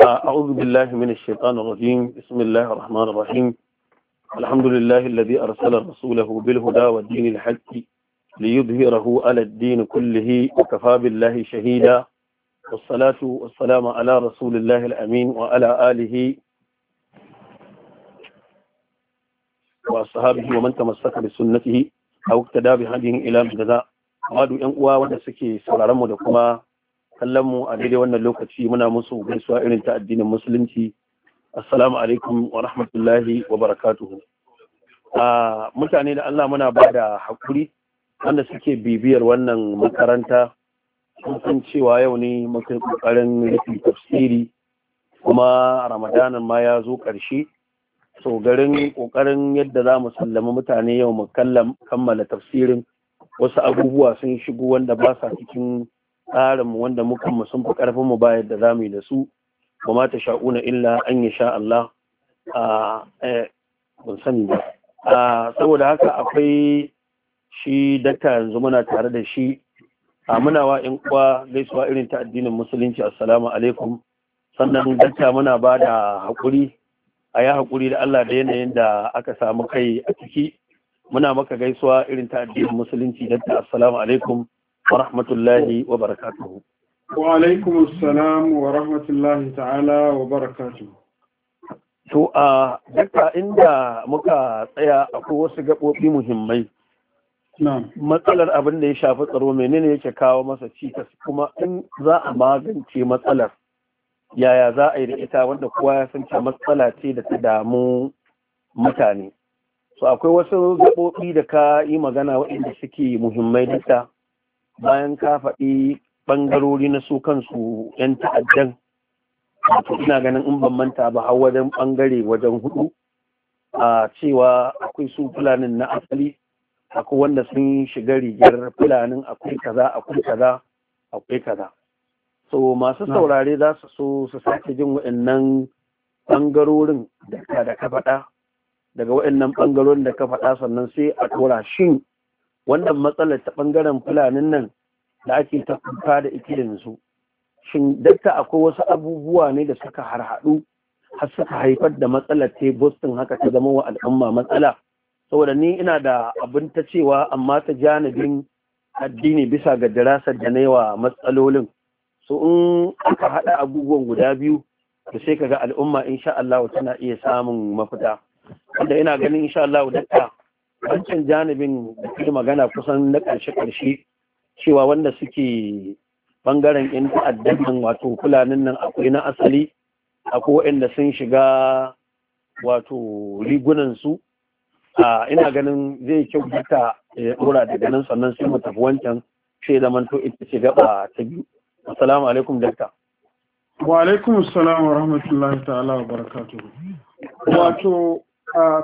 أعوذ بالله من الشيطان الرجيم بسم الله الرحمن الرحيم الحمد لله الذي أرسل رسوله بالهدى والدين الحق ليظهره على الدين كله وكفى بالله شهيدا والصلاة والسلام على رسول الله الأمين وعلى آله وأصحابه ومن تمسك بسنته أو اقتدى بهديه إلى مجزاء. Madu ‘yan uwa wanda suke sauraronmu da kuma kallon mu a daidai wannan lokaci muna musu gaisuwa irin ta addinin musulunci assalamu alaikum wa rahmatullahi wa barakatuhu mutane da Allah muna ba da hakuri wanda suke bibiyar wannan makaranta sun cewa yau ne muka ƙoƙarin rufe tafsiri kuma ramadanan ma ya zo ƙarshe so garin ƙoƙarin yadda za mu sallami mutane yau mu kammala tafsirin wasu abubuwa sun shigo wanda ba sa cikin tsarinmu wanda mukan mu sun fi ƙarfin mu ba yadda za mu yi da su ba ma ta sha'una illa an yi sha Allah eh, ban sani ba saboda haka akwai shi dakta yanzu muna tare da shi a muna wa in uwa gaisuwa irin ta addinin musulunci assalamu alaikum sannan dakta muna ba da haƙuri a yi haƙuri da Allah da yanayin da aka samu kai a ciki muna maka gaisuwa irin ta addinin musulunci dakta assalamu alaikum wa rahmatullahi wa barakatuhu wa alaikum assalam wa rahmatullahi ta'ala wa barakatuhu to a duka inda muka tsaya akwai wasu gaɓoɓi muhimmai matsalar abin da ya shafi tsaro menene yake kawo masa cikas kuma in za a magance matsalar yaya za a yi da ita wanda kowa ya san ce matsala ce da ta damu mutane so akwai wasu gaɓoɓi da ka yi magana waɗanda suke muhimmai duka bayan ka faɗi ɓangarori na su kansu 'yan ta'addan wato ina ganin in ban manta ba har wajen ɓangare wajen hudu a cewa akwai su fulanin na asali akwai wanda sun shiga rigar fulanin akwai kaza akwai kaza akwai kaza so masu saurare za su so su sake jin waɗannan ɓangarorin da ka faɗa daga waɗannan ɓangarorin da ka faɗa sannan sai a tura shin wannan matsalar ta ɓangaren fulanin nan da ake ta kuka da ita yanzu shin dakta akwai wasu abubuwa ne da suka harhaɗu har suka haifar da matsalar ta boston haka ta zama wa al'umma matsala saboda ni ina da abin ta cewa amma ta janibin addini bisa ga dirasar da na yawa matsalolin so in aka haɗa abubuwan guda biyu to sai kaga al'umma insha Allah tana iya samun mafita wanda ina ganin insha Allah dakta wancan janibin da ke magana kusan na ƙarshe-ƙarshe cewa wanda suke bangaren yan ta'addan nan wato fulanin nan akwai na asali akwai waɗanda sun shiga wato su a ina ganin zai kyau duka ya ɗora da nan sannan sai mu tafi wancan sai zaman to ita ce gaba ta biyu assalamu alaikum dakta wa alaikum assalam wa rahmatullahi ta'ala wa barakatuhu wato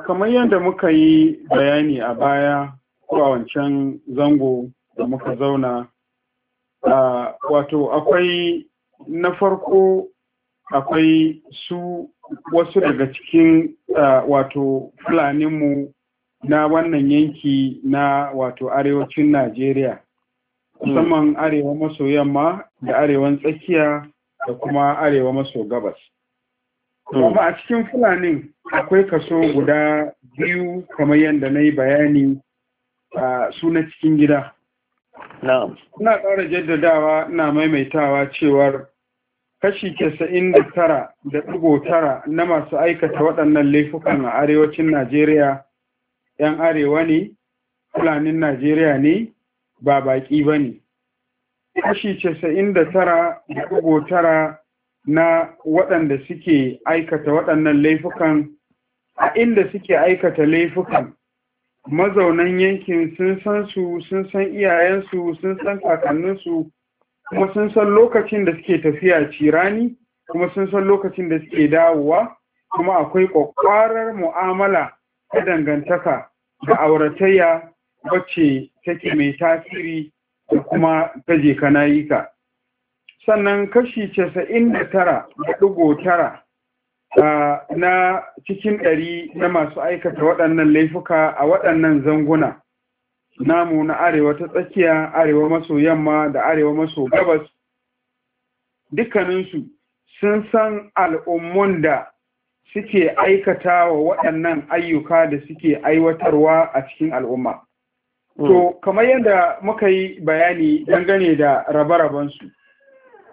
kamar yadda muka yi bayani a baya ko a wancan zango da muka zauna wato akwai na farko akwai su wasu daga cikin wato fulaninmu na wannan yanki na wato arewacin najeriya musamman arewa maso yamma da arewan tsakiya da kuma arewa maso gabas Kuma a cikin Fulanin akwai kaso guda biyu kamar yadda na yi bayani a suna cikin gida. Ina ƙara jaddadawa ina maimaitawa cewar kashi casa'in da tara da ɗigo tara na masu aikata waɗannan laifukan a arewacin Najeriya 'yan arewa ne, Fulanin Najeriya ne, ba baƙi ba ne. Kashi casa'in da tara da ɗigo tara na waɗanda suke aikata waɗannan laifukan a inda suke aikata laifukan mazaunan yankin sun san su sun san iyayensu sun san kakanninsu kuma sun san lokacin da suke tafiya cirani kuma sun san lokacin da suke dawowa kuma akwai ƙwaƙwarar mu'amala ta dangantaka da auratayya wacce take mai tasiri da kuma ta je ka. sannan kashi casa'in da tara da ɗigo tara na cikin ɗari na masu aikata waɗannan laifuka a waɗannan zanguna namu na arewa ta tsakiya arewa maso yamma da arewa maso gabas dukkaninsu sun san al'ummun da suke aikata wa waɗannan ayyuka da suke aiwatarwa a cikin al'umma mm. to kamar yadda muka yi bayani dangane da rabe-rabensu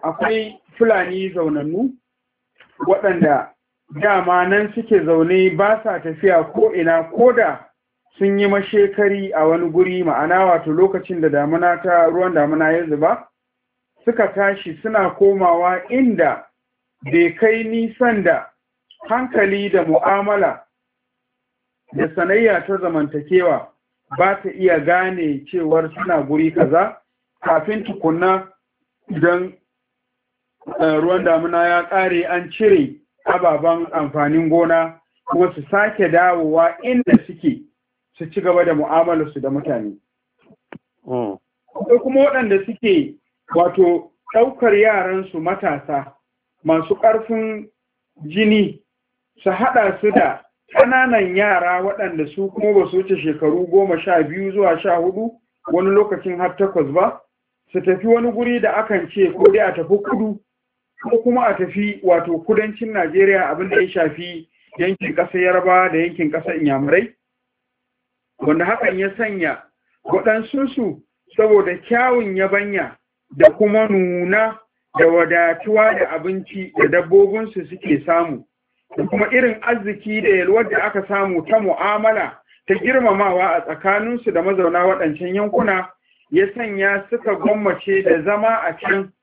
akwai fulani zaunannu waɗanda dama nan suke zaune ba sa tafiya ko ina ko da sun yi mashekari a wani guri ma'ana wato lokacin da damuna ta ruwan damuna ya zuba suka tashi suna komawa inda bai kai nisan da hankali da mu'amala da sanayya ta zamantakewa ba ta iya gane cewar suna guri kaza kafin tukunna idan Eh, ruwan damuna ya ƙare an cire ababen amfanin gona kuma su sake dawowa inda suke su ci gaba da mu'amalarsu da mutane. Sai hmm. kuma waɗanda suke wato ɗaukar yaransu matasa masu ƙarfin jini su haɗa su da ƙananan yara waɗanda su kuma ba su wuce shekaru goma sha biyu zuwa sha hudu wani lokacin har takwas ba su tafi wani guri da akan ce ko dai a tafi kudu ko kuma a tafi wato kudancin Najeriya abinda ya shafi yankin ƙasar Yarba da yankin ƙasar Inyamurai wanda hakan ya sanya waɗansunsu saboda kyawun yabanya da kuma nuna da wadatuwa da abinci da dabbobinsu suke samu da kuma irin arziki da yalwar da aka samu ta mu'amala ta girmamawa a tsakaninsu da mazauna waɗancan yankuna ya sanya suka gwammace da zama a can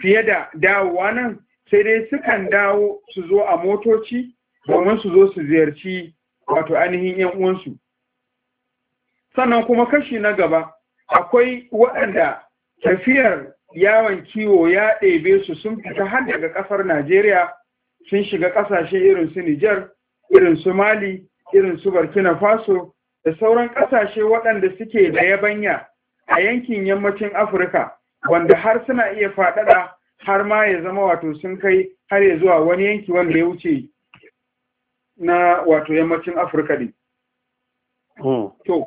fiye da dawowa nan sai dai sukan dawo su zo a motoci domin su zo su ziyarci wato ainihin yan uwansu sannan kuma kashi na gaba akwai waɗanda tafiyar yawon kiwo ya ɗebe su sun fita har daga ƙasar Najeriya sun shiga ƙasashe irin su Nijar, irin su Mali, irin su Burkina Faso da sauran ƙasashe waɗanda suke da yabanya a yankin yammacin Afirka wanda har suna iya faɗaɗa har ma ya zama wato sun kai har ya zuwa wani yanki wanda ya wuce na wato yammacin afirka ne hmm. to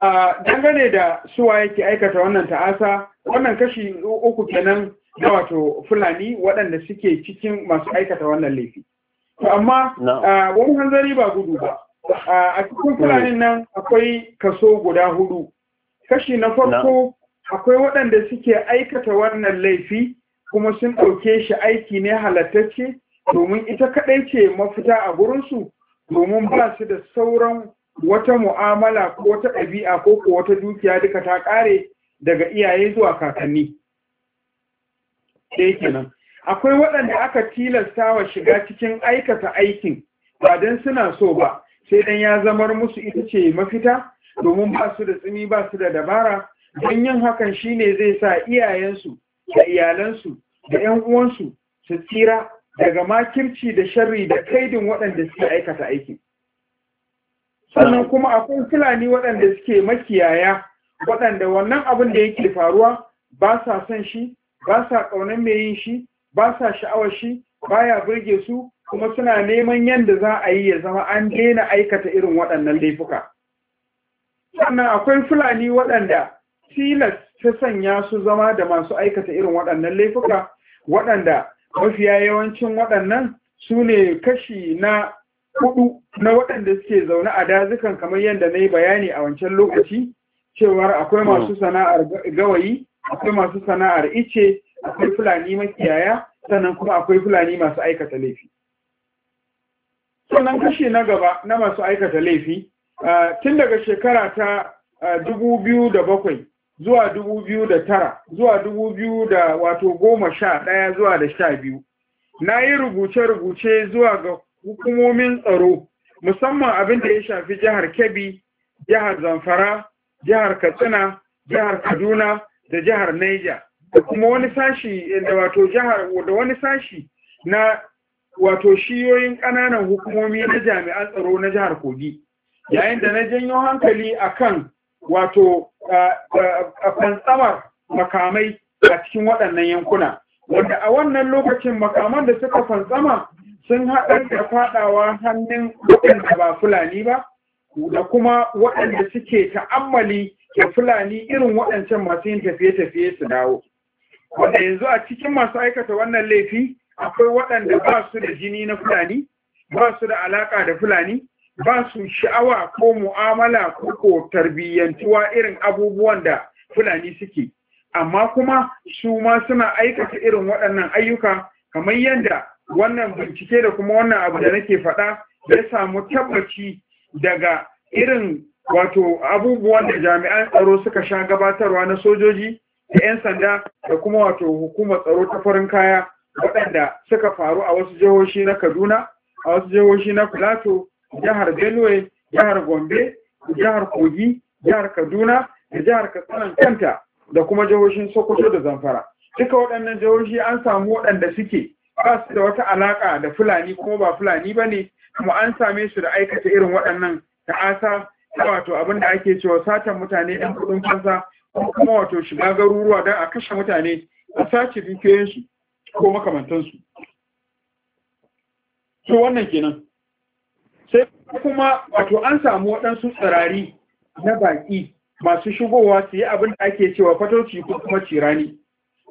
a dangane da suwa yake aikata wannan ta'asa wannan kashi uku kenan na wato fulani waɗanda suke cikin masu aikata wannan laifi to amma wani hanzari ba gudu ba a cikin fulanin hmm. nan akwai kaso guda hudu kashi na farko akwai waɗanda suke aikata wannan laifi kuma sun ɗauke shi aiki ne halattacce domin ita kaɗai ce mafita a gurinsu domin ba su da sauran wata mu'amala ko wata ɗabi'a ko ko wata dukiya duka ta ƙare daga iyaye zuwa kakanni akwai waɗanda aka tilasta wa shiga cikin aikata aikin ba don suna so ba sai dan ya zamar musu ita ce mafita domin ba su da tsimi ba su da dabara don yin hakan shine zai sa iyayensu da iyalansu da 'yan uwansu su tsira daga makirci da sharri da kaidin waɗanda suke aikata aiki. sannan kuma akwai fulani waɗanda suke makiyaya waɗanda wannan abin da yake faruwa ba sa son shi ba sa ƙaunar mai yin shi ba sa sha'awar shi baya burge su kuma suna neman yadda za a yi ya zama an daina aikata irin waɗannan laifuka sannan akwai fulani waɗanda tilas ta sanya su zama da masu aikata irin waɗannan laifuka waɗanda mafiya yawancin waɗannan su ne kashi na hudu na waɗanda suke zaune a dazukan kamar yadda na yi bayani a wancan lokaci cewar akwai masu sana'ar gawayi akwai masu sana'ar ice akwai fulani makiyaya sannan kuma akwai fulani masu aikata laifi sannan kashi na gaba na masu aikata laifi ah, tun daga shekara ta ah, dubu biyu da bakwai zuwa dubu biyu da tara zuwa dubu biyu da wato goma sha ɗaya zuwa da sha biyu na yi rubuce-rubuce zuwa ga hukumomin tsaro musamman abin da ya shafi jihar kebbi jihar zamfara jihar katsina jihar kaduna da jihar niger da kuma wani sashi da wato jihar da wani sashi na wato shiyoyin ƙananan hukumomi na jami'an tsaro na jihar kogi yayin da na janyo hankali akan wato fantsamar makamai a cikin waɗannan yankuna wanda a wannan lokacin makaman da suka fantsama sun haɗar da faɗawa hannun waɗanda ba fulani ba da kuma waɗanda suke ta'ammali da fulani irin waɗancan masu yin tafiye-tafiye su dawo wanda yanzu a cikin masu aikata wannan laifi akwai waɗanda ba su da jini na fulani ba su da alaƙa da fulani ba su sha'awa ko mu'amala ko ko tarbiyyantuwa irin abubuwan da fulani suke amma kuma su ma suna aikata irin waɗannan ayyuka kamar yadda wannan bincike da kuma wannan abu da nake faɗa ya samu tabbaci daga irin wato abubuwan da jami'an tsaro suka sha gabatarwa na sojoji da 'yan sanda da kuma wato hukumar tsaro ta farin kaya waɗanda suka faru a wasu jihohi na kaduna a wasu jihohi na plateau jihar Benue, jihar Gombe, jihar Kogi, jihar Kaduna da jihar Katsina kanta da kuma jihohin Sokoto da Zamfara. Duka waɗannan jihohi an samu waɗanda suke ba su da wata alaƙa da Fulani kuma ba Fulani ba ne, kuma an same su da aikata irin waɗannan ta'asa wato abin da ake cewa satan mutane ɗan kuɗin fansa ko kuma wato shiga garuruwa don a kashe mutane a sace dukiyoyinsu ko makamantansu. To wannan kenan. sai kuma wato an samu waɗansu tsirari na baƙi masu shigowa su yi abin da ake cewa fatoci ko kuma cirani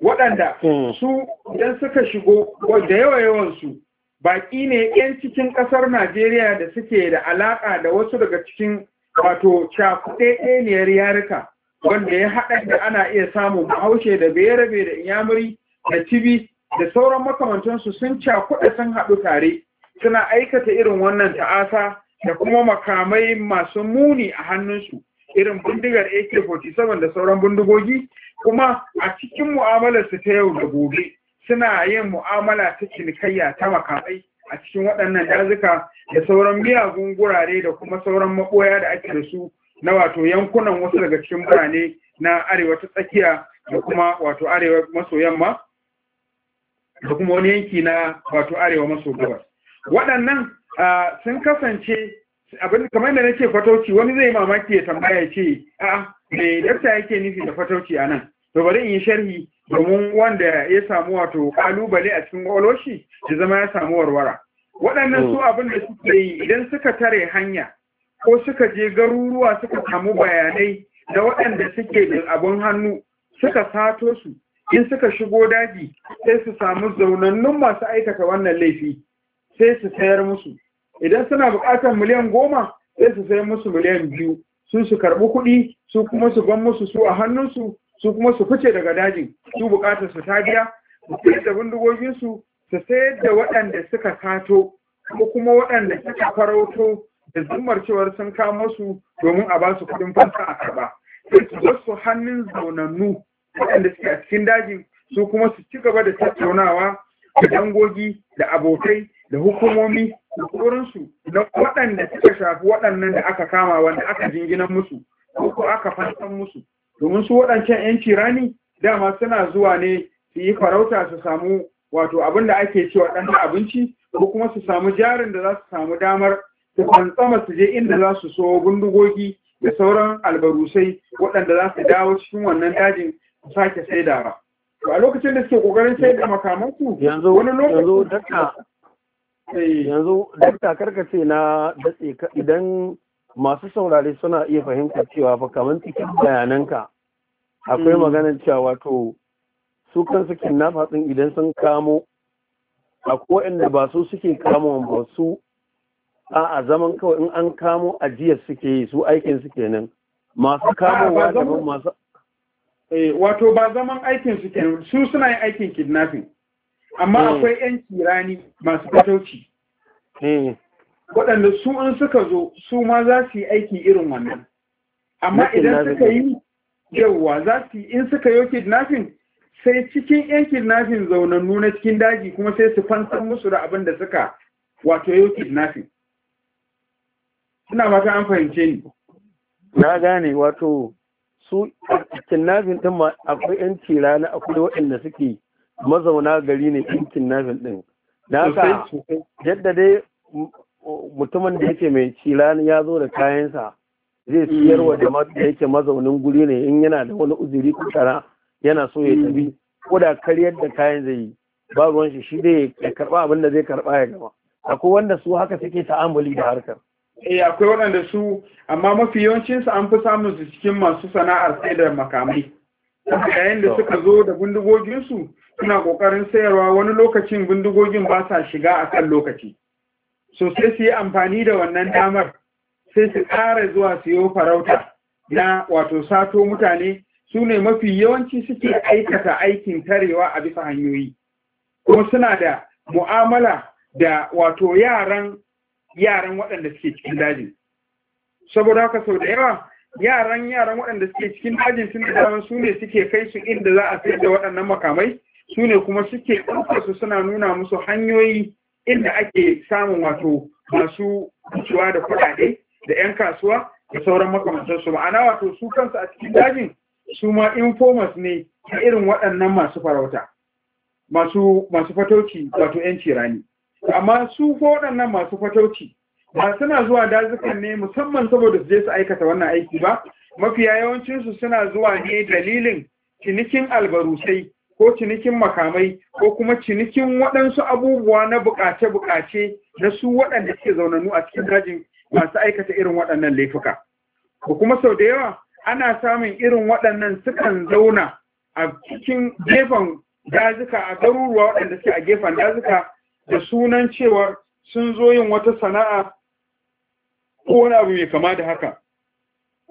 waɗanda hmm. su idan suka shigo da yawa yawansu baƙi ne 'yan cikin ƙasar najeriya da suke da alaƙa da wasu daga cikin wato cakuɗeɗeniyar yarika wanda ya haɗa da ana iya samun bahaushe da bayarabe da inyamuri da tibi da sauran makamantansu sun cakuɗa sun haɗu tare suna aikata irin wannan ta'asa da kuma makamai masu muni a hannunsu irin bindigar AK47 da sauran bindigogi kuma a cikin mu'amalarsu ta yau da gobe suna yin mu'amala ta cinikayya ta makamai a cikin waɗannan dazuka da sauran miyagun gurare da kuma sauran maɓoya da ake da su na wato yankunan wasu daga cikin birane na arewa ta tsakiya da kuma wato arewa maso yamma da kuma wani yanki na wato arewa maso gabas waɗannan sun kasance abin kamar da nake fatauci wani zai mamaki ya tambaya ce a me dakta yake nufi da fatauci a nan to bari in yi sharhi domin wanda ya samu wato kalubale a cikin oloshi ya zama ya samu warwara waɗannan su mm. abin da suke yi idan suka tare hanya ko suka je garuruwa suka samu bayanai da waɗanda suke da abin hannu suka sato su in suka shigo daji sai su samu zaunannun masu aikata wannan laifi sai su sayar musu idan suna buƙatar miliyan goma sai su sayar musu miliyan biyu su su karɓi kuɗi su kuma su ban musu su a hannunsu su kuma su fice daga dajin su buƙatar su ta biya su sayar da bindigoginsu su sayar da waɗanda suka kato ko kuma waɗanda suka farauto da zummar cewar sun kamo su domin a ba su kuɗin fansa a karɓa sai su wasu hannun zaunannu waɗanda suke a cikin dajin su kuma su ci gaba da tattaunawa da dangogi da abokai da hukumomi da kurinsu na waɗanda suka shafi waɗannan da aka kama wanda aka jinginan musu ko aka fasan musu domin su waɗancan 'yanci rani dama suna zuwa ne su yi farauta su samu wato abin da ake cewa ɗan abinci ko kuma su samu jarin da za su samu damar su fantsama su je inda za su so gundugogi da sauran albarusai waɗanda za su dawo cikin wannan dajin su sake saidawa. a lokacin da suke ƙoƙarin sai da makamanku wani lokacin Eh. yanzu dakta karka ce na datse ka idan masu saurare suna iya fahimtar cewa fa kamar cikin bayananka akwai hmm. maganar cewa wato su su kidnappers din idan sun kamo a da ba su suke kamo ba su a zaman kawai in an kamo ajiyar suke yi su aikin su kenan masu kamowa daban masu eh, wato ba zaman aikin su kenan su suna yin aikin kidnapping amma hmm. akwai yan kirani masu fatauci hmm. waɗanda su in suka zo su ma za su yi aiki irin wannan amma idan suka yi yawwa za su yi in suka yi kidnapping sai cikin yan kidnapping zaunannu na cikin daji kuma sai su fansan musu da abin da suka wato yau kidnapping ina mata an fahimce ni na gane wato su kidnapping din ma akwai yan tirana akwai waɗanda suke mazauna gari ne ɗinkin nafin ɗin da haka yadda dai mutumin da yake mai cila ya zo da kayansa zai siyar wa jama'a da yake mazaunin guri ne in yana da wani uzuri kusa yana so ya tafi ko da karyar da kayan zai yi ba ruwan shi shi dai ya karba abin da zai karba ya gama akwai wanda su haka suke ta'amuli da harkar eh akwai waɗanda su amma mafi yawancinsu an fi samun su cikin masu sana'ar sai da makamai yayin da suka zo da bindigoginsu suna ƙoƙarin sayarwa wani lokacin bindigogin ba sa shiga a kan lokaci so sai su yi amfani da wannan damar sai su ƙara zuwa siyo farauta na wato sato mutane su ne mafi yawanci suke aikata aikin tarewa a bisa hanyoyi kuma suna da mu'amala da wato yaran yaran waɗanda suke cikin daji saboda haka sau da yawa yaran yaran waɗanda suke cikin dajin sun da dama su ne suke kai su inda za a sayar da waɗannan makamai su ne kuma suke ɗaukar su suna nuna musu hanyoyi inda ake samun wato masu wucewa da kuɗaɗe da 'yan kasuwa da sauran makamantarsu ma'ana wato su kansu a cikin dajin su ma informers ne a irin waɗannan masu farauta masu masu fatauci wato 'yanci rani amma su waɗannan masu fatauci ba suna zuwa dazukan ne musamman saboda su je su aikata wannan aiki ba mafiya yawancinsu suna zuwa ne dalilin cinikin albarusai ko cinikin makamai ko kuma cinikin waɗansu abubuwa na bukace-bukace na su waɗanda suke zaunanu a cikin dajin masu aikata irin waɗannan laifuka ko kuma sau da yawa ana samun irin waɗannan sukan zauna a cikin gefen dazuka a garuruwa waɗanda suke a gefen dazuka da sunan cewa sun zo yin wata sana'a ko wani abu mai kama da haka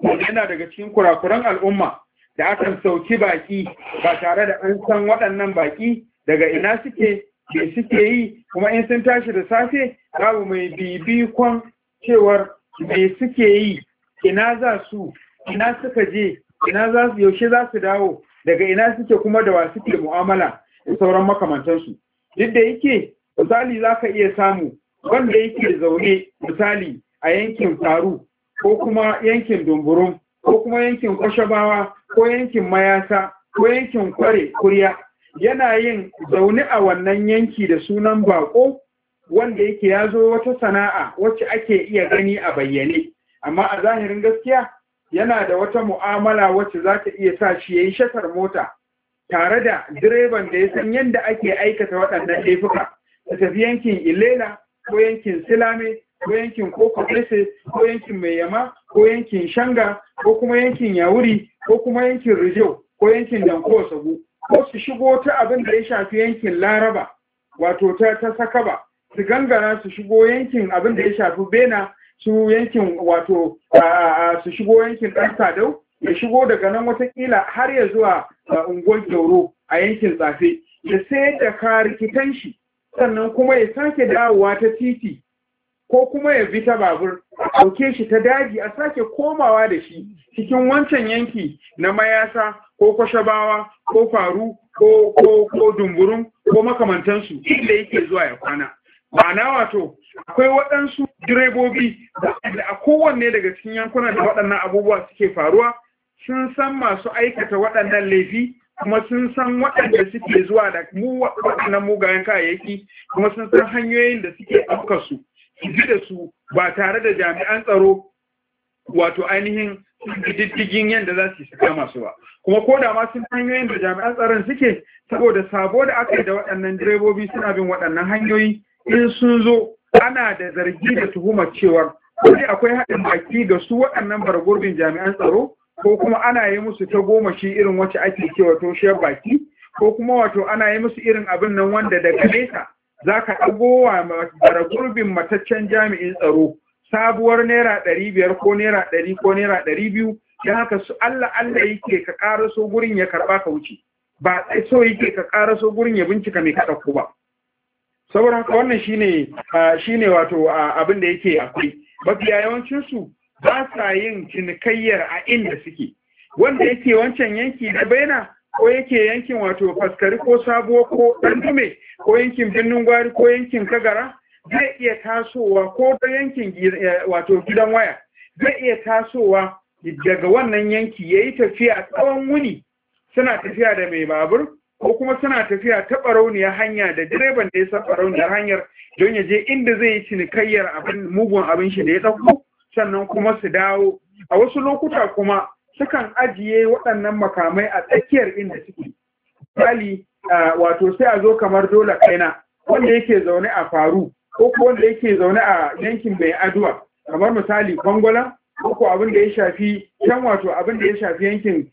yana daga cikin kurakuran al'umma da aka sauki baki ba tare da an san waɗannan baki daga ina suke da suke yi kuma in sun tashi da safe babu mai bibikon cewar me suke yi ina za su ina suka je ina za su yaushe za su dawo daga ina suke kuma da wa suke mu'amala da sauran makamantansu duk da yake misali za ka iya samu wanda yake zaune misali a yankin faru ko kuma yankin dumburum ko kuma yankin kwashabawa ko yankin mayasa ko yankin kware kuriya yana yin zaune a wannan yanki da sunan bako wanda yake ya zo wata sana'a wacce ake iya gani a bayyane amma a zahirin gaskiya yana da wata mu'amala wacce za ta iya sa shi ya yi shatar mota tare da direban da ya san yadda ake aikata waɗannan laifuka ta tafi yankin ilela ko yankin silame ko yankin koko ese ko yankin mai yama ko yankin shanga ko kuma yankin yawuri ko kuma yankin rijo ko yankin danko sabu ko su shigo ta abin da ya shafi yankin laraba wato ta ta sakaba su gangara su shigo yankin abin da ya shafi bena su yankin wato su shigo yankin ɗan sadau ya shigo daga nan watakila har ya zuwa unguwar gyauro a yankin tsafe ya sayar da rikitan shi sannan kuma ya sake dawowa ta titi ko kuma ya bi ta babur dauke shi ta daji a sake komawa da shi cikin wancan yanki na mayasa ko kwashabawa ko faru ko ko ko dumburun ko makamantansu inda yake zuwa ya kwana ma'ana wato akwai waɗansu direbobi da a kowanne daga cikin yankuna da waɗannan abubuwa suke faruwa sun san masu aikata waɗannan laifi kuma sun san waɗanda suke zuwa da mu waɗannan mugayen kayayyaki kuma sun san hanyoyin da suke ɗaukar su tafi da su ba tare da jami'an tsaro wato ainihin diddigin yadda za su shiga masu ba kuma ko da ma sun hanyoyin da jami'an tsaron suke saboda sabo da aka yi da waɗannan direbobi suna bin waɗannan hanyoyi in sun zo ana da zargi da tuhumar cewar kuma akwai haɗin baki ga su waɗannan bargurbin jami'an tsaro ko kuma ana yi musu ta goma shi irin wacce ake cewa toshiyar baki ko kuma wato ana yi musu irin abin nan wanda daga nesa za ka wa bara gurbin mataccen jami'in tsaro sabuwar naira ɗari biyar ko naira ɗari ko naira ɗari biyu don haka su Allah Allah yake ka so gurin ya karɓa ka wuce ba sai so yake ka so gurin ya bincika mai ka ɗauko ba saboda haka wannan shine shine wato abin da yake akwai mafiya yawancin su ba sa yin cinikayyar a inda suke wanda yake wancan yanki da baina ko yake yankin wato faskari ko sabuwa ko ɗandume ko yankin birnin gwari ko yankin kagara zai iya tasowa ko ta yankin eh, wato gidan waya zai iya tasowa daga wannan yanki ya yi tafiya tsawon wuni suna tafiya da mai babur ko kuma suna tafiya ta barauniya hanya da direban da ya san barauniyar hanyar don ya je inda zai yi cinikayyar abin mugun abin shi da ya ɗauko sannan kuma su dawo a wasu lokuta kuma sukan ajiye waɗannan makamai a tsakiyar inda suke misali wato sai a zo kamar dole kaina wanda yake zaune a faru ko ko wanda yake zaune a yankin bai aduwa kamar misali bangola ko abin da ya shafi can wato abin da ya shafi yankin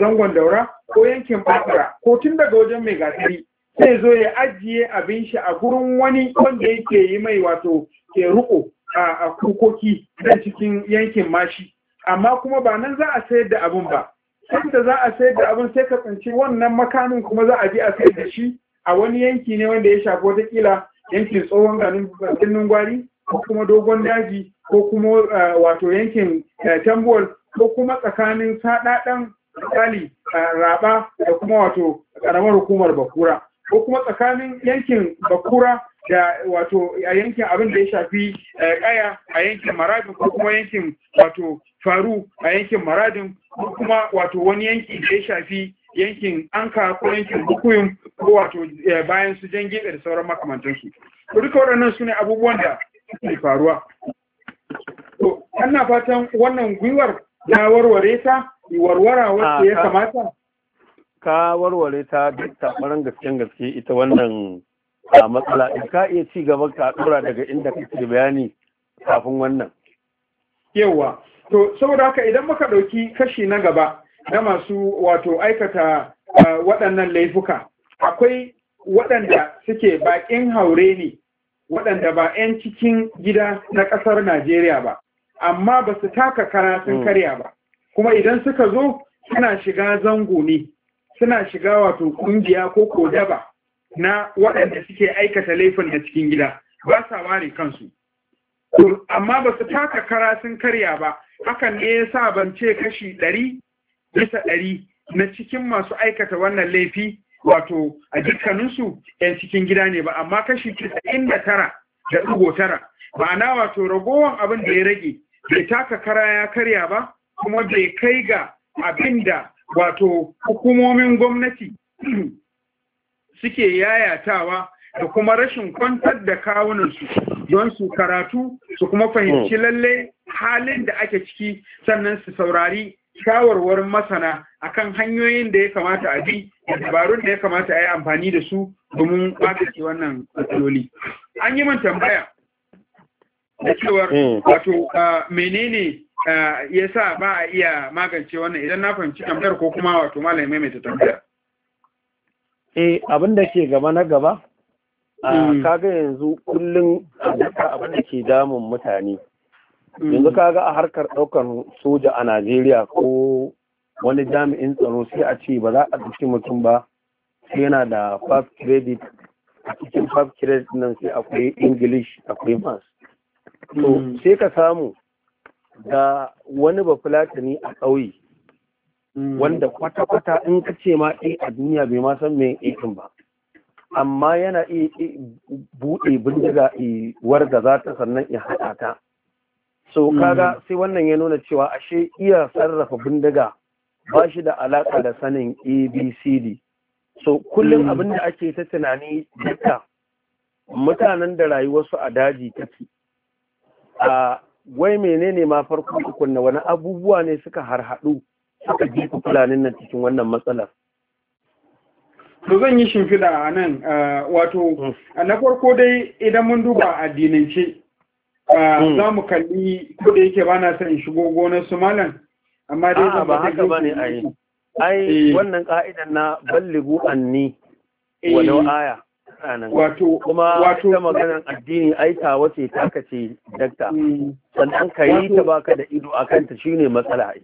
zangon daura ko yankin bakara ko tun daga wajen mai gasari sai zo ya ajiye abin shi a gurin wani wanda yake yi mai wato ke ruko a kukoki don cikin yankin mashi amma kuma ba nan za a sayar da abun ba sai za a sayar da abun sai ka tsinci wannan makamin kuma za a bi a sayar da shi a wani yanki ne wanda ya shafi watakila yankin tsohon garin birnin gwari ko kuma dogon daji ko kuma eh, wato yankin eh, tambuwal ko kuma tsakanin saɗaɗan misali eh, raba da kuma wato ƙaramar hukumar bakura ko kuma tsakanin yankin bakura da wato a yankin abin da ya shafi eh, kaya a yankin maradin ko kuma yankin wato faru a yankin maradin ko kuma wato wani yanki da ya shafi yankin anka ko yankin Bukuyin, ko wato eh, bayan su jan gebe da sauran makamantansu to duka waɗannan su ne abubuwan da ke faruwa to ana fatan wannan gwiwar ya warware ta warwara wacce ya kamata ka warware ta duk tabarin gaske gaske ita wannan a matsala in ka iya ci gaba ka dora daga inda kake bayani kafin wannan yawa to saboda haka idan muka ɗauki kashi na gaba na masu wato aikata ah, waɗannan laifuka akwai waɗanda suke baƙin haure ne waɗanda ba 'yan cikin gida na ƙasar Najeriya ba amma ba su taka kara mm. karya ba kuma idan suka zo suna shiga zango ne suna shiga wato ƙungiya ko kodaba na waɗanda suke aikata laifin na cikin gida ba sa ware kansu amma ba su taka kara sun karya ba hakan ne ya sa ban ce kashi ɗari bisa ɗari na cikin masu aikata wannan laifi wato a dukkaninsu 'yan cikin gida ne ba amma kashi casa'in da tara da ɗigo tara ma'ana wato ragowar abin da ya rage bai taka kara ya karya ba kuma bai kai ga abin da wato hukumomin gwamnati suke yayatawa da kuma rashin kwantar da kawunansu don su karatu su kuma fahimci hmm. lalle halin da ake ciki sannan su saurari shawarwarin masana akan hanyoyin da ya kamata a bi da dabarun da ya kamata a yi amfani da su domin magance wannan matsaloli. An yi min tambaya da cewar hmm. wato menene ya sa ba a iya magance wannan idan na fahimci tambayar ko kuma wato malamai mai ta tambaya? eh abin da ke gaba na gaba mm. kaga yanzu kullum abin da ke damun mutane yanzu mm. kaga a harkar ɗaukar soja a najeriya ko wani jami'in tsaro sai a ce ba za a ɗauki mutum ba sai yana da fast credit a cikin fast credit nan sai akwai english akwai mass to mm. sai ka samu da wani bafulatani a ƙauye Mm. wanda kwata-kwata in ka ce ma eh a duniya bai ma san me ikin eh ba amma yana iya buɗe bindiga iwar da za ta sannan ya haɗa ta so mm. kaga sai wannan ya nuna cewa ashe iya sarrafa bindiga ba shi da alaƙa da sanin abcd so kullum mm. abin da ake ta tunani duka mutanen da rayuwarsu a daji take a wai menene ma farko tukunna wani abubuwa ne suka harhaɗu suka ku fulanin nan cikin wannan matsalar to zan yi shimfiɗa a nan wato hmm. na farko dai idan mun duba addinance hmm. za mu kalli ko da yake ba na son shigo gonar su malam amma dai ba haka ba ne ai ai eh. wannan ka'idan na balligu anni wadau eh. aya wato kuma wato maganar addini ai ta wace taka ce dakta hmm. sannan ka yi ta baka da ido akan ta shine matsala ai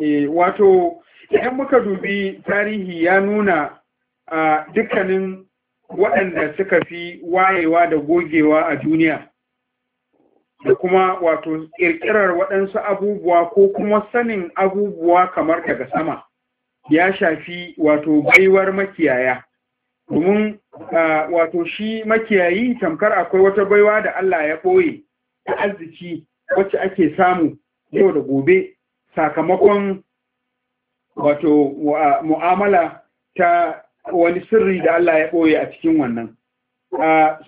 e wato idan muka dubi tarihi ya nuna a dukkanin waɗanda suka fi wayewa da gogewa a duniya da kuma wato ƙirƙirar waɗansu abubuwa ko kuma sanin abubuwa kamar daga sama ya shafi wato baiwar makiyaya domin wato shi makiyayi tamkar akwai wata baiwa da Allah ya ɓoye ta arziki wacce ake samu yau da gobe sakamakon wato mu'amala ta wani sirri da Allah ya ɓoye a cikin wannan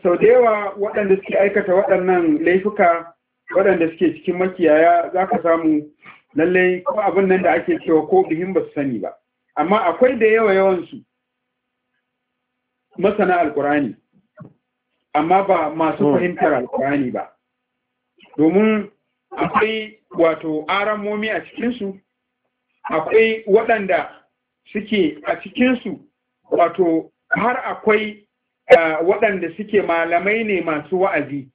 sau da yawa waɗanda suke aikata waɗannan laifuka waɗanda suke cikin makiyaya za ka samu lallai ko abin nan da ake cewa ko bihin ba su sani ba amma akwai da yawa yawansu masana alkurani amma ba masu hmm. fahimtar alkurani ba domin akwai wato aramomi a cikinsu akwai waɗanda suke a cikinsu wato har akwai waɗanda suke malamai ne masu wa'azi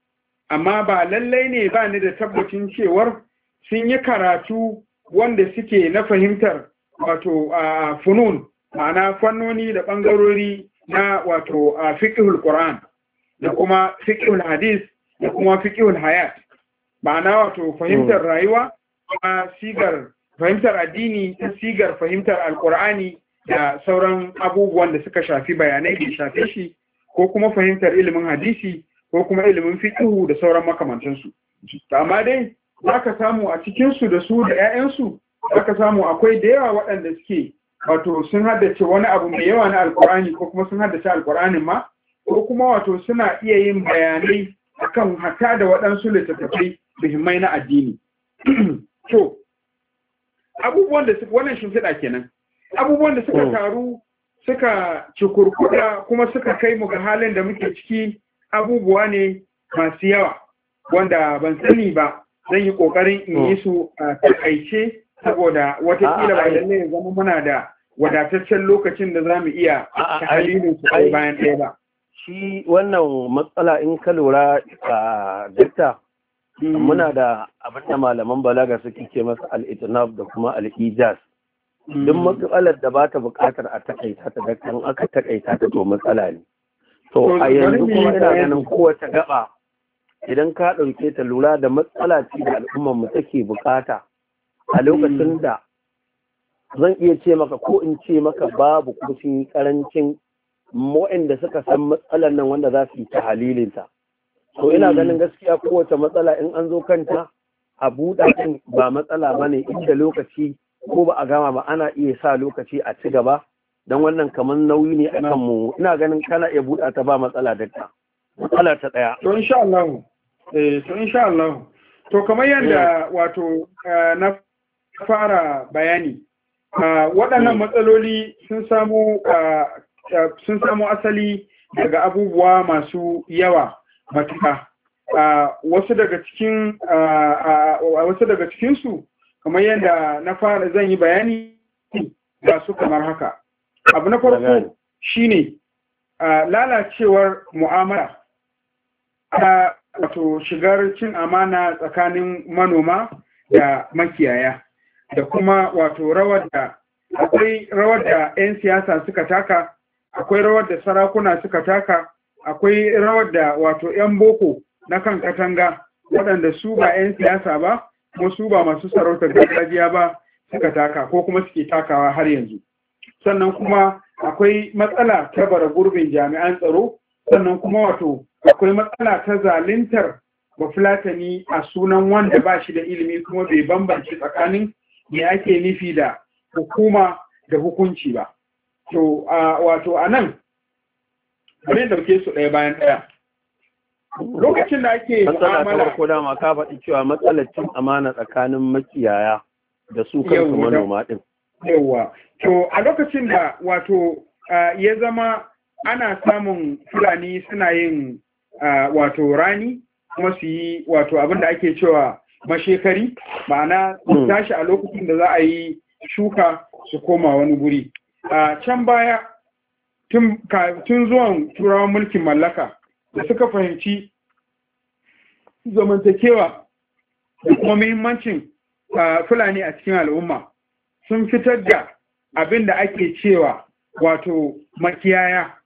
amma ba lallai ne ba ni da tabbacin cewar sun yi karatu wanda suke na fahimtar wato a funun ma'ana fannoni da ɓangarori na wato a fiƙihul ƙoran da kuma fiƙihul hadis da kuma fiƙihul hayat ma'ana wato fahimtar hmm. rayuwa kuma sigar fahimtar addini ta sigar fahimtar alkur'ani da sauran abubuwan da suka shafi bayanai da shafe shi ko kuma fahimtar ilimin hadisi ko kuma ilimin fiqhu da sauran makamantansu amma dai zaka samu a cikinsu su da su da 'ya'yansu zaka samu akwai da yawa waɗanda suke wato sun haddace wani abu mai yawa na alkur'ani ko kuma sun haddace alkur'anin ma ko kuma wato suna iya yin bayanai akan hata da waɗansu littattafai muhimmai na addini to abubuwan da suka wannan shimfiɗa kenan abubuwan da suka oh. taru suka cikurkuɗa kuma suka kai mu ga halin da muke ciki abubuwa ne masu yawa wanda ban sani ba zan yi ƙoƙarin in yi oh. su a takaice saboda watakila ba da ya zama muna da wadataccen lokacin da za mu iya tahalilin su bayan ɗaya ba. Shi wannan matsala in ka lura a dukta Mm. muna da abin da malaman balaga suke ce masa al-itnab da kuma al-ijaz mm. duk matsalar da ba ta buƙatar a takaita ta dakan aka takaita ta to matsala ne to a yanzu kuma ta ganin kowace gaba idan ka ɗauke ta lura da matsala ce da al'ummar mu take bukata a lokacin mm. da zan iya ce maka ko in ce maka babu kusin karancin da suka san matsalar nan wanda za su yi ta halilinta to ina ganin hmm. gaskiya kowace matsala in an zo kanta a buɗa ɗin ba matsala ba ne inda lokaci ko ba a gama ba ana iya sa lokaci a ci gaba don wannan kamar nauyi ne a kanmu ina ganin kana iya buɗa ta ba matsala ta matsala ta ɗaya to insha Allah eh to insha Allah to kamar yadda hmm. wato eh, na fara bayani eh, waɗannan hmm. matsaloli sun samu eh, sun samu asali daga abubuwa masu yawa matuka wasu daga cikinsu kamar yadda na fara zan yi bayani ga su kamar haka abu na farko shi ne lalacewar mu'amala ta wato shigar cin amana tsakanin manoma da makiyaya da kuma wato rawar da akwai rawar da 'yan siyasa suka taka akwai rawar da sarakuna suka taka akwai rawar da wato 'yan boko na kan katanga waɗanda su ba 'yan siyasa ba kuma su ba masu sarautar gargajiya ba suka taka ko kuma suke takawa har yanzu sannan kuma akwai matsala ta bara gurbin jami'an tsaro sannan kuma wato akwai matsala ta zalintar bafulatani a sunan wanda ba shi da ilimi kuma bai bambance tsakanin me ake nufi da hukuma da hukunci ba to wato a nan bari ɗauke su ɗaya bayan ɗaya hmm. lokacin da ake matsala ta farko dama ka faɗi cewa matsalar cin amana tsakanin makiyaya da su kansu manoma ɗin Yawwa. to a lokacin da wato ya zama ana samun fulani suna yin wato rani kuma su yi wato abin da ake cewa mashekari ma'ana hmm. tashi a lokacin da za a yi shuka su koma wani guri a can baya tun zuwan turawan mulkin mallaka da suka fahimci zamantakewa da kuma muhimmancin fulani a cikin al'umma sun fitar da abin da ake cewa wato makiyaya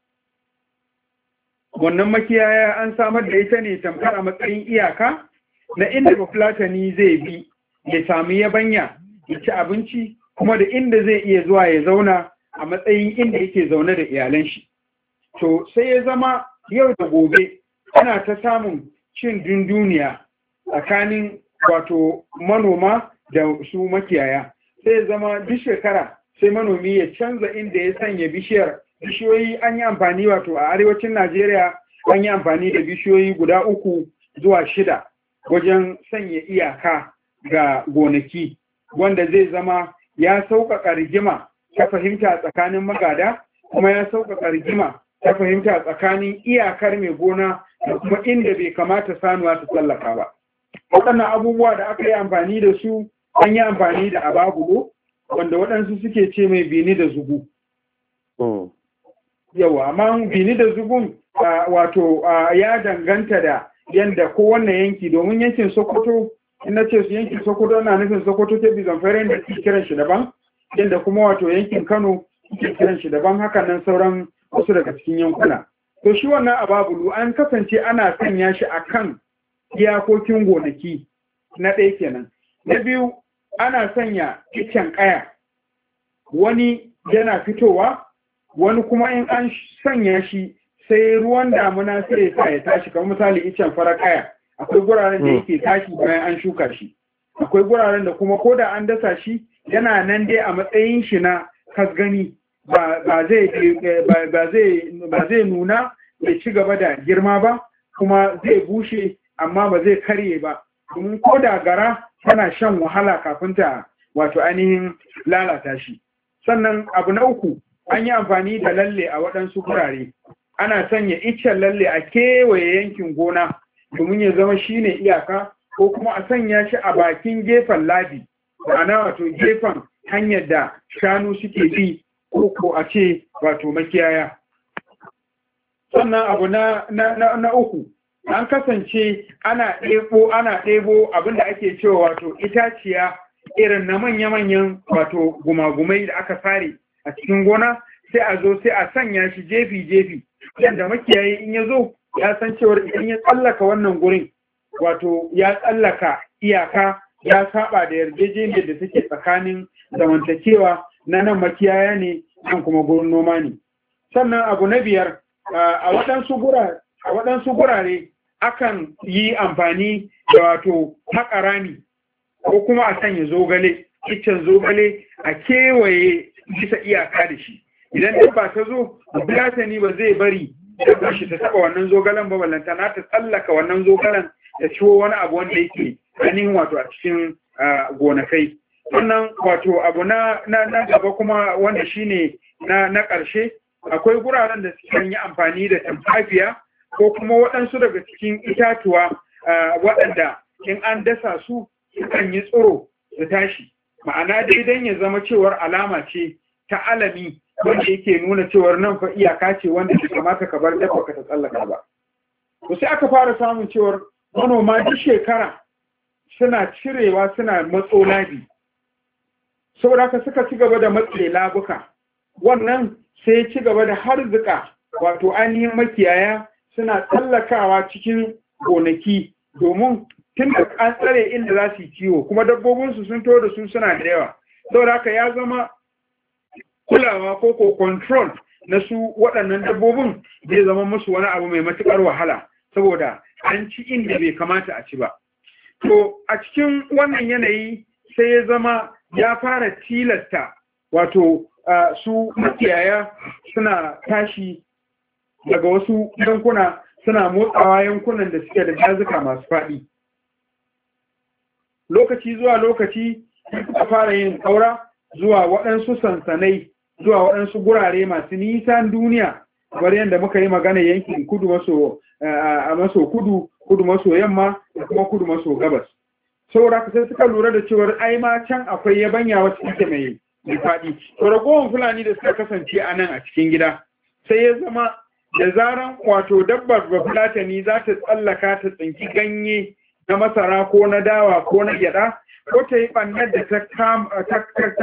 wannan makiyaya an samar da ita ne tamkar a matsayin iyaka na inda bafulatani zai bi ya sami yabanya ya ci abinci kuma da inda zai iya zuwa ya zauna a matsayin inda yake zaune da iyalan shi to sai ya zama yau da gobe ana ta samun cin dunduniya tsakanin wato manoma da su makiyaya sai ya zama duk shekara sai manomi ya canza inda ya sanya bishiyar bishiyoyi an yi amfani wato a arewacin najeriya an yi amfani da bishiyoyi guda uku zuwa shida wajen sanya iyaka ga gonaki wanda zai zama ya sauƙaƙa rigima ta fahimta a tsakanin magada kuma ya sauƙaƙa rigima ta fahimta a tsakanin iyakar mai gona da kuma inda bai kamata sanuwa ta tsallaka ba waɗannan abubuwa da aka yi amfani da su an yi amfani da ababulo wanda waɗansu suke ce mai bini da zugu hmm. yawa amma bini da zugun wato ya danganta da yadda kowanne yanki domin yankin sokoto in na ce su yankin sokoto na nufin sokoto ke bizan fere da kiran shi daban inda kuma wato yankin Kano ke kiran shi daban haka nan sauran wasu daga cikin yankuna to shi wannan ababulu an kasance ana sanya shi a kan iyakokin gonaki na ɗaya kenan na biyu ana sanya iccen ƙaya wani yana fitowa wani kuma in an sanya shi sai ruwan damuna sai ya tashi kamar misali iccen fara ƙaya akwai guraren da hmm. yake tashi bayan an shuka shi akwai guraren da kuma ko da an dasa shi yana nan dai a matsayin shi na kasgani ba zai nuna ya ci gaba da girma ba kuma zai bushe amma ba zai karye ba domin ko da gara tana shan wahala kafin ta wato ainihin lalata shi sannan abu na uku an yi amfani da lalle a waɗansu wurare, ana sanya iccen lalle a kewaye yankin gona domin ya zama shine iyaka ko kuma a sanya shi a bakin gefen labi ma'ana wato gefen hanyar da shanu suke bi ko ko a ce wato makiyaya sannan abu na, uku an kasance ana ɗebo ana ɗebo abinda ake cewa wato itaciya irin na manya-manyan wato gumagumai da aka sare a cikin gona sai a zo sai a sanya shi jefi-jefi yadda makiyayi in ya zo ya san cewar idan ya tsallaka wannan gurin wato ya tsallaka iyaka ya saba da yarjejeniyar da take tsakanin zamantakewa na nan makiyaya ne nan kuma gurin noma ne sannan abu na biyar a waɗansu gurare akan yi amfani da wato haƙa rami ko kuma a sanya zogale kicin zogale a kewaye bisa iyaka da shi idan dabba ta zo ba zai bari dabba shi ta taɓa wannan zogalen ba ballanta na ta tsallaka wannan zogalen ya ciwo wani abu wanda yake ainihin wato a cikin gonakai wannan wato abu na na gaba kuma wanda shine na na ƙarshe akwai guraren da suke yi amfani da tamfafiya ko kuma waɗansu daga cikin itatuwa waɗanda in an dasa su sukan yi tsoro su tashi ma'ana daidan ya zama cewar alama ce ta alami wanda yake nuna cewar nan fa iyaka ce wanda kamata ka bar dafa ka ta tsallaka ba to sai aka fara samun cewar manoma duk shekara suna cirewa suna matso labi saboda haka suka ci gaba da matse labuka wannan sai ya ci gaba da harzuka wato ainihin makiyaya suna tsallakawa cikin gonaki domin tun da an tsare inda za su yi kiwo kuma dabbobinsu sun to da su suna da yawa saboda haka ya zama kulawa ko ko control na su waɗannan dabbobin zai zama musu wani abu mai matuƙar wahala saboda an ci inda bai kamata a ci ba to a cikin wannan yanayi sai ya zama ya fara tilasta wato su makiyaya suna tashi daga wasu yankuna suna motsawa yankunan da suke da dazuka masu faɗi lokaci zuwa lokaci suka fara yin ƙaura zuwa waɗansu sansanai zuwa waɗansu gurare masu nisan duniya kamar yadda muka yi magana yankin kudu maso eh, a maso kudu kudu maso yamma da kuma kudu maso gabas saboda ka sai suka lura da cewar ai ma can akwai yabanya wasu ita mai mai faɗi to ragowar fulani da suka kasance a nan a cikin gida sai ya zama da zaran wato dabbar ba fulatani za ta tsallaka ta tsinki ganye na masara ko na dawa ko na gyada ko ta yi ɓannar da ta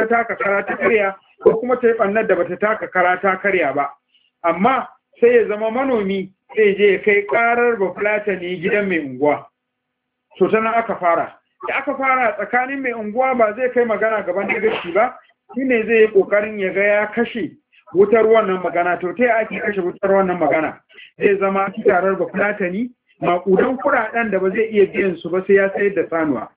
taka kara ta karya ko kuma ta yi ɓannar da bata taka kara ta karya ba amma sai ya zama manomi sai je kai karar bafulata ne gidan mai unguwa to tana aka fara da aka fara tsakanin mai unguwa ba zai kai magana gaban gashi ba shi ne zai yi kokarin ya ga ya kashe wutar wannan magana to ta ake kashe wutar wannan magana zai zama tarar bafulata ne maƙudan kuɗaɗen da ba zai iya biyan su ba sai ya sayar da sanuwa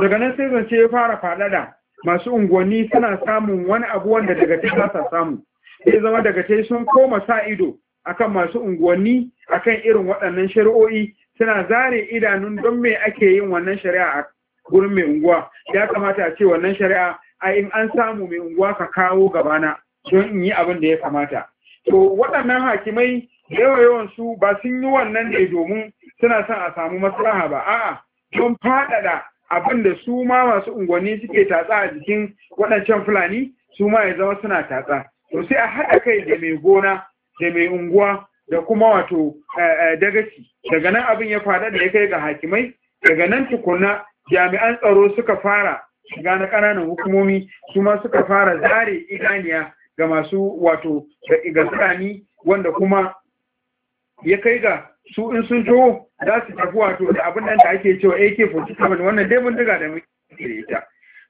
daga nan sai zance ya fara faɗaɗa masu unguwanni suna samun wani abu wanda daga ta za samu sai zama daga tai sun koma sa ido akan masu unguwanni akan irin waɗannan shari'o'i suna zare idanun don me ake yin wannan shari'a a gurin mai unguwa ya kamata a ce wannan shari'a a in an samu mai unguwa ka kawo gabana don in yi abin da ya kamata to waɗannan hakimai yawa yawan su ba sun yi wannan ne domin suna son a samu maslaha ba a'a don faɗaɗa abin da su ma masu unguwanni suke tatsa a jikin waɗancan fulani su ma ya zama suna tatsa to sai a haɗa kai da mai gona da mai unguwa da kuma wato eh, eh, dagaci daga nan abin ya faɗa da ya kai ga hakimai daga nan tukunna jami'an tsaro suka fara shiga na ƙananan hukumomi su ma suka fara zare idaniya ga masu wato ga tsani wanda kuma ya kai ga su in sun jo za su tafi wato da abin nan da ake cewa AK47 wannan dai mun diga da muke da ita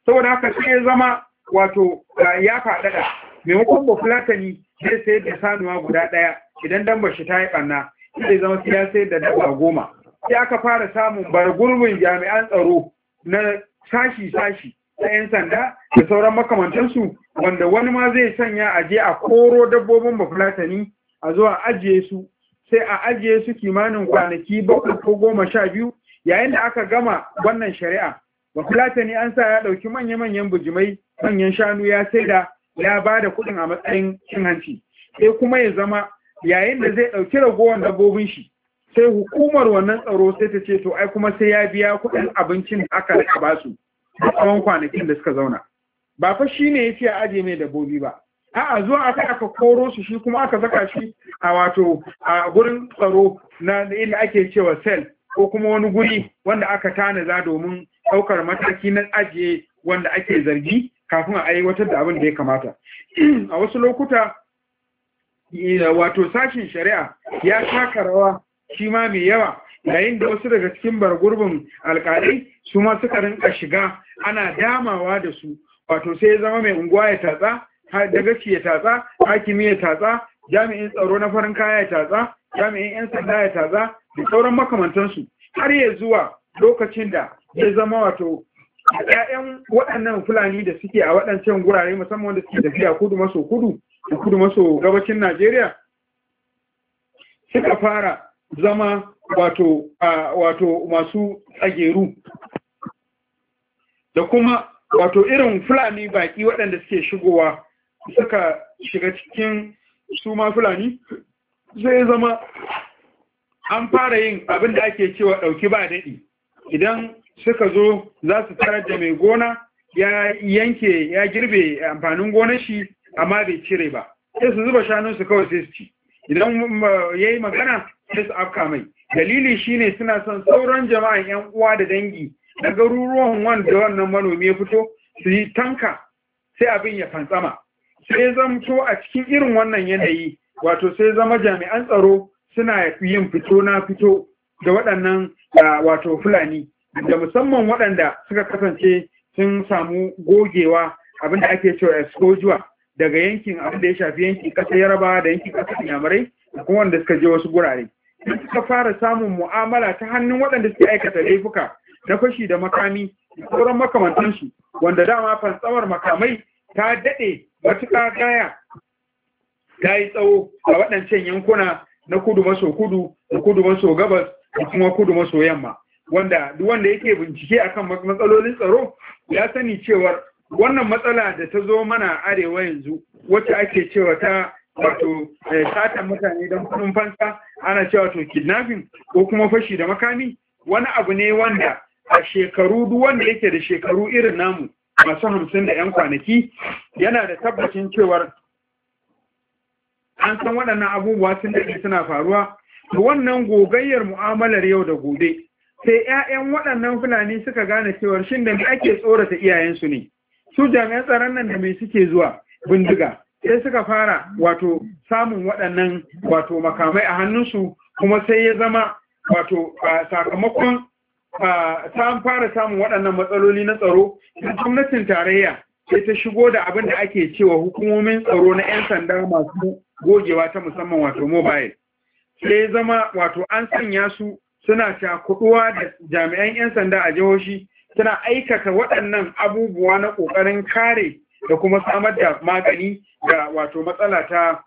saboda haka sai ya zama wato eh, ya faɗaɗa maimakon ba fulatani zai sayar da sanuwa guda ɗaya idan dan shi ta yi ɓanna zai zama su ya sayar da dabba goma sai aka fara samun gurbin jami'an tsaro na sashi-sashi ta 'yan sanda da sauran makamantansu wanda wani ma zai sanya a je a koro dabbobin bafulatani a zuwa ajiye su sai a ajiye su kimanin kwanaki bakwai ko goma sha biyu yayin da aka gama wannan shari'a bafulatani an sa ya ɗauki manya-manyan bujimai manyan shanu ya da. ya ba da kuɗin a matsayin cin hanci sai kuma ya zama yayin da zai ɗauki ragowar dabbobin shi sai hukumar wannan tsaro sai ta ce to ai kuma sai ya biya kuɗin abincin da aka rika ba su a tsawon kwanakin da suka zauna ba fa shi ne ya ce aje mai dabbobi ba a'a zuwa aka aka koro su shi kuma aka saka shi a wato a gurin tsaro na inda ake cewa SEL ko kuma wani guri wanda aka tanaza domin ɗaukar mataki na ajiye wanda ake zargi kafin a aiwatar da abin da ya kamata a wasu lokuta eh, wato sashin shari'a ya taka rawa shi ma mai yawa yayin da wasu daga cikin bargurbin alkalai su ma suka rinka shiga ana damawa da su wato sai ya zama mai unguwa ya tatsa dagaci ya tatsa hakimi ya tatsa jami'in tsaro na farin kaya ya tatsa jami'in 'yan sanda ya tatsa da sauran makamantansu har ya zuwa lokacin da ya zama wato ƴaƴan waɗannan fulani da suke a waɗancan gurare musamman wanda suke tafiya kudu maso kudu da kudu maso gabacin najeriya suka fara zama wato wato masu tsageru da kuma wato irin fulani baƙi waɗanda suke shigowa suka shiga cikin su ma fulani zai zama an fara yin abin da ake cewa ɗauki ba daɗi idan suka zo za su tarar da mai gona ya yanke ya girbe amfanin gonar shi amma bai cire ba sai su zuba su kawai sai su ci idan mm, eh, ya yi magana sai su afka mai dalili shine suna son sauran jama'an yan uwa da dangi na garuruwan wanda wannan manomi ya fito su yi tanka sai abin ya fantsama sai zamto a cikin irin wannan yanayi wato sai zama jami'an tsaro suna yin fito na fito da waɗannan eh, wato fulani da musamman waɗanda suka kasance sun samu gogewa abinda ake cewa exposure daga yankin abin ya shafi yankin ƙasar yaraba da yankin ƙasar yamurai da kuma wanda suka je wasu gurare suka fara samun mu'amala ta hannun waɗanda suke aikata laifuka na fashi da makami da sauran makamantansu wanda dama fantsamar makamai ta daɗe matuƙa gaya ta yi tsawo a waɗancan yankuna na kudu maso kudu da kudu maso gabas da kuma kudu maso yamma wanda duk wanda yake bincike akan matsalolin tsaro ya sani cewar wannan matsala da ta zo mana arewa yanzu wacce ake cewa ta wato eh, satan mutane don kudin fansa ana cewa to kidnapping ko kuma fashi da makami wani abu ne wanda a shekaru duk wanda yake da shekaru irin namu masu hamsin da yan kwanaki yana da tabbacin cewar an san waɗannan abubuwa sun daɗe suna faruwa to wannan gogayyar mu'amalar yau da gobe sai 'ya'yan waɗannan fulani suka gane cewar shi da ake tsorata iyayensu ne su jami'an tsaron nan da mai suke zuwa bindiga sai suka fara wato samun waɗannan wato makamai a hannunsu kuma sai ya zama wato sakamakon ta fara samun waɗannan matsaloli na tsaro na gwamnatin tarayya sai ta shigo da abin da ake cewa hukumomin tsaro na 'yan sanda masu gogewa ta musamman wato mobile sai zama wato an sanya su suna cakuduwa da jami'an 'yan sanda a jihohi suna aikata waɗannan abubuwa na ƙoƙarin kare da kuma samar da magani ga wato matsala ta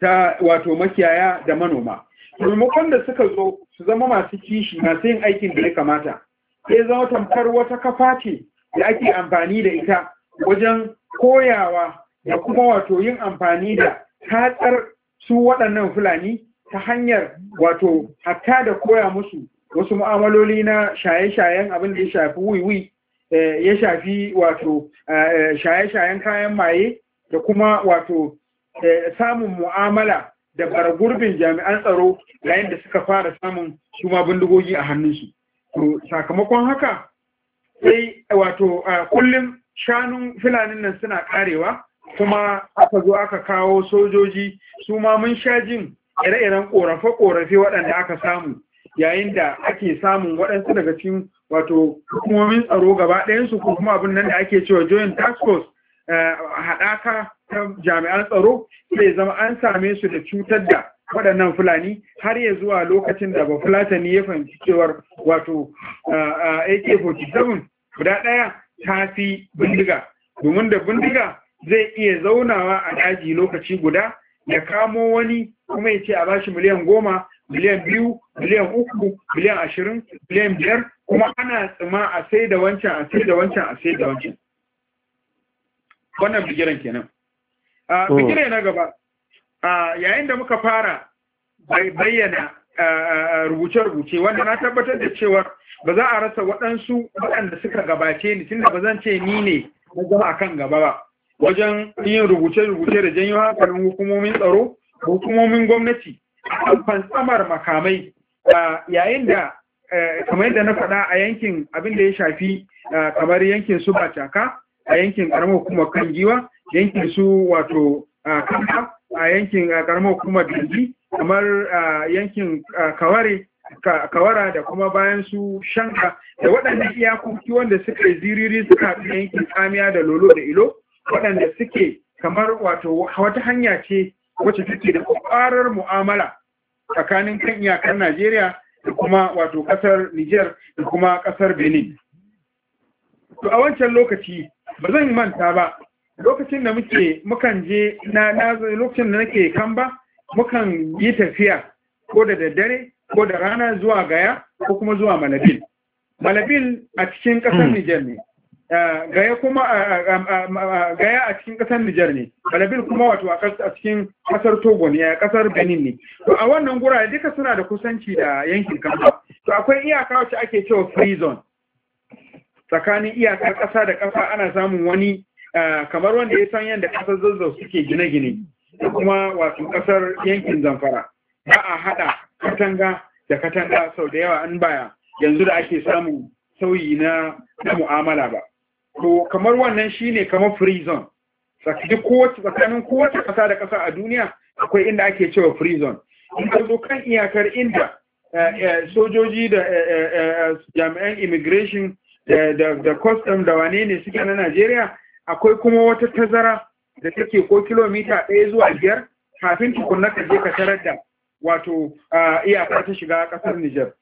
ta wato makiyaya da manoma turmakon da suka zo su zama masu kishi masu yin aikin da ya kamata sai zama tamkar wata kafa ce da ake amfani da ita wajen koyawa da kuma wato yin amfani da tatsar su waɗannan fulani ta hanyar wato hatta da koya musu wasu mu'amaloli na shaye-shayen abin da ya shafi wiwi eh, ya shafi wato eh, shaye-shayen kayan maye da kuma wato eh, samun mu'amala da gurbin jami'an tsaro yayin da suka fara samun suma bindigogi a hannunsu to sakamakon haka sai wato kullum shanun filanin nan suna karewa kuma aka zo aka kawo sojoji su ma mun sha jin ire-iren korafe-korafe waɗanda aka samu yayin da ake samun waɗansu daga cikin wato hukumomin tsaro gaba ɗayansu ko kuma abin nan da ake cewa joint task force eh, haɗaka ta jami'an tsaro zai zama an same su da cutar da waɗannan fulani har ya zuwa lokacin da ba fulatani ya fahimci cewar wato eh, eh, ak-47 guda ɗaya ta fi bindiga domin da bindiga zai iya zaunawa a daji lokaci guda ya kamo wani kuma ya ce a bashi miliyan goma miliyan biyu miliyan uku miliyan ashirin miliyan biyar kuma ana tsima a sai da wancan a sai da wancan a sai da wancan wannan bigiran kenan a oh. bigire na gaba a yayin da muka fara bayyana rubuce-rubuce wanda na tabbatar da cewa ba za a rasa waɗansu waɗanda suka gabace ni tunda ba zan ce ni ne na zama akan gaba ba wajen yin rubuce-rubuce da janyo hankalin hukumomin tsaro hukumomin gwamnati a fansamar makamai yayin da kamar yadda na faɗa a yankin abin da ya shafi kamar yankin su caka a yankin karamar hukumar kangiwa yankin su wato kanta a yankin karamar hukumar bilgi kamar yankin kaware kawara da kuma bayan su shanka da waɗannan iyakoki wanda suka ziriri suka yankin tsamiya da lolo da ilo waɗanda suke kamar wato wata hanya ce wacce take da kwarar mu'amala tsakanin kan iyakar Najeriya da kuma wato ƙasar Niger da kuma ƙasar Benin. To a wancan lokaci ba zan manta ba lokacin da muke mukan je na lokacin da nake kan ba, mukan yi tafiya ko da daddare ko da rana zuwa gaya ko kuma zuwa Malabil. Malabil a cikin ƙasar hmm. Niger ne. Eh, gaya kuma eh, eh, gaya a cikin kasar Nijar ne Balabil kuma wato a cikin kasar Togo ne a kasar Benin ne to a wannan gurare duka suna da kusanci da yankin Kamba to akwai iyaka wacce ake cewa free zone tsakanin iyaka kasa da kasa ana samun wani kamar wanda ya san yadda kasar zazzau suke gine-gine kuma wato kasar yankin Zamfara ba a hada katanga da katanga sau da yawa an baya yanzu da ake samu sauyi na mu'amala ba to kamar wannan shi ne kamar free zone duk kowace tsakanin kowace ƙasa da ƙasa a duniya akwai inda ake cewa free zone in kan iyakar inda eh, eh, sojoji da eh, jami'an immigration da custom da wane ne suke na Najeriya akwai kuma wata tazara da take ko kilomita ɗaya zuwa biyar kafin tukunna ka je ka tarar da wato ah, iyakar ta shiga ƙasar Nijar.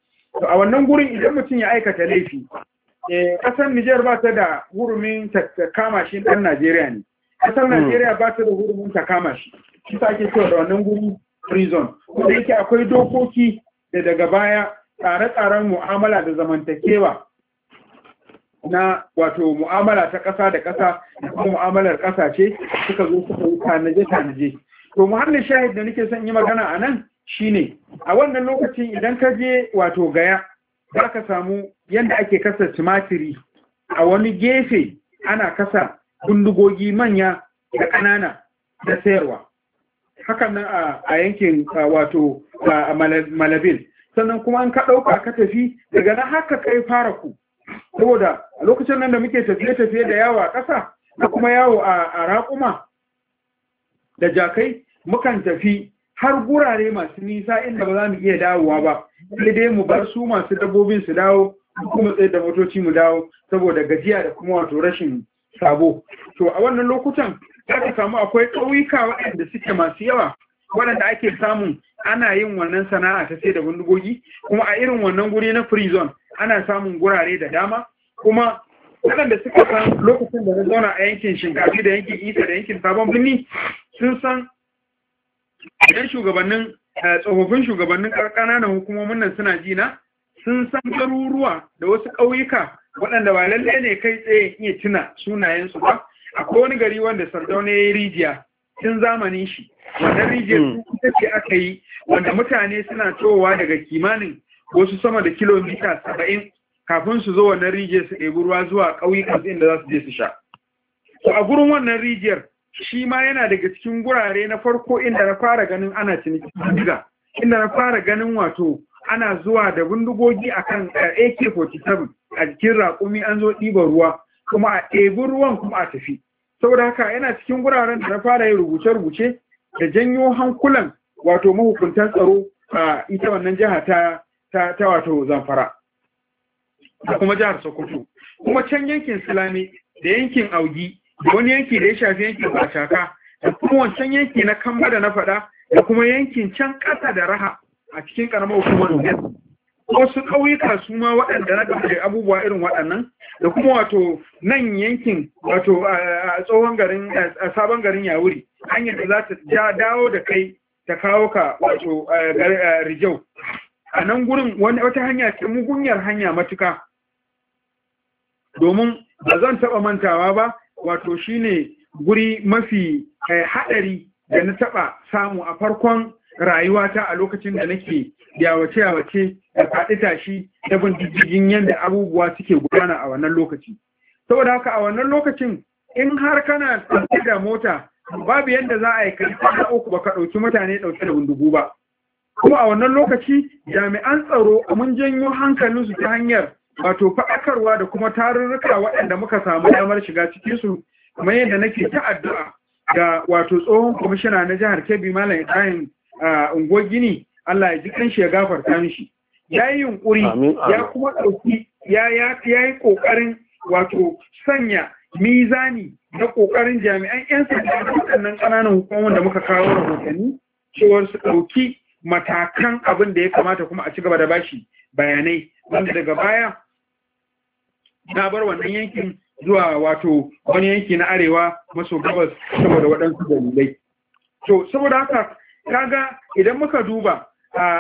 To a wannan gurin idan mutum ya aikata laifi Ƙasar eh, Nijar ba ta da hurumin ta shi ɗan Najeriya ne. Ƙasar hmm. Najeriya ba ta da hurumin ta kama shi. Shi ta ake cewa da wannan guri prison. Wanda yake akwai dokoki da daga baya tsare-tsaren mu'amala da zamantakewa na wato mu'amala ta ƙasa da ƙasa da kuma mu'amalar ƙasa ce suka zo suka yi tanaje-tanaje. To muhallin shahid da nake son yi magana a nan shine a wannan lokacin idan ka je wato gaya za ka samu yadda ake kasa tumatiri a wani gefe ana kasa bindigogi manya da ƙanana da sayarwa hakan nan a yankin wato malabil sannan kuma an ka ɗauka ka tafi daga na haka kai fara ku saboda a lokacin nan da muke tafiye-tafiye da yawo a ƙasa da kuma yawo a raƙuma da jakai mukan tafi har gurare masu nisa inda ba za mu iya dawowa ba sai dai mu bar su masu dabbobin su dawo kuma tsaye da motoci mu dawo saboda gajiya da kuma wato rashin sabo to a wannan lokutan za ka samu akwai ƙauyuka waɗanda suke masu yawa waɗanda ake samun ana yin wannan sana'a ta sai da bindigogi kuma a irin wannan guri na prison ana samun gurare da dama kuma waɗanda suka san lokacin da na zauna a yankin shinkafi da yankin isa da yankin sabon birni sun san idan shugabannin eh, tsofaffin shugabannin ƙananan hukumomin nan suna jina sun san garuruwa da wasu ƙauyuka waɗanda ba lallai ne kai tsaye iya tuna sunayensu ba akwai wani gari wanda sardauna ya yi rijiya tun zamanin shi wannan rijiyar hmm. tafi aka yi wanda mutane suna towa daga kimanin wasu sama da kilomita saba'in kafin su zo wannan rijiyar su ɗebi ruwa zuwa ƙauyukan inda za su je su sha to a gurin wannan rijiyar shi ma yana daga cikin gurare na farko inda na fara ganin ana ciniki inda na fara ganin wato ana zuwa da bindigogi akan eh, AK47 a jikin raƙumi an zo ɗiban ruwa kuma a ɗebi ruwan kuma a tafi saboda haka yana cikin guraren da na fara yin rubuce-rubuce da janyo hankulan wato mahukuntar tsaro a ita wannan jiha ta wato zamfara da kuma jihar sokoto kuma can yankin silami da yankin augi wani yanki da ya shafi yankin Bashaka da kuma wancan yanki na Kamba da na faɗa da kuma yankin can ƙasa da Raha a cikin ƙaramar hukumar Niger wasu ƙauyuka su ma waɗanda na gafe abubuwa irin waɗannan da kuma wato nan yankin wato a tsohon garin a sabon garin Yawuri hanyar da za ta dawo da kai ta kawo ka wato Rijau a nan gurin wata hanya ce mugunyar hanya matuka domin ba zan taɓa mantawa ba wato shine guri mafi eh, haɗari da na taɓa samu a farkon rayuwata a lokacin da nake yawace-yawace da faɗi tashi da bin diddigin yadda abubuwa suke gudana a wannan lokaci. Saboda haka a wannan lokacin in har kana ɗauke da mota babu yadda za a yi kai ta na uku ba ka ɗauki mutane ɗauke da bindigu ba. Kuma a wannan lokaci jami'an tsaro mun janyo hankalinsu ta hanyar wato faɗakarwa da kuma tarurruka waɗanda muka samu damar shiga cikinsu kamar yadda nake ta addu'a ga wato tsohon kwamishina na jihar kebbi malam ibrahim gini, allah ya ji kanshi ya gafarta mishi ya yi yunƙuri ya kuma ɗauki ya yi ƙoƙarin wato sanya mizani na ƙoƙarin jami'an 'yan sanda da waɗannan ƙananan hukumomin da muka kawo rahotanni cewar su ɗauki matakan abin da ya kamata kuma a ci gaba da bashi bayanai wanda daga baya na bar wannan yankin zuwa wato wani yanki na arewa maso gabas saboda waɗansu dalilai to saboda haka kaga idan muka duba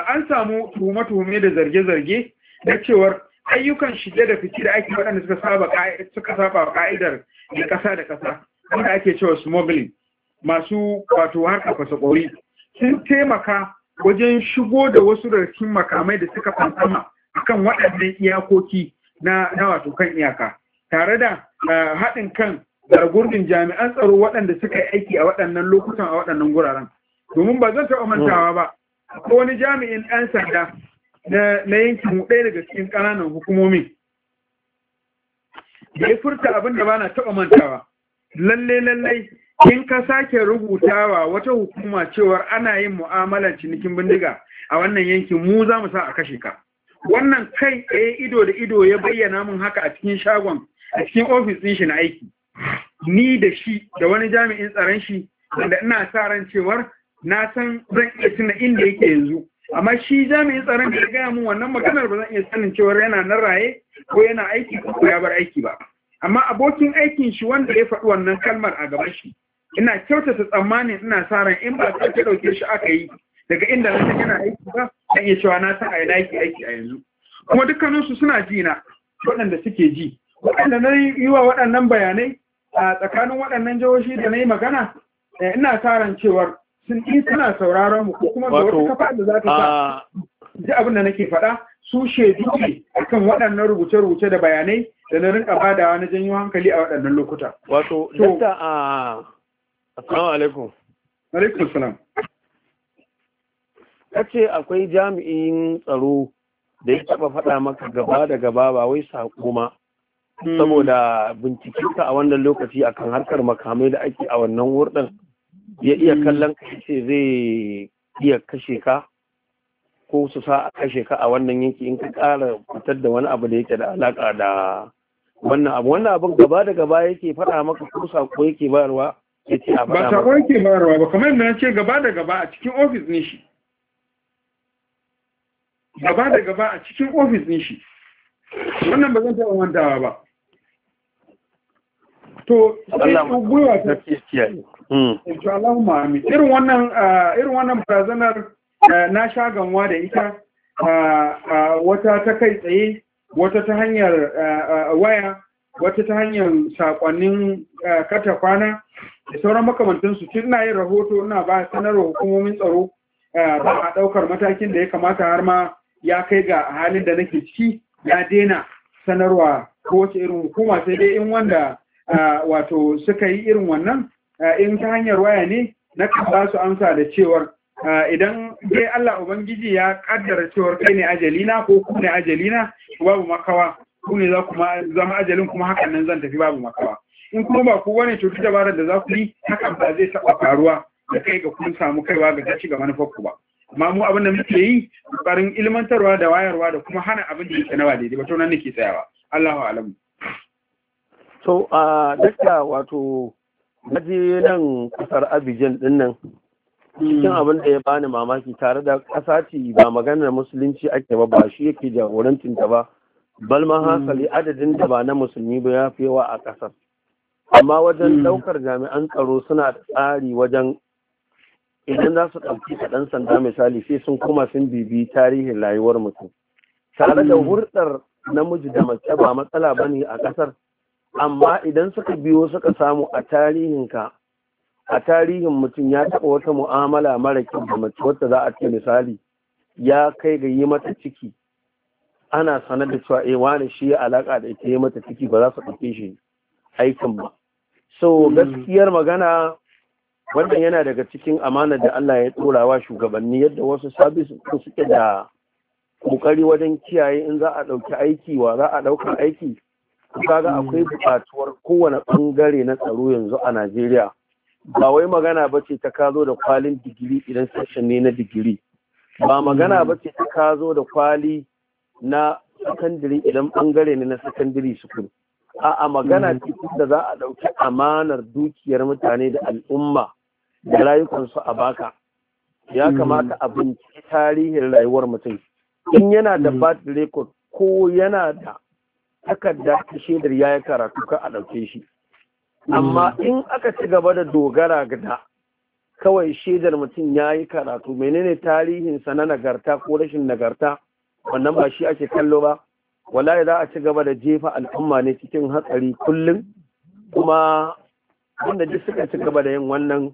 an samu tuhume-tuhume da zarge-zarge na cewar ayyukan shige da fice da ake waɗanda suka saba suka da ƙasa da ƙasa wanda ake cewa smuggling masu wato harka fasa ƙori sun taimaka wajen shigo da wasu rarkin makamai da suka fantsama akan waɗannan iyakoki na wato kan iyaka tare da eh, haɗin kan gargurdin jami'an tsaro waɗanda suka yi aiki a waɗannan lokutan a waɗannan guraren domin ba zan taɓa mantawa ba ko wani jami'in ɗan sanda na yankin ɗaya daga cikin ƙananan hukumomin da ya furta abin da ba na taɓa mantawa lallai lallai Kin ka sake rubutawa wata hukuma cewar ana yin mu'amalar cinikin bindiga a wannan yankin mu za mu sa a kashe ka wannan kai eh ido da ido ya bayyana mun haka a cikin shagon a cikin ofis ɗin shi na aiki ni da shi da wani jami'in tsaron shi wanda ina sa ran cewar na san zan iya tuna inda yake yanzu amma shi jami'in tsaron da ya gaya mun wannan maganar ba zan iya sanin cewar yana nan raye ko yana aiki ko ya bar aiki ba amma abokin aikin shi wanda ya faɗi wannan kalmar a gaban shi ina kyautata tsammanin ina sa ran in ba ta dauke shi aka yi daga inda na ta yana aiki ba zan iya cewa na san a yana aiki a yanzu kuma dukkaninsu suna ji na waɗanda suke ji waɗanda na yi wa waɗannan bayanai a tsakanin waɗannan jihohi da na yi magana eh, ina sa ran cewar sun yi suna sauraron mu ko kuma ga wata kafa da za ta sa ji abin da nake faɗa su shaidu ne akan waɗannan rubuce-rubuce da bayanai da na rinka badawa na janyo hankali a waɗannan lokuta. Wato, Assalamu alaikum. Alaikum salam. Kace akwai jami'in tsaro da ya taba faɗa maka gaba da gaba ba wai sako ma. Hmm. Saboda ka a wannan lokaci akan harkar makamai da ake a wannan wurɗin ya iya hmm. kallon ka ce zai iya kashe ka ko su sa a kashe ka a wannan yanki in ka ƙara fitar da wani abu da yake da alaƙa da wannan abu wannan abin gaba da gaba yake faɗa maka ko sako yake bayarwa ba sakon yake marawa ba kamar yadda na ce gaba da gaba a cikin ofis ne shi gaba da gaba a cikin ofis ne shi wannan ba zan taɓa mantawa ba to gwiwa ta insha Allah ma amin irin wannan irin wannan barazanar na sha da ita wata ta kai tsaye wata ta hanyar waya wata ta hanyar sakonnin eh, kata kwana da sauran makamantansu tun na yin rahoto na ba sanarwa hukumomin tsaro eh, ba a ɗaukar matakin da ya kamata har ma ya kai ga halin da nake ciki ya daina sanarwa ko wace irin hukuma sai dai in wanda eh, wato suka yi irin wannan in ta hanyar waya ne na kan ba su amsa da cewar idan dai Allah Ubangiji ya kaddara cewar kai ne ajalina ko ku ne ajalina babu makawa ku ne za ku zama ajalin kuma hakan nan zan tafi babu makawa in kuma ba ku wani cutu dabarar da za ku yi hakan ba zai taɓa faruwa da kai ga kun samu kaiwa ga gaci ga manufar ku ba amma mu abin da muke yi ƙoƙarin ilmantarwa da wayarwa da kuma hana abin da yake na ba daidai ba to nan nake tsayawa Allahu a'lam so a dakta wato naje nan kasar Abidjan din nan cikin hmm. abin da ya bani mamaki tare da ƙasa ce ba maganar musulunci ake ba ba shi yake jagorancinta ba bal ma hmm. hankali adadin da ba na musulmi ba ya fi yawa a ƙasar amma wajen hmm. ɗaukar jami'an tsaro suna da tsari wajen idan za su ɗauki kaɗan sanda misali sai sun kuma sun bibi tarihin rayuwar mutum tare da hmm. hurɗar namiji da mace ba matsala ba ne a ƙasar amma idan suka biyo suka samu a tarihinka a tarihin mutum ya taɓa wata mu'amala mara kyau da mace wacce za a ce misali ya kai ga yi mata ciki ana sanar da cewa eh wani shi ya alaka da ita ya mata ciki ba za su ɗauke shi aikin ba so hmm. gaskiyar magana wannan yana daga cikin amana da Allah ya ɗora shugabanni yadda wasu sabis suke da kokari wajen kiyaye in za a ɗauki aiki wa za a ɗauka aiki kaga hmm. akwai buƙatuwar kowane ɓangare na tsaro yanzu a Najeriya ba wai magana ba ce ta kazo da kwalin digiri idan sashen ne na digiri ba magana hmm. ba ce ta kazo da kwali na sakandiri idan bangare ne na sakandiri a a'a magana mm-hmm. cikin da za a ɗauki amanar dukiyar mutane da al'umma da rayukansu a baka ya mm-hmm. kamata a binciki tarihin rayuwar mutum in yana da mm-hmm. bad record ko yana da takarda ta shaidar ya yi karatu ka a ɗauke shi amma in aka ci gaba da dogara da kawai shaidar mutum ya yi karatu menene tarihinsa na nagarta ko rashin nagarta wannan ba shi ake kallo ba wallahi za a ci gaba da jefa al'umma ne cikin hatsari kullum kuma wanda duk suka ci gaba da yin wannan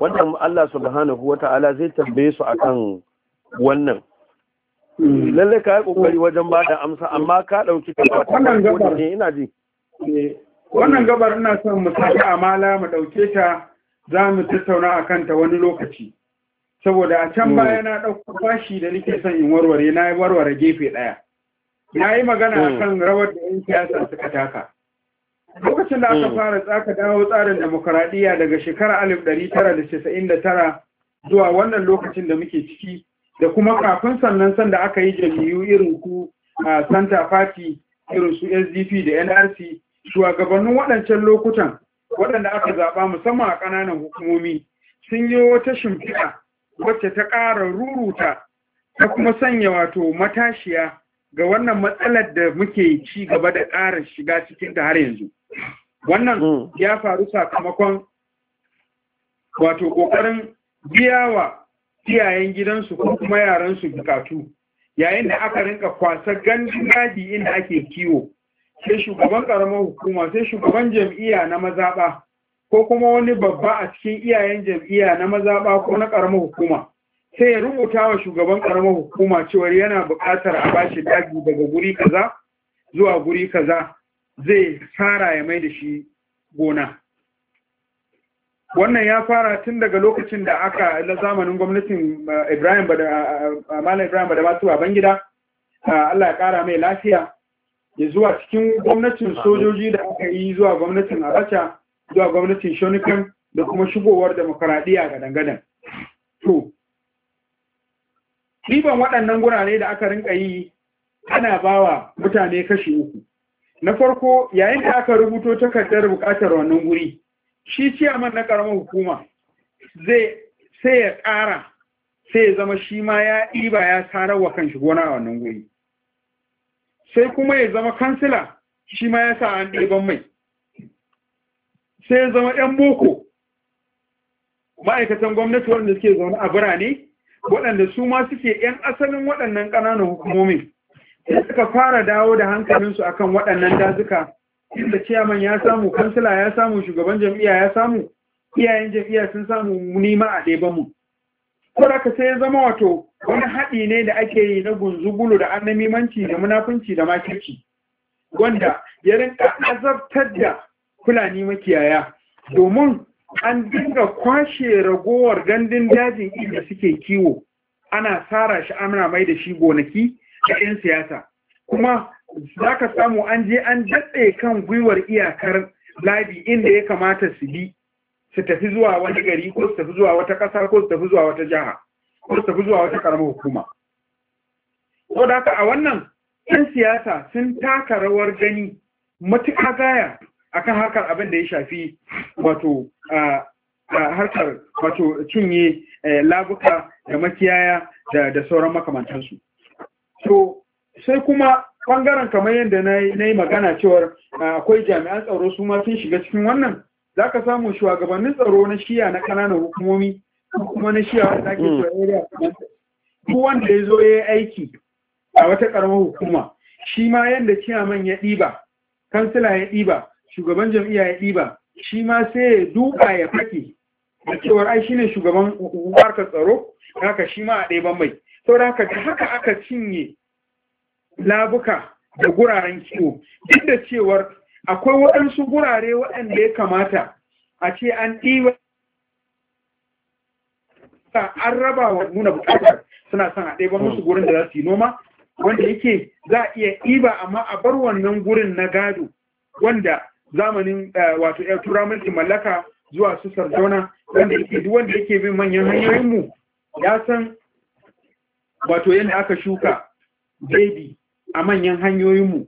wannan Allah subhanahu wata'ala zai tambaye su akan wannan hmm. lalle ka yi kokari wajen ba da amsa amma ka dauki ka wannan gabar ne ina ji eh, wannan gabar ina son mu saki amala mu dauke ta za mu tattauna akan ta wani lokaci saboda a can baya hmm. na ɗauko bashi da nake son in warware na yi warware gefe ɗaya na yi magana hmm. a kan rawar da 'yan siyasa suka taka lokacin da aka hmm. fara tsaka dawo tsarin demokaradiyya daga shekara alif ɗari tara da casa'in da tara zuwa wannan lokacin da muke ciki da kuma kafin sannan sanda aka yi jam'iyyu irin ku a santa Fati, irin su sdp da nrc shugabannin waɗancan lokutan waɗanda aka zaɓa musamman a ƙananan hukumomi sun yi wata shimfiɗa wacce ta ƙara ruruta ta kuma sanya wato matashiya ga wannan matsalar da muke ci gaba da ƙara shiga cikin da har yanzu wannan mm. ya faru sakamakon wato ƙoƙarin biya wa iyayen gidansu ko kuma yaransu bukatu yayin da aka rinka kwasa gandun gadi inda ake kiwo sai shugaban ƙaramar hukuma sai shugaban jam'iyya na mazaɓa ko kuma wani babba a cikin iyayen jam'iyya na mazaɓa ko na ƙaramar hukuma sai ya rubuta wa shugaban ƙaramar hukuma cewa yana buƙatar a bashi daji daga guri kaza zuwa guri kaza zai fara ya mai da shi gona wannan ya fara tun daga lokacin da aka na zamanin gwamnatin eh, ibrahim eh, eh, malam ibrahim da masu baban gida allah ya ƙara mai lafiya ya zuwa cikin gwamnatin sojoji da aka yi zuwa gwamnatin abacha zuwa gwamnatin shonikan da kuma shigowar demokaradiyya ga dangadan to riban waɗannan gurare da aka rinka yi ana ba wa mutane kashi uku na farko yayin da aka rubuto takardar buƙatar wannan guri shi ciyaman na ƙaramin hukuma zai sai ya ƙara sai ya zama shi ma ya ɗiba ya sarar wa kan shi gona wannan guri sai kuma ya zama kansila shi ma ya sa an ɗiban mai sai zama 'yan boko ma'aikatan gwamnati waɗanda suke zaune a birane waɗanda su ma suke 'yan asalin waɗannan ƙananan hukumomi da suka fara dawo da hankalinsu a kan waɗannan dazuka inda ciyaman ya samu kansila ya samu shugaban jam'iyya ya samu iyayen jam'iyya sun samu nima a ɗebanmu kura ka sai zama wato wani haɗi ne da ake yi na gunzugulu da annamimanci da munafunci da makirci wanda ya rinka azabtar da fulani makiyaya domin an dinga kwashe ragowar gandun dajin inda suke kiwo ana tsara shi amina mai da shi gonaki da 'yan siyasa kuma za ka samu an je an datse kan gwiwar iyakar labi inda ya kamata su bi su tafi zuwa wani gari ko su tafi zuwa wata ƙasa ko su tafi zuwa wata jiha ko su tafi zuwa wata ƙaramar hukuma ko da haka a wannan 'yan siyasa sun taka rawar gani matuƙa gaya akan harkar abin da ya shafi wato harkar wato cinye eh, labuka da makiyaya da sauran makamantansu So, sai kuma ɓangaren kamar yadda na yi magana cewar akwai jami'an tsaro su ma sun shiga cikin wannan za ka samu shugabannin tsaro na shiya na ƙananan hukumomi kuma na shiya wanda ake tsarariya mm. duk wanda ya zo ya yi aiki a wata ƙaramar hukuma shi ma yadda ciyaman ya ɗiba kansila ya ɗiba shugaban jam'iyya ya ɗiba shi ma sai ya duka ya faki da cewar ai shi ne shugaban harkar tsaro haka shi ma a ɗeban mai saboda haka haka aka cinye labuka da guraren kiwo duk da cewar akwai waɗansu gurare waɗanda ya kamata a ce an ɗiba an raba wa nuna bukatar suna son a ɗaiban musu gurin da za su yi noma wanda yake za a iya ɗiba amma a bar wannan gurin na gado wanda zamanin eh, wato ya tura mulkin mallaka zuwa su sardauna wanda yake bin manyan hanyoyin ya san wato yadda aka shuka baby a manyan hanyoyin mu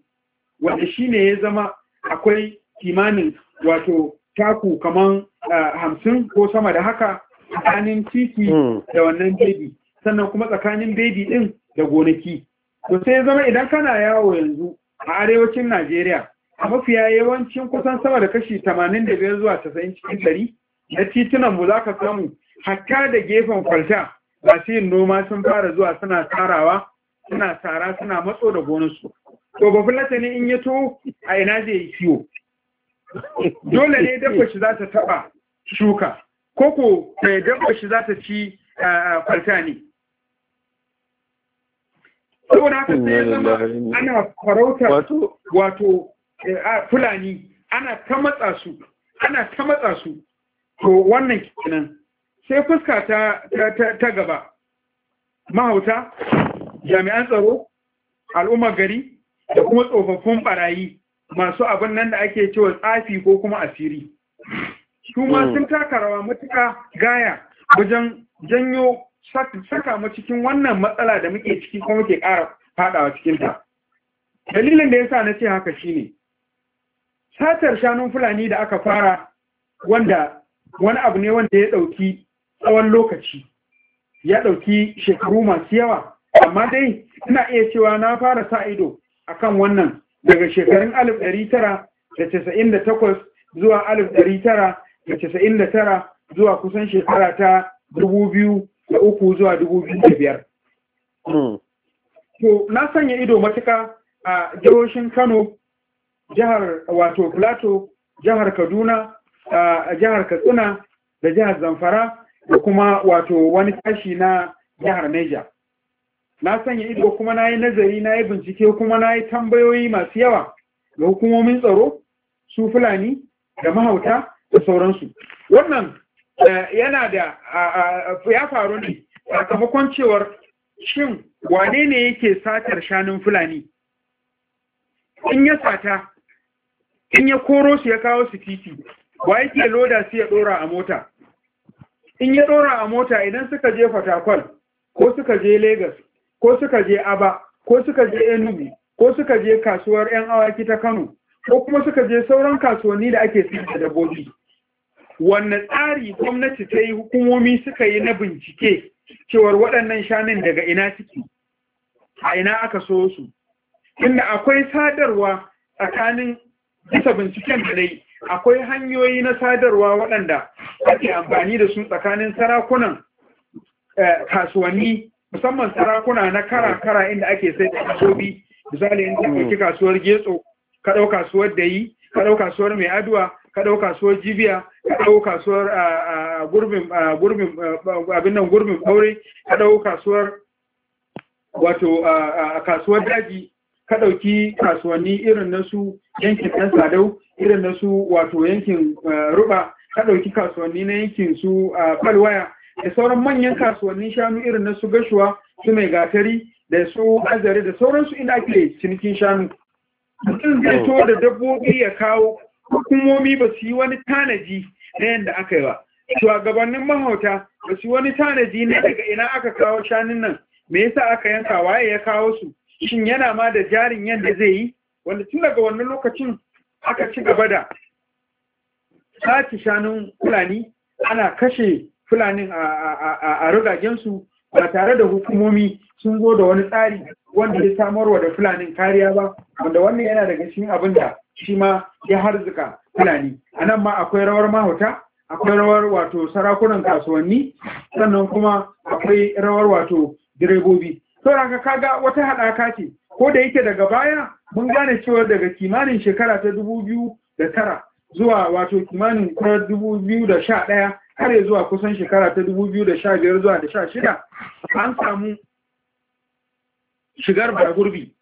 wanda shine ya zama akwai kimanin wato taku kamar eh, hamsin ko sama da haka tsakanin titi hmm. da wannan baby sannan kuma tsakanin baby din da gonaki to sai zama idan kana yawo yanzu a arewacin Najeriya a mafiya yawancin kusan sama da kashi 85 zuwa 90 cikin 100 na titunan mu ka samu hatta da gefen kwalta ba yin noma sun fara zuwa suna tarawa suna tara suna matso da gonarsu to ba fulata ne in yato to a ina zai yi kiwo dole ne dabba shi za ta taba shuka koko mai dabba shi za ta ci kwalta ne saboda haka sai zama ana farauta wato Eh, fulani ana ta matsa su ana ta matsa su to wannan kenan sai fuska ta ta gaba mahauta jami'an tsaro al'ummar gari da kuma tsofaffin barayi masu abin nan da ake cewa tsafi ko kuma asiri su ma hmm. sun taka rawa matuka gaya wajen janyo saka mu cikin wannan matsala da muke ciki kuma muke ƙara fadawa cikinta. dalilin da yasa na ce haka shine satar shanun fulani da aka fara wanda wani abu ne wanda ya ɗauki tsawon lokaci ya ɗauki shekaru masu yawa amma dai ina iya cewa na fara sa ido a kan wannan daga shekarun 1998 zuwa 1999 zuwa kusan shekara ta 2003 zuwa 2005 hmm. to na sanya ido matuka a jihohin Kano jihar wato plato jihar kaduna jihar katsina da jihar zamfara da kuma wato wani tashi na jihar neja na sanya ido kuma na yi nazari na yi bincike kuma na yi tambayoyi masu yawa ga hukumomin tsaro su fulani da mahauta da sauransu wannan yana da ya faru ne sakamakon cewar shin wane ne yake satar shanun fulani in ya sata in ya koro su ya kawo su titi wa yake loda su ya dora a mota in ya dora a mota idan suka je fatakwal ko suka je Legas, ko suka je aba ko suka je enugu ko suka je kasuwar yan awaki ta kano ko kuma suka je sauran kasuwanni da ake sayar da dabbobi wanne tsari gwamnati ta yi hukumomi suka yi na bincike cewar waɗannan shanun daga ina suke a ina aka so su inda akwai sadarwa tsakanin bisa binciken da dai akwai hanyoyi na sadarwa waɗanda ake amfani da su tsakanin sarakunan eh, kasuwanni musamman sarakuna na kara-kara inda ake sai da kasobi misali inda ɗauki kasuwar getso ka ɗau kasuwar dayi ka ɗau kasuwar mai aduwa ka ɗau kasuwar jibiya ka ɗau kasuwar abin nan gurbin aure ka ɗau kasuwar wato kasuwar daji ka ɗauki kasuwanni irin na su yankin ɗan sadau irin na su wato yankin eh, ruba ka ɗauki kasuwanni na yankin su falwaya da sauran manyan kasuwannin shanu irin na su gashuwa su mai gatari da su azare da sauransu inda ake cinikin shanu mutum zai to da dabbobi ya kawo hukumomi ba su yi wani tanaji na yadda aka yi ba shugabannin mahauta ba su yi wani tanaji na daga ina aka kawo shanun nan me yasa aka yanka waye ya kawo su shin yana ma da jarin yadda zai yi wanda tun daga wannan lokacin aka ci gaba da sati shanun fulani ana kashe fulanin a rugagensu ba tare da hukumomi sun zo da wani tsari wanda ya samarwa da fulanin kariya ba wanda wannan yana daga cikin abin da shi ma ya harzuka fulani a nan ma akwai rawar mahauta akwai rawar wato sarakunan kasuwanni sannan kuma akwai rawar wato direbobi saboda kaga wata haɗaka ce ko da yake daga baya mun gane cewa daga kimanin shekara ta dubu biyu da tara zuwa wato kimanin kura dubu biyu da sha ɗaya har zuwa kusan shekara ta dubu biyu da sha biyar zuwa da sha shida an samu shigar gurbi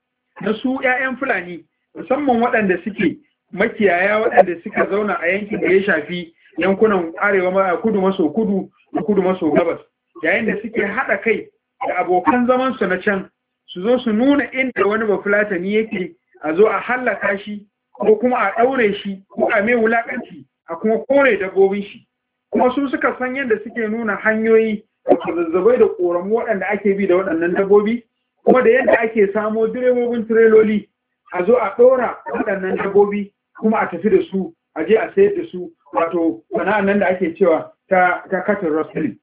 na su 'ya'yan fulani musamman waɗanda suke makiyaya waɗanda suka zauna a yankin da ya shafi yankunan arewa kudu maso kudu da kudu maso gabas yayin da suke haɗa kai da abokan zamansu na can su zo su nuna inda wani bafulatani yake a zo a hallaka shi ko kuma a ɗaure shi ko a mai wulaƙanci a kuma kore dabbobin shi kuma su suka san yadda suke nuna hanyoyi da zazzabai da ƙoramu waɗanda ake bi da waɗannan dabbobi kuma da yadda ake samo direbobin tireloli a zo a ɗora waɗannan dabbobi kuma a tafi da su a je a sayar da su wato sana'an nan da ake cewa ta ta katin rustling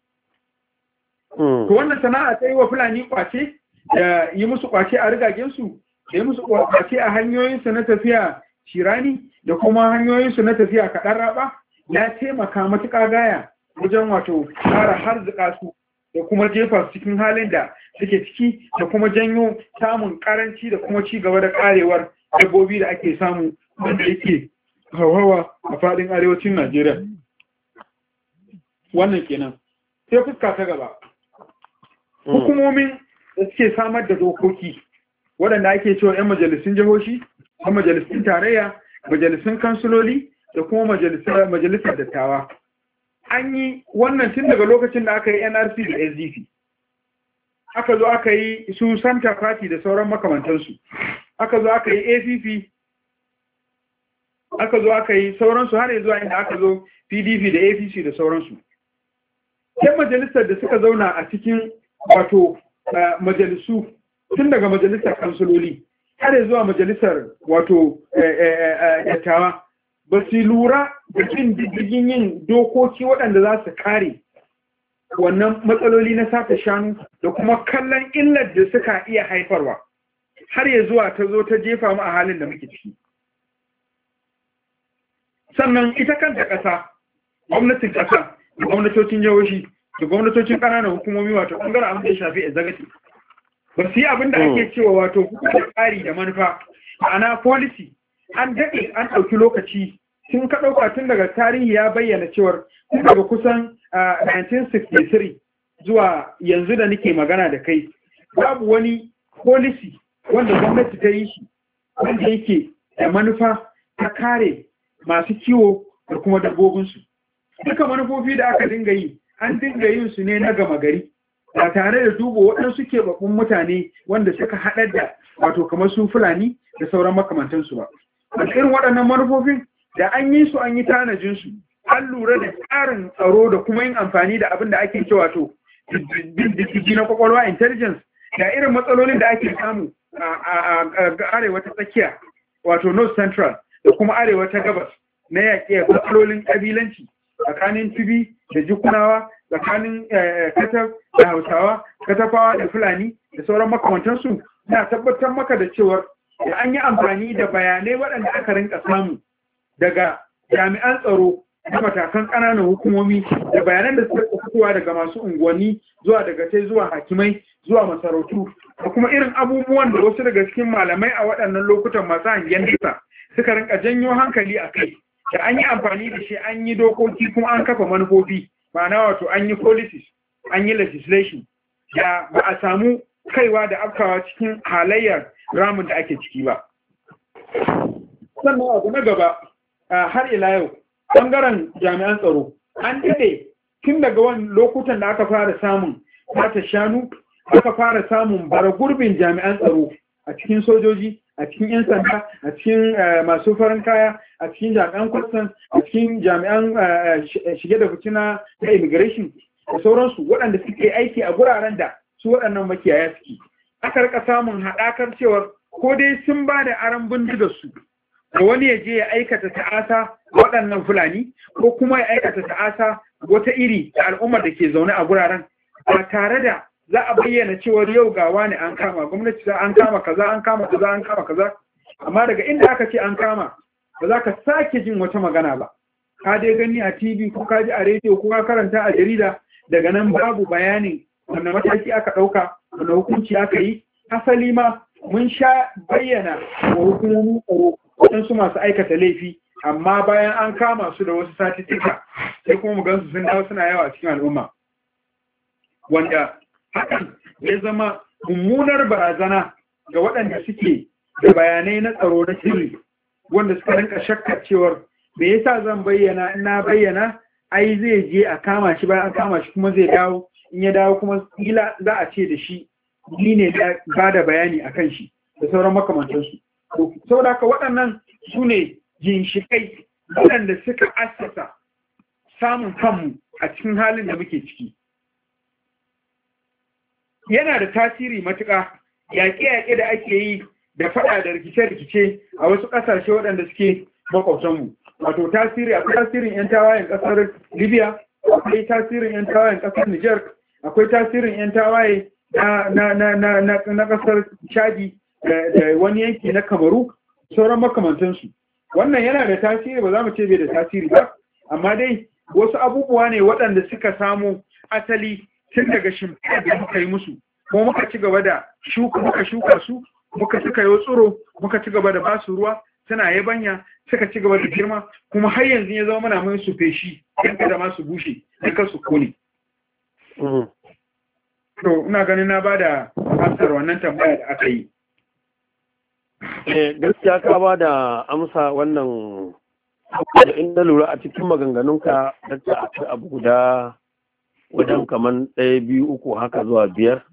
Mm. to wannan sana'a ta yi wa fulani kwace da yi musu kwace a rigagensu da yi musu kwace a hanyoyinsu na tafiya shirani da kuma hanyoyinsu na tafiya kaɗan raɓa ya taimaka matuƙa gaya wajen wato ƙara harzuka su da kuma jefa su cikin halin da suke ciki da kuma janyo samun ƙaranci da kuma ci gaba da ƙarewar dabbobi da ake samu wanda yake hauhawa a faɗin arewacin najeriya wannan kenan sai fuska ta gaba Mm. hukumomin da suke samar da dokoki waɗanda ake cewa 'yan majalisun jihohi ko majalisun tarayya majalisun kansuloli da kuma majalisar dattawa an yi wannan tun daga lokacin da aka yi nrc da sdp aka zo aka yi su santa party da sauran makamantansu aka zo aka yi app aka zo aka yi sauransu har zuwa inda aka zo pdp da apc da sauransu yan majalisar da suka zauna a cikin wato eh, majalisu tun daga majalisar kansuloli har zuwa majalisar wato yattawa eh, eh, ba su lura da jin diddigin yin dokoki waɗanda za su kare wannan matsaloli na sata shanu da kuma kallon illar da suka iya haifarwa har ya zuwa ta zo ta jefa mu a halin da muke ciki sannan ita kanta ƙasa gwamnatin ƙasa gwamnatocin jihohi da gwamnatocin ƙananan hukumomi wato ɓangaren abin da ya shafi executive ba su yi abin da ake mm. cewa wato kuka da tsari da manufa ma'ana policy an daɗe an ɗauki lokaci sun ka ɗauka tun daga tarihi ya bayyana cewar tun daga kusan 1963 zuwa yanzu da nake magana da kai babu wani policy wanda gwamnati ta yi shi wanda yake da manufa ta kare masu kiwo da kuma dabbobinsu duka manufofi da aka dinga yi an dinga yin su ne na gama gari ba tare da duba waɗansu babban mutane wanda suka haɗar da wato kamar su fulani da sauran makamantansu ba a irin waɗannan manufofin da an yi su an yi su an lura da tsarin tsaro da kuma yin amfani da abin da ake cewa to diddigi na kwakwalwa intelligence da irin matsalolin da ake samu a arewa ta tsakiya wato north central da kuma arewa ta gabas na yaƙi matsalolin ƙabilanci tsakanin tibi da jikunawa tsakanin eh, da hausawa katafawa da fulani da sauran makarantarsu, na tabbatar maka da cewar da an yi amfani da bayanai waɗanda aka rinka samu daga jami'an tsaro da matakan ƙananan hukumomi da bayanan da suka fitowa daga masu unguwanni zuwa daga tai zuwa hakimai zuwa masarautu da kuma irin abubuwan da wasu daga cikin malamai a waɗannan lokutan masu hangen nesa suka rinka janyo hankali a kai da an yi amfani da shi an yi dokoki kuma an kafa manufofi ma'ana wato an yi policies an yi legislation da ba a samu kaiwa da afkawa cikin halayyar ramin da ake ciki ba sannan abu na gaba har ila yau ɓangaren jami'an tsaro an daɗe tun daga wani lokutan da aka fara samun mata shanu aka fara samun bara gurbin jami'an tsaro a cikin sojoji a cikin 'yan sanda a cikin eh, masu farin kaya a cikin jami'an kwastan a cikin jami'an eh, shige da fitina na immigration da sauransu waɗanda suke aiki a guraren da su waɗannan makiyaya suke aka rika samun haɗakar cewar ko dai sun ba da aron bindiga su da wani ya je ya aikata ta'asa waɗannan fulani ko kuma ya aikata ta'asa wata iri da al'ummar da ke zaune a guraren ba tare da za a bayyana cewar yau ga wani an kama gwamnati za an kama kaza an kama kaza an kama kaza amma daga inda aka ce an kama ba za ka sake jin wata magana ba ka dai gani a TV ko ka ji a rediyo ko ka karanta a jarida daga nan babu bayanin wannan mataki aka ɗauka wannan hukunci aka yi asali ma mun sha bayyana wa hukumomin tsaro waɗansu masu aikata laifi amma bayan an kama su da wasu satittika sai kuma mu gansu sun dawo suna yawa cikin al'umma wanda hakan ya zama mummunar barazana ga waɗanda suke da bayanai na tsaro na sirri wanda suka rinka shakkar cewar me yasa zan bayyana in na bayyana ai zai je a kama shi bayan an kama shi kuma zai dawo in ya dawo kuma kila za a ce da shi ni ne ba da bayani a kan shi da sauran makamantansu saboda haka waɗannan su ne ginshiƙai waɗanda suka assasa samun kanmu a cikin halin da muke ciki yana da tasiri matuƙa yaƙe-yaƙe da ake yi da faɗa da rikice-rikice a wasu ƙasashe waɗanda suke makwabtanmu wato tasiri akwai tasirin 'yan tawayen ƙasar libya akwai tasirin 'yan tawayen ƙasar niger akwai tasirin 'yan tawaye na ƙasar chadi da wani yanki na kamaru sauran makamantansu wannan yana da tasiri ba za mu ce bai da tasiri ba amma dai wasu abubuwa ne waɗanda suka samu asali tun daga shimfiɗar da muka yi musu kuma muka ci gaba da shuka muka shuka su muka suka yi tsoro muka ci gaba da ba su ruwa suna yabanya suka ci gaba da girma kuma har yanzu ya zama muna mun su feshi yanka da ma su bushe duka su kone mm-hmm. to ina ganin na ba da amsar wannan tambaya da aka yi eh gaskiya ka ba da amsa wannan in na lura a cikin maganganunka da abu guda wajen kamar ɗaya biyu uku haka zuwa biyar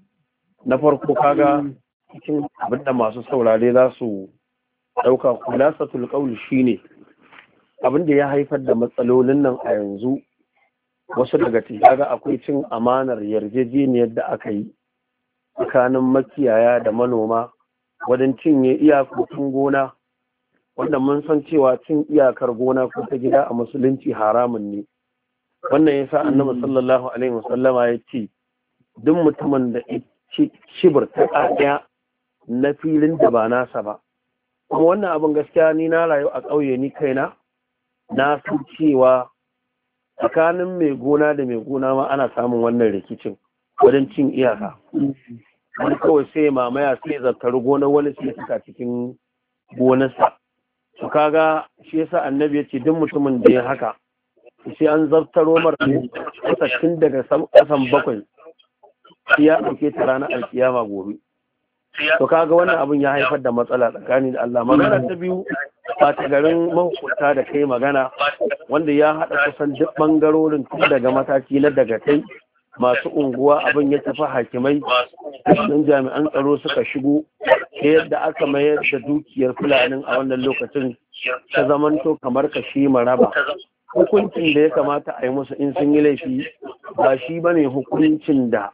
na farko kaga cikin abinda masu saurare za su ɗauka kulasatul ne shine abinda ya haifar da matsalolin nan a yanzu wasu daga ciki kaga akwai cin amanar yarjejeniyar da aka yi tsakanin makiyaya da manoma wajen cinye iyakokin gona wanda mun san cewa cin iyakar gona ko ta gida a musulunci haramun ne wannan ya sa annabi sallallahu alaihi wasallama ya ce duk mutumin da shibir ta ɗaya na filin da ba nasa ba kuma wannan abin gaskiya ni na rayu a ƙauye ni kaina na san cewa tsakanin mai gona da mai gona ma ana samun wannan rikicin wajen cin iyaka wani kawai sai mamaya sai zartar gonar wani sai suka cikin gonarsa su kaga shi yasa annabi ya ce duk mutumin da ya haka sai an zartaro mara kusa tun daga kasan bakwai ya ɗauke ta ranar alkiyama gobe to kaga wannan abin ya haifar da matsala tsakanin da Allah magana ta biyu ba ta garin mahukunta da kai magana wanda ya haɗa kusan duk bangarorin tun daga mataki na daga kai masu unguwa abin ya tafi hakimai nan jami'an tsaro suka shigo ta yadda aka mayar da dukiyar fulanin a wannan lokacin ta zamanto kamar kashe maraba hukuncin da ya kamata a yi musu in sun yi laifi ba shi ba ne hukuncin da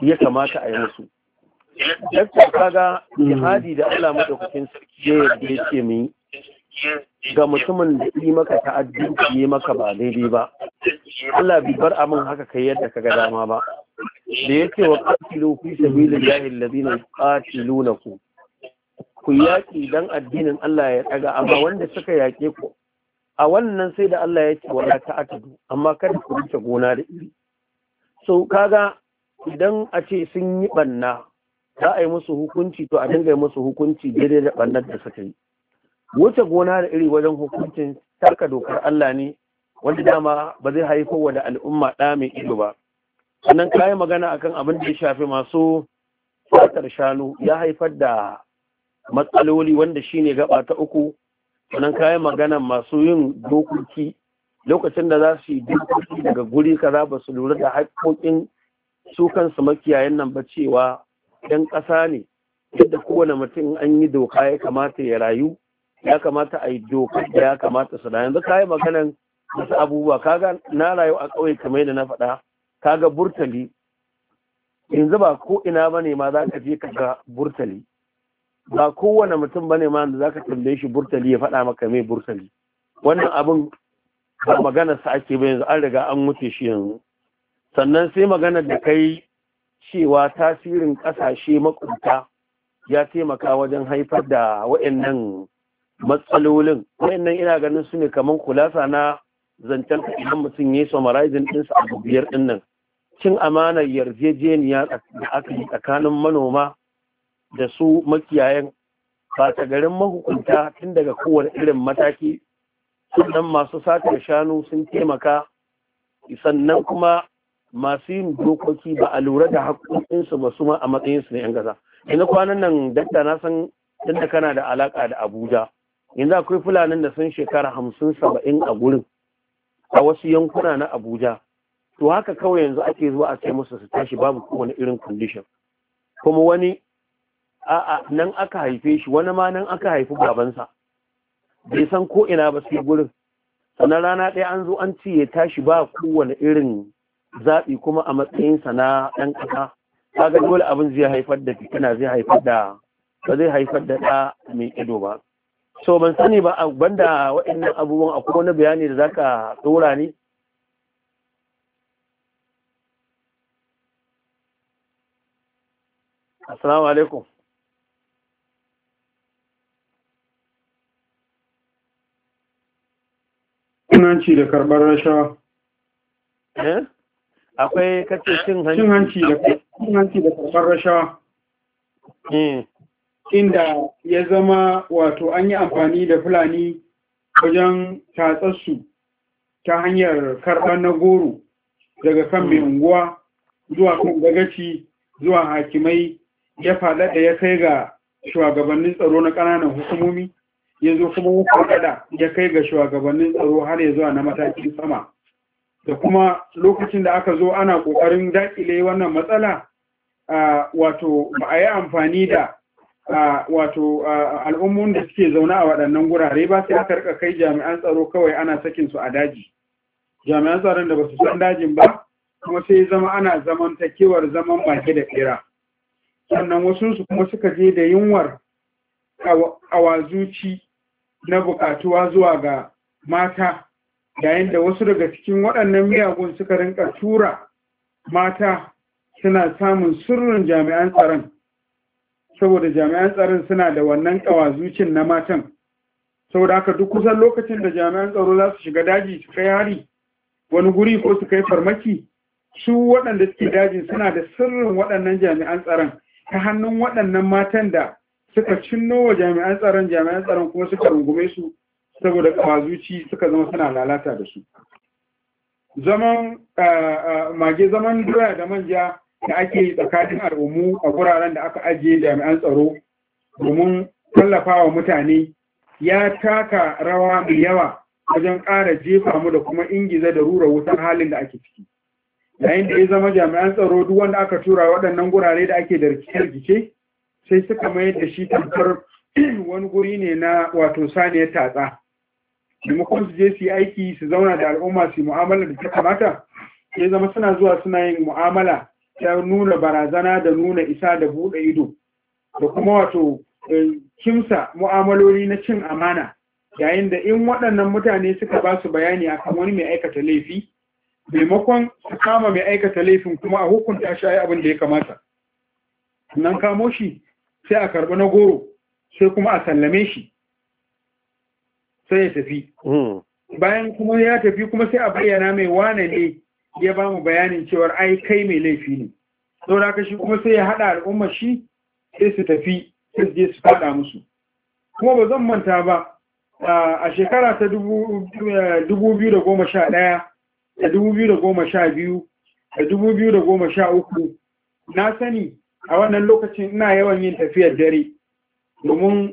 ya kamata a yi musu dakta kaga jihadi da Allah madaukakin sarki ya yarda ce mu ga mutumin da yi maka ta'addanci yi maka ba daidai ba Allah bi bar amin haka kai yadda kaga dama ba da ya ce wa qatilu fi na alladhina yuqatilunakum ku yaƙi, don addinin Allah ya ɗaga amma wanda suka yake ku a wannan sai da Allah ya ce wala ta'tadu amma kada ku rike gona da iri so kaga idan a ce sun yi banna za a yi musu hukunci to a dinga yi musu hukunci daidai da bannar da suka yi wuce gona da iri wajen hukuncin taka dokar Allah ne wanda dama ba zai haifo wa da al'umma ɗa mai ido ba sannan kayan magana akan abin da ya shafi masu fatar shanu ya haifar da matsaloli wanda shine gaba ta uku sannan kayan magana masu yin dokoki lokacin da za su yi dokoki daga guri kaza ba su lura da haƙoƙin su kansu makiyayan nan ba cewa ɗan ƙasa ne yadda kowane mutum an yi doka ya kamata ya rayu ya kamata a yi doka da ya kamata su rayu yanzu kayan maganan wasu abubuwa kaga na rayu a ƙauye kamar yadda na faɗa kaga burtali yanzu ba ko ina ba ne ma za ka je ka ga burtali ba kowane mutum bane ma da zaka tambaye shi burtali ya faɗa maka mai burtali wannan abin ba maganar sa ake ba yanzu an riga an wuce shi yanzu sannan sai maganar da kai cewa tasirin ƙasashe makunta ya taimaka wajen haifar da wa'annan matsalolin wa'annan ina ganin su ne kamar kulasa na zancen idan mutum ya yi summarizing ɗinsa a biyar ɗin nan cin amanar yarjejeniya da aka yi tsakanin manoma da su makiyayan fata garin mahukunta tun daga kowane irin mataki sannan masu satar shanu sun taimaka sannan kuma masu yin dokoki ba a lura da haƙƙoƙinsu ba su ma a matsayinsu na 'yan ƙasa ina kwanan nan dakta na san tun kana da alaƙa da abuja yanzu akwai fulanin da sun shekara hamsin saba'in a gurin a wasu yankuna na abuja to haka kawai yanzu ake zuwa a ce musu su tashi babu kowane irin condition kuma wani a'a nan aka haife shi wani ma nan aka haifi babansa bai san ko ina ba sai gurin sannan rana ɗaya an zo an ce ya tashi ba kowane irin zaɓi kuma a matsayinsa na ɗan ƙasa kaga dole abin zai haifar da fitina zai haifar da ba zai haifar da ɗa mai ido ba so ban sani ba a banda waɗannan abubuwan akwai wani bayani da zaka ɗora ne assalamu alaikum hanci da karɓar rashawa akwai kace cin hanci da karɓar rashawa eh? inda ya zama wato an yi amfani da fulani wajen tatsarsu ta hanyar karɓar na goro daga kan mai hmm. unguwa zuwa kan dagaci zuwa hakimai ya faɗaɗa ya kai ga shugabannin tsaro na ƙananan hukumomi ya zo kuma wukwaɗa ya kai ga shugabannin tsaro har ya zuwa na matakin sama da kuma lokacin da aka zo ana ƙoƙarin daƙile wannan matsala wato ba a yi amfani da wato al'ummun da suke zaune a waɗannan gurare ba sai aka rika kai jami'an tsaro kawai ana sakin su a daji jami'an tsaron da ba su san dajin ba kuma sai zama ana zamantakewar zaman baki da tsira sannan wasu su kuma suka je da yunwar a wazuci na bukatuwa zuwa ga mata yayin da wasu daga cikin waɗannan miyagun suka rinka tura mata suna samun sirrin jami'an tsaron saboda jami'an tsaron suna da wannan kawazucin na matan saboda haka duk kusan lokacin da jami'an tsaro za su shiga daji su kai hari wani guri ko su kai farmaki su waɗanda suke daji suna da sirrin waɗannan jami'an tsaron ta hannun waɗannan matan da suka cinno wa jami'an tsaron jami'an tsaron kuma suka rungume su saboda kwazuci suka zama suna lalata da su zaman mage zaman doya da manja da ake tsakanin al'ummu a guraren da aka ajiye jami'an tsaro domin tallafa wa mutane ya taka rawa mai yawa wajen ƙara jefa mu da kuma ingiza da rura wutar halin da ake ciki yayin da ya zama jami'an tsaro duk wanda aka tura waɗannan gurare da ake da rikice-rikice sai suka mai da shi tamfar wani guri ne na wato saniyar tatsa maimakon su je su yi aiki su zauna da al'umma su yi mu'amala da ta kamata ya zama suna zuwa suna yin mu'amala ta nuna barazana da nuna isa da buɗe ido da kuma wato eh, kimsa mu'amaloli na cin amana yayin da in waɗannan mutane suka ba su bayani akan wani mai aikata laifi maimakon su kama mai aikata laifin kuma a hukunta shi abin da ya kamata nan kamo shi sai a karɓi na goro sai kuma a sallame shi sai ya tafi hmm. bayan kuma ya tafi kuma sai a bayyana mai wane ne ya ba mu bayanin cewar ai kai mai laifi ne saboda ka shi kuma sai ya haɗa al'ummar shi sai su tafi sai su je su faɗa musu kuma ba zan manta ba a shekara ta 2011 eh, da 2012 da 2013 na sani a wannan lokacin ina yawan yin tafiyar dare domin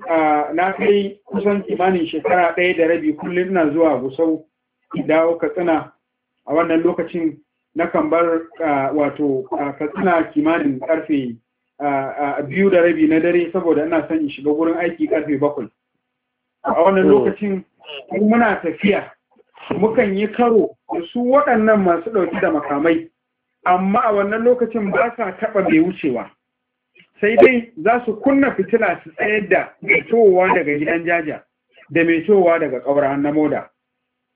na kai kusan kimanin shekara ɗaya da rabi kullum ina zuwa gusau dawo katsina a wannan lokacin na kan bar wato katsina kimanin karfe biyu da rabi na dare saboda ina son in shiga gurin aiki karfe bakwai a wannan hmm. lokacin muna tafiya mukan yi karo da su waɗannan masu ɗauki da makamai amma a wannan lokacin ba sa taɓa mai wucewa sai dai za su kunna fitila su tsayar da mai towa daga gidan jaja da mai cowa daga ƙaura na moda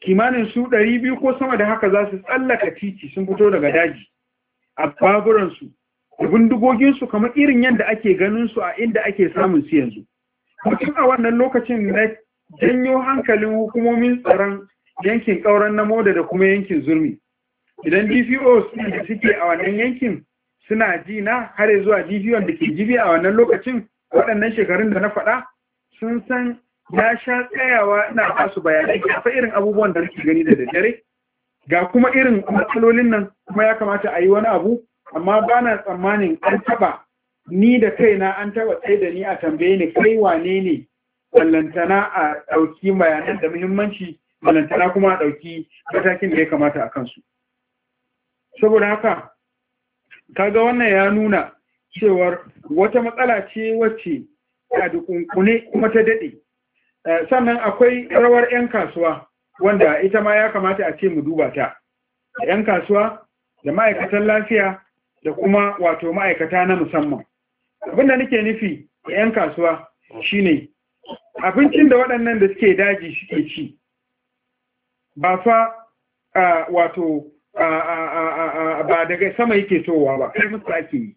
kimanin su ɗari biyu ko sama da haka za su tsallaka titi sun fito daga daji a baburansu da bindigoginsu kamar irin yadda ake ganinsu a inda ake samun su yanzu mutum a wannan lokacin na janyo hankalin hukumomin tsaron yankin ƙauren na moda da kuma yankin zurmi idan dpo da suke a wannan yankin suna ji na har zuwa jijiyon da ke jibi a wannan lokacin waɗannan shekarun da na faɗa sun san ya sha tsayawa ina ba su bayanai ga irin abubuwan da nake gani da daddare ga kuma irin matsalolin nan kuma ya kamata a yi wani abu amma ba na tsammanin an taɓa ni da kaina an taɓa tsaye da ni a tambaye ni kai wane ne ballantana a ɗauki bayanan da muhimmanci ballantana kuma a ɗauki matakin da ya kamata a kansu saboda haka kaga wannan ya nuna cewar wata matsala ce wacce ta da kunkune kuma ta daɗe eh, sannan akwai rawar 'yan kasuwa wanda ita ma ya kamata a ce mu duba ta 'yan kasuwa da ma'aikatan lafiya da kuma wato ma'aikata na musamman abinda nake nufi da 'yan kasuwa shine abincin da waɗannan da suke daji suke ci ba fa wato a. ba daga sama yake towa ba kai musu ake yi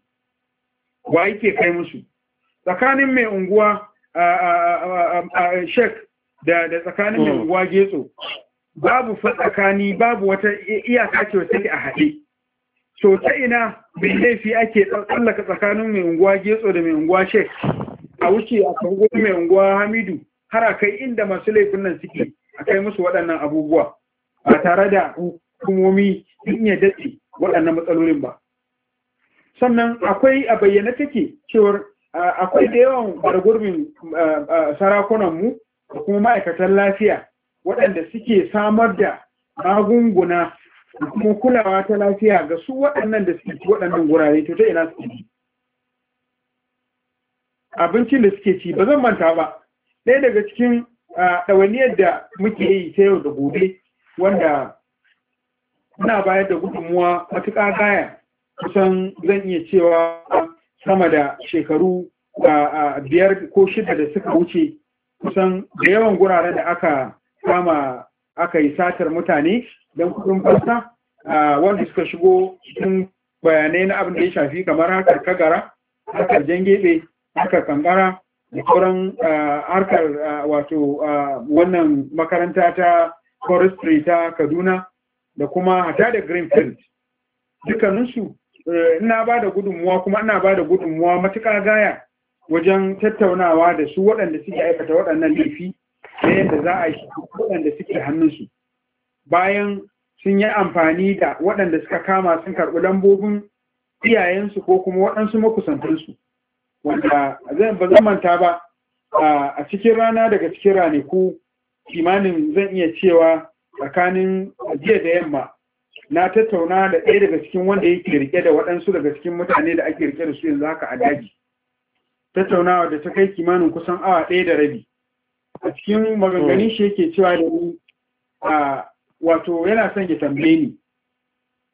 wa yake kai musu tsakanin mai unguwa shek da tsakanin mai hmm. unguwa getso babu tsakani babu wata iyaka ce wata a haɗe so ta ina mai laifi ake tsallaka tsakanin mai unguwa getso da mai unguwa shek a wuce a kango mai unguwa hamidu har a kai inda masu laifin nan suke a kai musu waɗannan abubuwa A tare da hukumomi sun iya ce waɗannan matsalolin ba sannan akwai a bayyana take cewar akwai da yawan sarakunan sarakunanmu da kuma ma'aikatan lafiya waɗanda suke samar da magunguna da kuma kulawa ta lafiya ga su waɗannan da suke ci waɗannan gurare to ta ina suke ci abincin da suke ci ba zan manta ba ɗaya daga cikin ɗawainiyar da muke yi ta yau da gobe wanda muna bayar da gudunmuwa matuƙa gaya kusan zan iya cewa sama da shekaru a biyar ko shida da suka wuce kusan da yawan guraren da aka kama aka yi satar mutane don kudin fasta wanda suka shigo cikin bayanai na abin da ya shafi kamar harkar kagara harkar jangebe harkar kankara da sauran harkar wato wannan makaranta ta forestry ta kaduna da kuma hata da greenfield dukkaninsu eh, ina ba da gudunmuwa kuma ina ba da gudunmuwa matuƙa gaya wajen tattaunawa da su waɗanda suke aikata waɗannan laifi da yadda za a yi waɗanda suke hannunsu bayan sun yi amfani da waɗanda suka kama sun karɓi lambobin iyayensu ko kuma waɗansu makusantansu wanda zan ba zan manta ba a cikin rana daga cikin ranaku kimanin zan iya cewa tsakanin jiya da yamma na tattauna da ɗaya daga cikin wanda yake rike da waɗansu daga cikin mutane da ake rike da su yanzu haka a daji tattaunawa da ta kai kimanin kusan awa ɗaya da rabi a cikin maganganun shi yake cewa da ni a wato yana son ya tambaye ni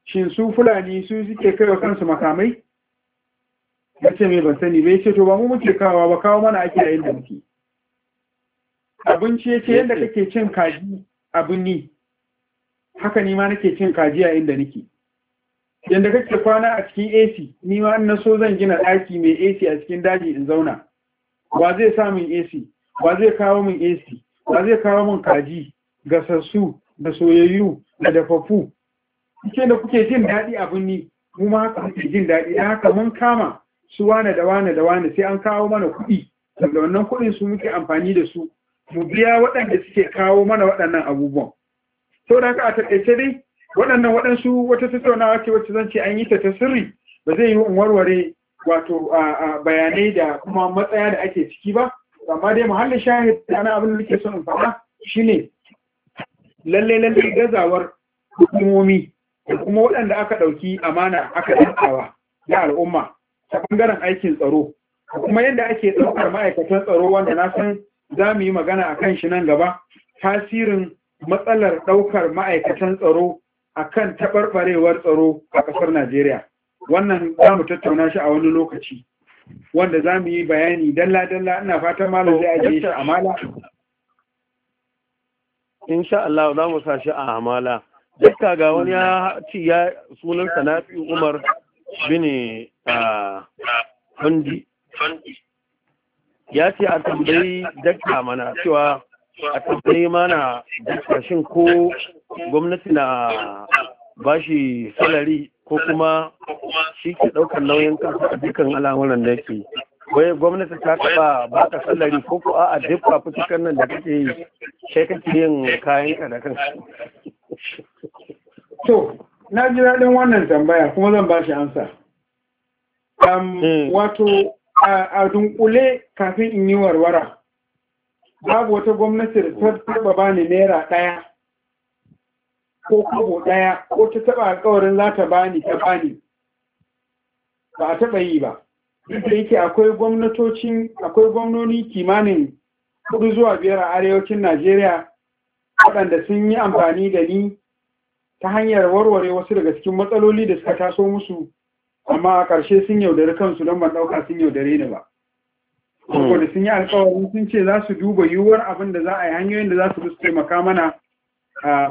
shin su fulani su suke kai wa kansu makamai ya ce mai ban sani bai ce to ba mu muke kawa ba kawo mana ake yayin da muke abinci ya ce yadda kake cin kaji abin ni haka ni ma nake cin kaji a inda nake yanda kake kwana a cikin AC ni ma na so zan gina ɗaki mai AC a cikin daji in zauna wa zai sa min AC wa zai kawo min AC wa zai kawo min kaji gasassu da soyayyu da dafaffu kike da kuke jin daɗi abin ni mu ma haka kuke jin daɗi dan haka mun kama su wane da wane da wane sai an kawo mana kuɗi da wannan kuɗin su muke amfani da su mu biya waɗanda suke kawo mana waɗannan abubuwan saboda haka a taƙaice dai waɗannan waɗansu wata tattaunawa ce wacce zan ce an yi ta ta sirri ba zai yi in warware wato bayanai da kuma matsaya da ake ciki ba amma dai muhallin shahid ana abin da nake son in faɗa shine lalle lalle gazawar hukumomi da kuma waɗanda aka ɗauki amana aka ɗaukawa na al'umma ta bangaren aikin tsaro kuma yadda ake ɗaukar ma'aikatan tsaro wanda na san za mu yi magana a kan shi nan gaba tasirin matsalar ɗaukar ma'aikatan tsaro a kan taɓarɓarewar tsaro a ƙasar Najeriya. Wannan za mu tattauna shi a wani lokaci, wanda za mu yi bayani dalla-dalla ina fatan malam zai ajiye shi a mala. Insha Allah za mu sa shi a amala. Dukka ga wani ya ci ya sunan Sanafi Umar bini a ah, Fundi. Ya ce a tambayi dakka mana cewa a tambayi mana kashin ko gwamnati na bashi salari ko kuma shi ke ɗaukar nauyin kansa a dukkan al'amuran da yake wai gwamnati ta taɓa baka salari ko ko a duk fafutukan nan da kake yi kai kake yin kayan ka da kanka to na ji daɗin wannan tambaya kuma zan ba shi ansa hmm. wato a dunkule kafin in yi warwara babu wata gwamnati da ta taba ba ni naira ɗaya ko kobo ɗaya ko ta taba alkawarin za ta bani ta bani ba a taba yi ba duk da yake akwai gwamnatocin akwai gwamnoni kimanin kudu zuwa biyar a arewacin najeriya waɗanda sun yi amfani da ni ta hanyar warware wasu daga cikin matsaloli da suka taso musu amma a ƙarshe sun yaudari kansu don ban ɗauka sun yaudare ni ba saboda hmm. sun yi alkawarin sun ce za su duba yiwuwar abin da za a yi hanyoyin da za su su taimaka mana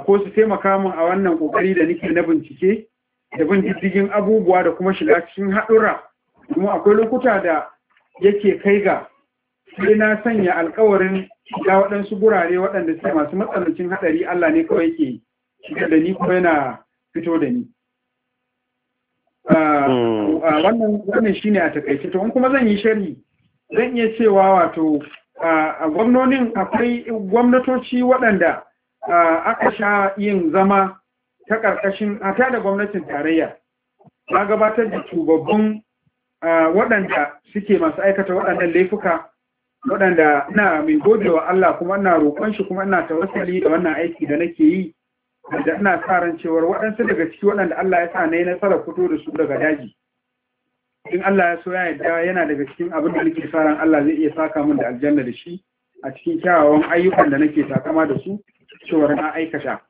ko su taimaka min a wannan kokari da nake na bincike da bin diddigin abubuwa da kuma shiga cikin haɗura kuma akwai lokuta da yake kai ga sai na sanya alkawarin ga waɗansu gurare waɗanda suke masu matsanancin haɗari Allah ne kawai ke shiga da ni kuma yana fito da ni. Hmm. Wannan shine a takaice to in kuma zan yi sharhi zan iya cewa wato a gwamnonin akwai gwamnatoci waɗanda aka sha yin zama ta ƙarƙashin a da gwamnatin tarayya na gabatar da tubabbun waɗanda suke masu aikata waɗannan laifuka waɗanda na mai wa Allah kuma ina roƙon shi kuma ina tawassali da wannan aiki da nake yi da ina sa ran cewar waɗansu daga ciki waɗanda Allah ya sa na yi nasarar fito da su daga daji in Allah ya so ya yarda yana daga cikin abin da nake sa Allah zai iya saka min da aljanna da shi a cikin kyawawan ayyukan da nake takama da su cewar na aikata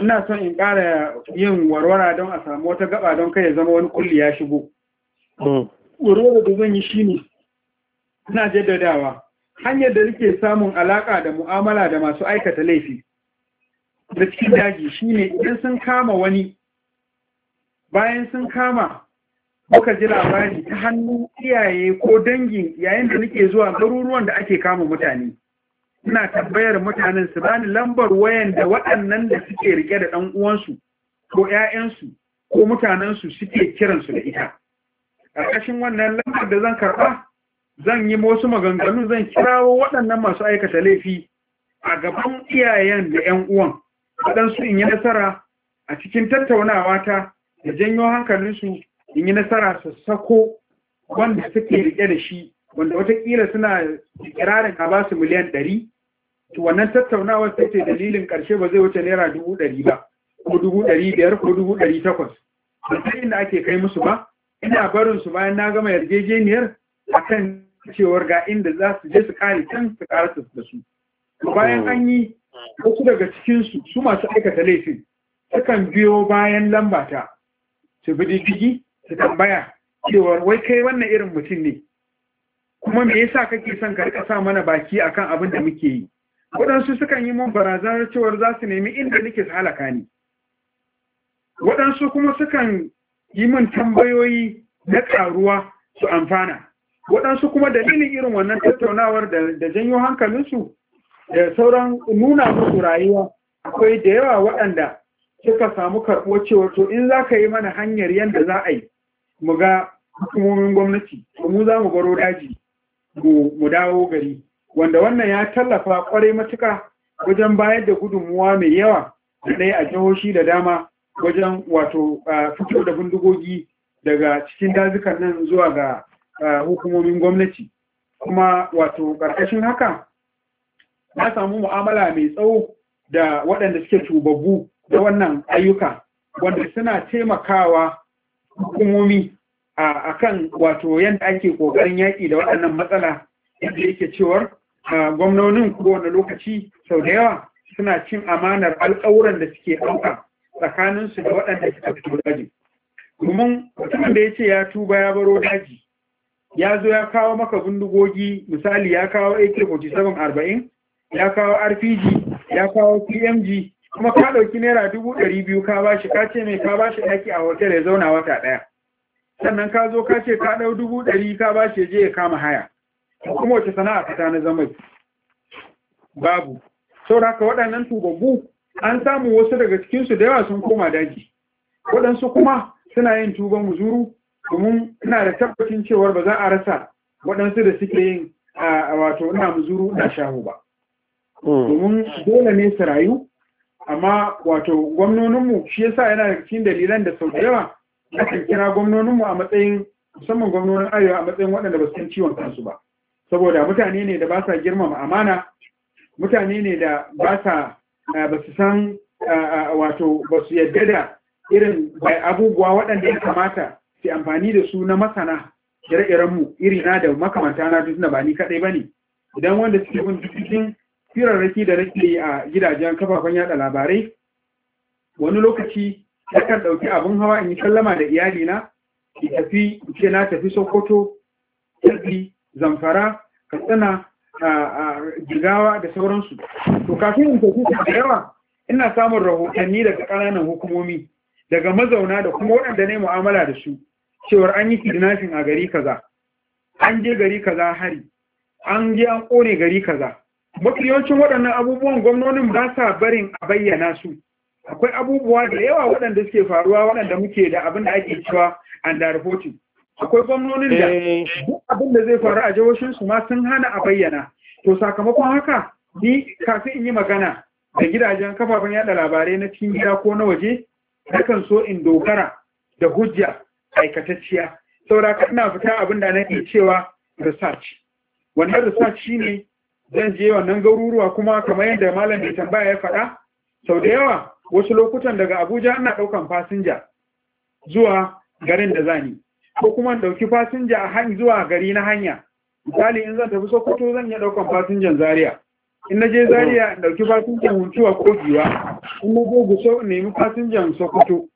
ina son in ƙara yin warwara don a samu wata gaba don kai ya zama wani kulli ya shigo warwara da zan yi shi ne. ina jaddadawa hanyar da nake samun alaka da mu'amala da masu aikata laifi da cikin daji shine idan sun kama wani bayan sun kama muka ji labari ta hannun iyaye ko dangi yayin da nake zuwa garuruwan da ake kama mutane ina tambayar mutanen su bani lambar wayan da waɗannan da suke rike da ɗan uwansu ko ƴaƴansu ko mutanensu suke kiransu da ita ƙarƙashin wannan lambar da zan karɓa zan yi wasu maganganu zan kirawo waɗannan masu aikata laifi a gaban iyayen da ƴan uwan waɗansu in yi nasara a cikin tattaunawa ta da janyo hankalinsu in yi nasara su sako wanda suke rike da shi wanda watakila suna kirarin a ba su miliyan ɗari to wannan tattaunawar sai ce dalilin ƙarshe ba zai wuce naira dubu ɗari ba ko dubu ɗari biyar ko dubu ɗari takwas ba sai inda ake kai musu ba ina barin su bayan na gama yarjejeniyar a kan cewar ga inda za su je su kare can su kare da su bayan an yi wasu daga cikinsu su masu aikata laifin sukan biyo bayan lambata su bi diddigi su tambaya cewa wai kai wannan irin mutum ne kuma me yasa kake son ka rika sa mana baki akan abin da muke yi waɗansu sukan yi mun barazanar cewa za su nemi inda nake halaka ni waɗansu kuma sukan yi mun tambayoyi na ƙaruwa su amfana waɗansu kuma dalilin irin wannan tattaunawar da janyo hankalinsu da sauran nuna musu rayuwa akwai da yawa waɗanda suka samu karɓuwa cewar to in za ka yi mana hanyar yadda za a yi mu ga hukumomin gwamnati mu za mu baro daji mu dawo gari wanda wannan ya tallafa kwarai matuka wajen bayar da gudunmuwa mai yawa da a jihohi da dama wajen wato fito da bindigogi daga cikin dazukan nan zuwa ga hukumomin gwamnati kuma wato ƙarƙashin haka na samu mu'amala mai tsawo da waɗanda suke tubabbu da wannan ayyuka wanda suna taimakawa hukumomi a kan wato yadda ake ƙoƙarin yaƙi da waɗannan matsala yadda yake cewar gwamnonin kowane lokaci sau da yawa suna cin amanar alƙawuran da suke ɗauka su da waɗanda suka fito daji domin mutumin da ya ce ya tuba ya baro daji ya zo ya kawo maka bindigogi misali ya kawo ak-47 40 ya kawo rpg ya kawo pmg kuma ka ɗauki naira dubu ɗari biyu ka ba shi ka ce mai ka ba shi ɗaki a hotel ya zauna wata ɗaya sannan ka zo ka ce ka ɗau dubu ɗari ka ba shi je ya kama haya kuma wace sana'a fita na zamai babu saboda haka waɗannan tubabbu an samu wasu daga cikinsu da yawa sun koma daji waɗansu kuma suna yin tuban muzuru domin ina da tabbacin cewar ba za a rasa waɗansu da suke yin wato ina muzuru ina shahu ba hmm. domin dole ne su rayu amma wato gwamnoninmu shi yasa yana da cikin dalilan da sau da yawa akan kira gwamnoninmu a matsayin musamman gwamnonin arewa a matsayin waɗanda ba su san ciwon kansu ba saboda mutane ne da ba sa girmama amana mutane ne da ba sa ba su san wato ba su yadda da irin abubuwa waɗanda ya kamata su amfani da su na masana ire-irenmu irina da makamanta na duk na ba ni kaɗai ba ne idan wanda suke bin cikin Firarraki da nake a gidajen kafafen yada labarai wani lokaci ya kan ɗauki abin hawa in yi sallama da iyalina ki tafi ce na tafi sokoto tafi zamfara katsina jigawa da sauransu to kafin in tafi da yawa ina samun rahotanni daga ƙananan hukumomi daga mazauna da kuma waɗanda ne mu'amala da su cewar an yi kidnapping a gari kaza an je gari kaza hari an je an ƙone gari kaza mafi waɗannan abubuwan gwamnonin ba sa barin a bayyana su akwai abubuwa da yawa waɗanda suke faruwa waɗanda muke da abin da ake cewa underreporting akwai gwamnonin da eh. duk abin da zai faru a jihohin su ma sun hana a bayyana to sakamakon haka ni kafin in yi magana da gidajen kafafen yada labarai na cikin gida ko na waje nakan so in dogara da hujja aikatacciya saboda ina fita abin da nake cewa research wannan research shine zan je wannan garuruwa kuma kamar yadda malam ya tambaya ya faɗa sau da yawa wasu lokutan daga abuja ana ɗaukan fasinja zuwa garin da zani ko kuma ɗauki fasinja a hanyar zuwa gari na hanya misali in zan tafi sokoto zan iya ɗaukan fasinjan zaria in na je zaria in ɗauki fasinjan huntuwa ko giwa in na je guso in nemi fasinjan sokoto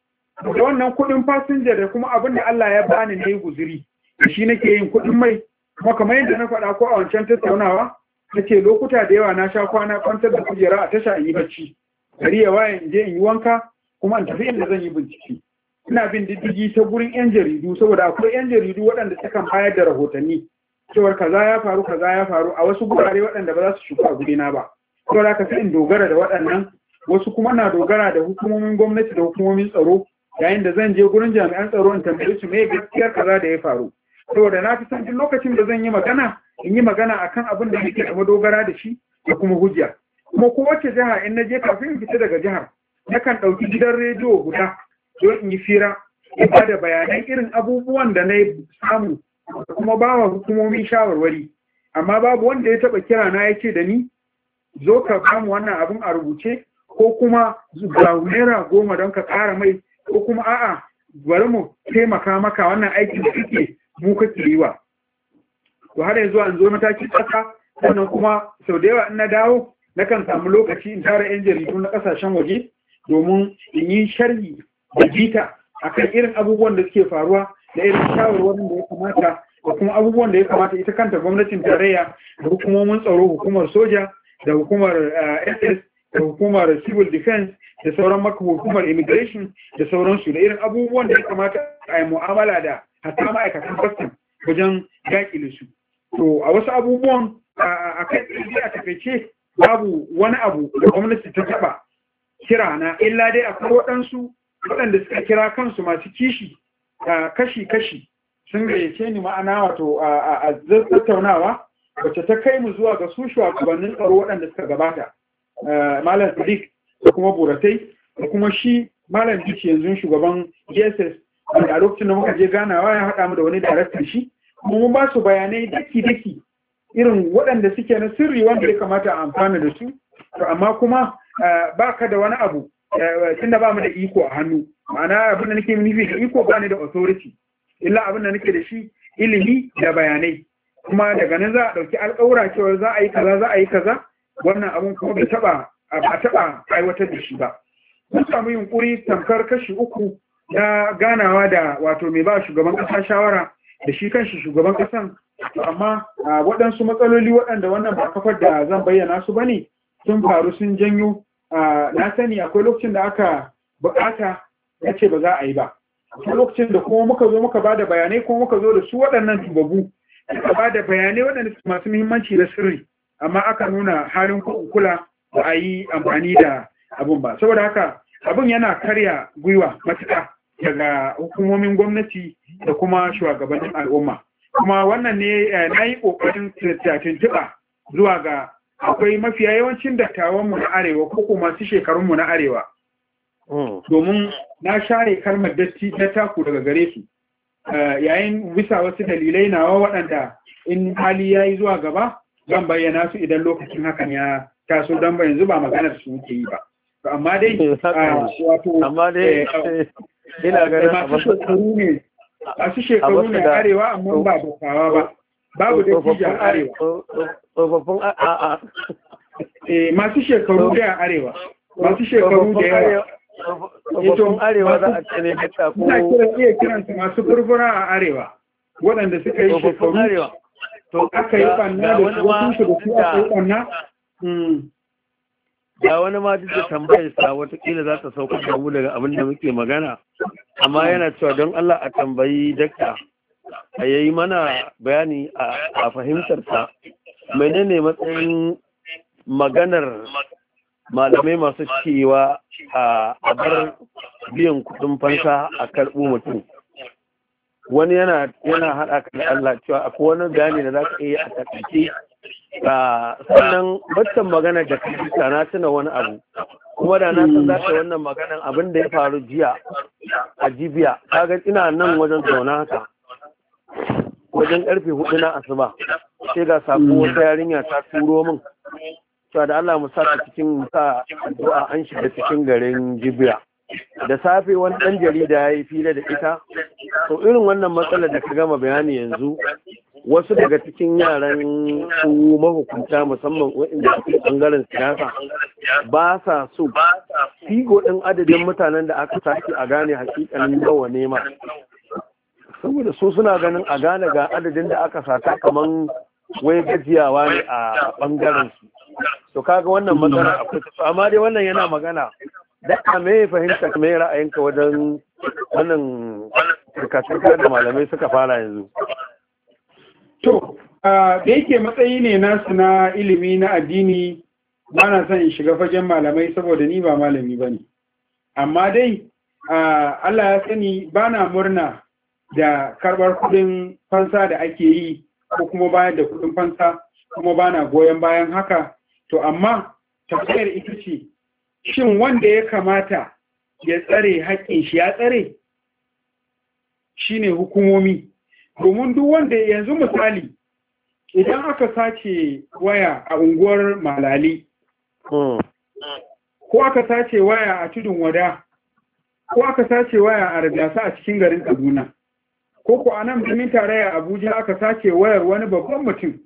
da wannan kuɗin fasinja da kuma abin da allah ya bani na yi guziri da shi nake yin kuɗin mai kuma kamar yadda na faɗa ko a wancan tattaunawa kace lokuta da yawa na sha kwana kwantar da kujera a tasha in yi bacci gari ya waye in je in yi wanka kuma in tafi inda zan yi bincike ina bin diddigi ta gurin yan jaridu saboda akwai yan jaridu waɗanda sukan bayar da rahotanni cewar kaza ya faru kaza ya faru a wasu gurare waɗanda ba za su shuka a gurina ba saboda ka fi in dogara da waɗannan wasu kuma na dogara da hukumomin gwamnati da hukumomin tsaro yayin da zan je gurin jami'an tsaro in tambayi su me gaskiyar kaza da ya faru saboda na fi son duk lokacin da zan yi magana in yi magana akan abin da nake da madogara da shi da kuma hujja kuma ko kowace jiha in na je kafin in fita daga jihar nakan ɗauki gidan rediyo guda don in yi fira in ba da bayanan irin abubuwan da na samu da kuma ba wa hukumomin shawarwari amma babu wanda ya taɓa kira na ya ce da ni zo ka bamu wannan abin a rubuce ko kuma ga naira goma don ka ƙara mai ko kuma a'a bari mu taimaka maka wannan aikin da kake mu kake yi wa to har yanzu an zo mataki ƙasa sannan kuma sau da yawa in na dawo na kan samu lokaci in tara yan jaridu na kasashen waje domin in yi sharhi da jita akan irin abubuwan da suke faruwa da irin shawarwarin da ya kamata da kuma abubuwan da ya kamata ita kanta gwamnatin tarayya da hukumomin tsaro hukumar soja da hukumar ss eh, da hukumar civil defense da sauran maka hukumar immigration da sauransu da irin abubuwan da ya kamata a yi mu'amala da hatta ma'aikatan kwastam wajen dakile su to a wasu abubuwan a kan tsaye a takaice babu wani abu da gwamnati ta taɓa kira na illa dai akwai waɗansu waɗanda suka kira kansu masu kishi kashi-kashi sun gayyace ni ma'ana wato a tattaunawa wacce ta kai mu zuwa ga su shugabannin tsaro waɗanda suka gabata malam sadiq da kuma buratai da kuma shi malam Bichi yanzu shugaban dss wanda a lokacin da muka je ganawa ya haɗa mu da wani daraktan shi kuma mun ba su bayanai daki-daki irin waɗanda suke na sirri wanda ya kamata a amfana da su to amma kuma ba ka da wani abu tunda ba mu da iko a hannu ma'ana abin da nake nufi da iko ba ni da authority illa abin da nake da shi ilimi da bayanai kuma daga nan za a ɗauki alƙawura cewa za a yi kaza za a yi kaza wannan abun kuma bai taɓa a taɓa aiwatar da shi ba mun samu yunƙuri tamkar kashi uku Ya ganawa da wato mai ba shugaban kasa shawara da shi kanshi shugaban ƙasan amma waɗansu matsaloli waɗanda wannan ba kafar da zan bayyana su bane sun faru sun janyo na sani akwai lokacin da aka bukata ya ce ba za a yi ba akwai lokacin da kuma muka zo muka ba da bayanai kuma muka zo da su waɗannan tubabu suka ba da bayanai waɗanda su masu muhimmanci da sirri amma aka nuna halin kula ba a yi amfani da abun ba saboda haka abun yana karya gwiwa matuƙa daga hukumomin gwamnati da kuma shugabannin al'umma kuma wannan ne eh, na yi ƙoƙarin tuba zuwa ga akwai mafiya yawancin dattawan mu na arewa ko kuma su mu na arewa hmm. domin na share kalmar datti na taku daga gare su eh, yayin bisa wasu dalilai nawa waɗanda in hali ya yi zuwa gaba zan bayyana su idan lokacin hakan ya taso don ba yanzu ba maganar su muke yi ba amma dai ina ganin masu shekaru ne masu shekaru ne arewa amma ba bukawa ba babu da kija arewa masu shekaru da arewa masu shekaru da yawa eh, tsofaffin arewa za a ina kira iya kiransu masu furfura a arewa waɗanda suka yi shekaru to aka yi banna da su da aka yi banna hmm. da wani ma duk da tambayar sa watakila za ta sauka da mu daga abin da muke magana amma yana cewa don Allah a tambayi dakta a yayi mana bayani a fahimtar sa menene matsayin maganar malamai masu cewa a bar biyan kudin fansa a karɓo mutum wani yana yana haɗa kan da Allah cewa akwai wani bayani da za ka iya a takaice sannan baccan magana da kirista na tuna wani abu kuma da na san zaka wannan maganan abin da ya faru jiya a jibiya Ka kaga ina nan wajen zauna haka wajen karfe hudu na asuba sai ga sako wata yarinya ta turo min to da Allah mu sa cikin sa addu'a an shiga cikin garin jibiya da safe wani ɗan jarida ya yi fila da ita to irin wannan matsalar da ka gama bayani yanzu wasu daga cikin yaran su mahukunta musamman waɗanda suke ɓangaren siyasa ba sa so figo ɗin adadin mutanen da aka sake a gane hakikanin yawa nema saboda su suna ganin a gane ga adadin da aka sata kaman wai gajiyawa ne a ɓangaren su to kaga wannan matsala akwai amma dai wannan yana magana da me fahimta me ra'ayinka wajen wannan turka da malamai suka fara yanzu to da yake matsayi ne nasu na ilimi na addini ba na son in shiga fagen malamai saboda ni ba malami ba ne amma dai Allah ya sani ba na murna da karbar kuɗin fansa da ake yi ko kuma bayan da kuɗin fansa kuma ba na goyon bayan haka to amma tafiyar ita ce shin wanda ya kamata ya tsare haƙƙin shi ya tsare Shi ne hukumomi domin duk wanda yanzu misali idan aka sace waya a unguwar malali ko aka sace waya a tudun wada ko aka sace waya a rajasa a cikin garin kaduna ko ku a nan birnin tarayya abuja aka sace wayar wani babban mutum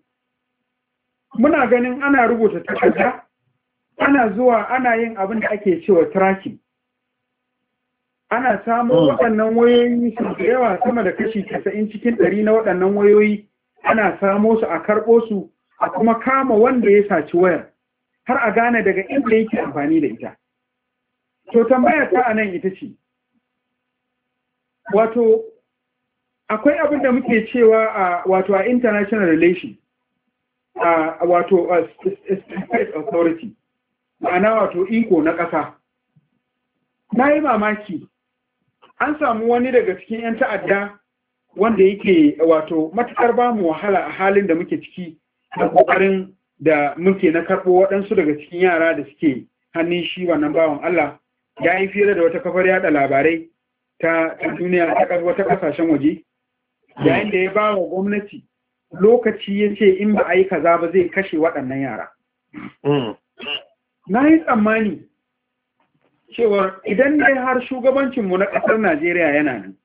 muna ganin ana rubuta takarda ana zuwa ana yin abin da ake cewa tracking ana samun waɗannan wayoyi su da yawa sama da kashi casa'in cikin ɗari na waɗannan wayoyi ana samo su a karɓo su a kuma kama wanda ya saci wayar har a gane daga inda yake amfani da ita to tambaya ta anan ita ce wato akwai abin da muke cewa a wato a international relation a wato a state authority ma'ana wato iko na ƙasa na yi mamaki an samu wani daga cikin 'yan ta'adda wanda yake wato matuƙar ba mu wahala a halin da muke ciki da ƙoƙarin da muke na karɓo waɗansu daga cikin yara da suke hannun shi wannan bawan Allah ya yi fira da wata kafar yada labarai ta duniya ta wata ƙasashen waje yayin da ya ba wa gwamnati lokaci ya ce in ba a yi kaza ba zai kashe waɗannan yara mm. na yi tsammani cewar idan dai har shugabancinmu na ƙasar najeriya yana nan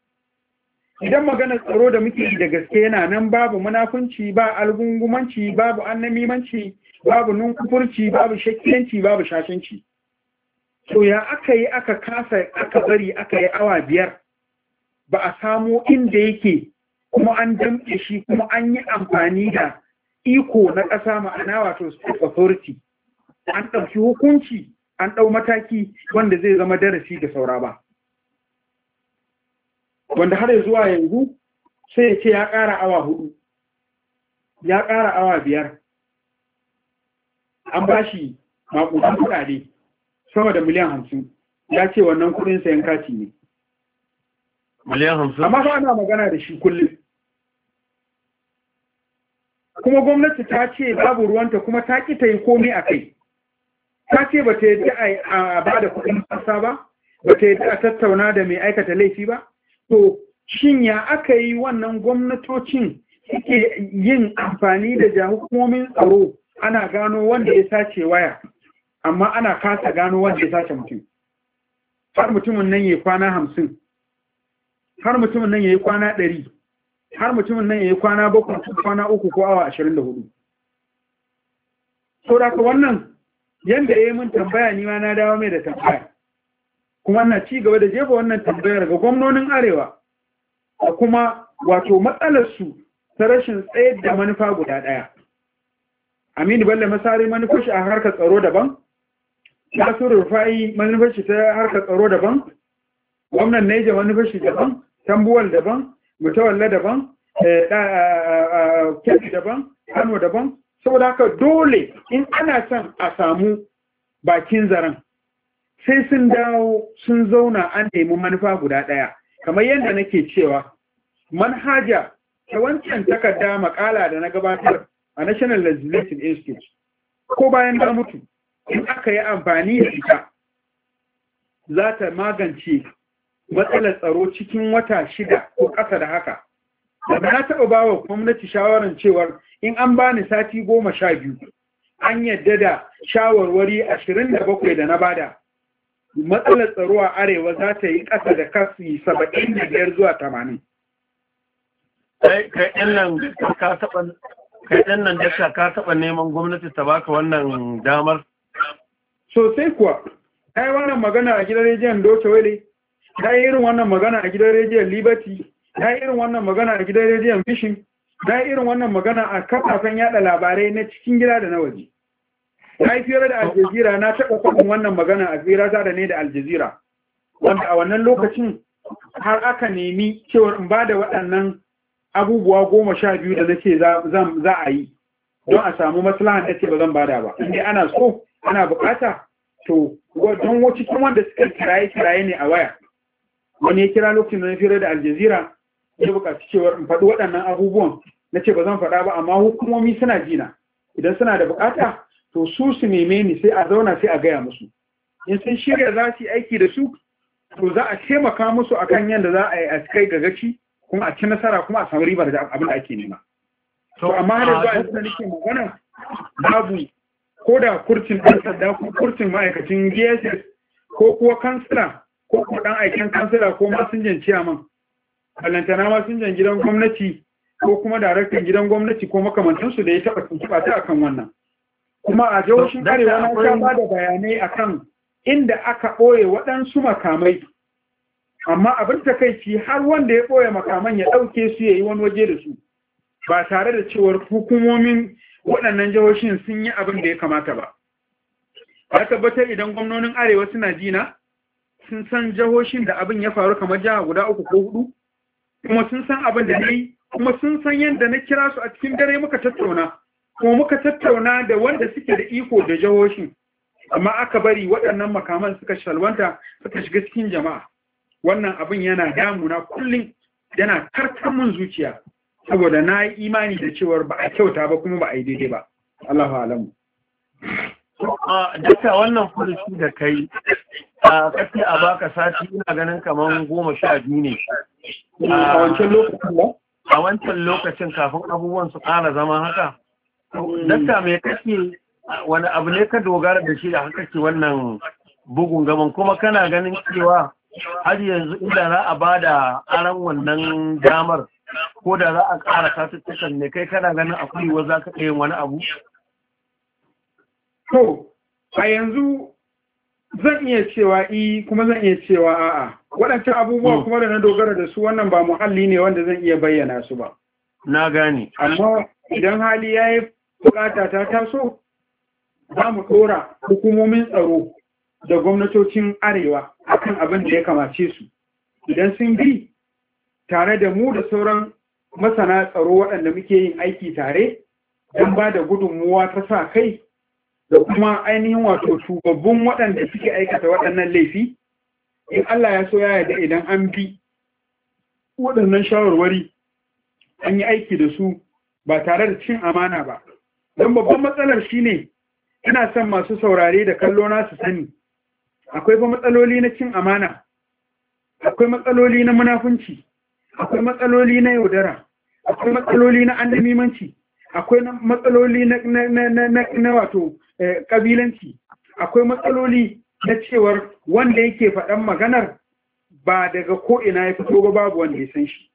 idan magana tsaro da muke da gaske yana nan babu munafunci ba algungumanci babu annamimanci babu nunkufurci babu shakkiyanci babu shashanci to ya aka yi aka kasa aka bari aka yi awa biyar ba a samo inda yake kuma an damke shi kuma an yi amfani da iko na ƙasa ma'ana wato state authority an ɗauki hukunci an ɗau mataki wanda zai zama darasi ga saura ba wanda har zuwa yanzu sai ya ce ya ƙara awa hudu ya ƙara awa biyar an ba shi makudan kuɗaɗe sama da miliyan hamsin ya ce wannan kuɗin sayan kati ne miliyan hamsin amma ba ana magana da shi kullum kuma gwamnati ta ce babu ruwanta kuma ta ƙi ta yi komai a kai ta ce ba ta yi a ba da kuɗin ƙasa ba ba ta yi a tattauna da mai aikata laifi ba to shin ya aka yi wannan gwamnatocin suke yin amfani da jahukumomin tsaro ana gano wanda ya sace waya amma ana kasa gano wanda ya sace mutum har mutumin nan ya yi kwana hamsin har mutumin nan ya yi kwana ɗari har mutumin nan ya yi kwana bakwai kwana uku ko awa ashirin da hudu so da wannan yanda ya yi min tambaya ni ma na dawo mai da tambaya kuma na ci gaba da jefa wannan tambayar ga gwamnonin arewa a kuma wato matsalarsu ta rashin tsayar da manufa guda ɗaya aminu balle masari manufashi a harkar tsaro daban nasiru rufa'i manufashi ta harkar tsaro daban gwamnan neja manufashi daban tambuwal daban mutawalla daban eh, eh, eh, kyafi daban hannu daban saboda haka dole in ana son a samu bakin zaren sai sun dawo sun zauna an nemi manufa guda ɗaya kamar yadda nake cewa manhaja ta wancan takarda makala da na gabatar a national legislative institute ko bayan ta mutu in aka yi amfani da ita za ta magance matsalar tsaro cikin wata shida ko ƙasa da haka daga na taɓa ba wa gwamnati shawarar cewar in an ba ni sati goma sha biyu an yadda da shawarwari ashirin da bakwai da na bada matsalar tsaro a arewa za ta yi ƙasa da kasi saba'in da biyar zuwa tamanin. kai ɗan nan da ka taɓa neman gwamnati ta baka wannan damar sosai kuwa ta yi wannan magana a gidan rediyon doce wele ta yi irin wannan magana a gidan rediyon liberty na yi irin wannan magana a gidan rediyon Fishing. na yi irin wannan magana a kafafen yada labarai na cikin gida da na waje na yi fiye da aljazira na taɓa kwakwun wannan magana a tsira za da ne da aljazira wanda a wannan lokacin har aka nemi cewar in ba da waɗannan abubuwa goma sha biyu da nake za a yi don a samu maslahan da ba zan bada ba inda ana so ana bukata to don cikin wanda suka kiraye kiraye ne a waya wani ya kira lokacin da na fira da aljazira ya bukaci cewar in faɗi waɗannan abubuwan na ce ba zan faɗa ba amma hukumomi suna jina idan suna da bukata to su su neme ni sai a zauna sai a gaya musu in sun shirya za su yi aiki da su to za a taimaka musu a kan yadda za a yi a kai ga gaci kuma a ci nasara kuma a samu ribar da abin da ake nema to amma da ba yanzu da nake magana babu ko da kurcin ɗan sadda ko kurcin ma'aikacin gss ko kuwa kansila ko kuma ɗan aikin kansila ko masinjan ciyaman ballantana ma sun jan gidan gwamnati ko kuma daraktan gidan gwamnati ko makamantansu da ya taɓa tuntuɓa ta akan wannan kuma a jihohin arewa na ta ba da bayanai akan inda aka ɓoye waɗansu makamai amma abin takaici har wanda ya ɓoye makaman ya ɗauke su ya yi wani waje da su ba tare da cewar hukumomin waɗannan jihohin sun yi abin da ya kamata ba ya tabbatar idan gwamnonin arewa suna jina sun san jihohin da abin ya faru kamar jiha guda uku ko hudu kuma sun san abin da na kuma sun san yadda na kira su a cikin dare muka tattauna kuma muka tattauna da wanda suke da iko da jahohi amma aka bari waɗannan makaman suka shalwanta suka shiga cikin jama'a wannan abin yana damuna kullum yana karkar mun zuciya saboda na yi imani da cewar ba a kyauta ba kuma ba a yi daidai ba Allahu alamu Daka wannan shi da kai a kasi a baka sati ina ganin kamar goma sha biyu ne a wancan lokacin a wancan kafin abubuwan su ƙara zama haka dakta mai kake wani abu ne ka dogara da shi da haka ke wannan bugun gaban kuma kana ganin cewa har yanzu inda za a ba da aran wannan damar ko da za a ƙara satuttukan ne kai kana ganin akwai wa za yin wani abu? To, a yanzu zan iya cewa i kuma zan iya cewa a'a waɗancan abubuwa hmm. kuma da na dogara da su wannan ba muhalli ne wanda zan iya bayyana su ba na gane amma idan hali ya yi bukata ta taso za mu ɗora hukumomin tsaro da gwamnatocin arewa akan abin da ya kamace su idan sun bi tare da mu da sauran masana tsaro waɗanda muke yin aiki tare don ba da gudunmuwa ta sa kai da kuma ainihin wato shugabbun waɗanda suke aikata waɗannan laifi in Allah ya so ya yarda idan an bi waɗannan shawarwari an yi aiki da su ba tare da cin amana ba don babban matsalar shine ina son masu saurare da kallo na su sani akwai ba matsaloli na cin amana akwai matsaloli na munafunci akwai matsaloli na yaudara akwai matsaloli na annamimanci akwai matsaloli na wato kabilanci eh, akwai matsaloli na cewar wanda yake faɗan maganar ba daga ko'ina ya fito ba babu wanda ya san shi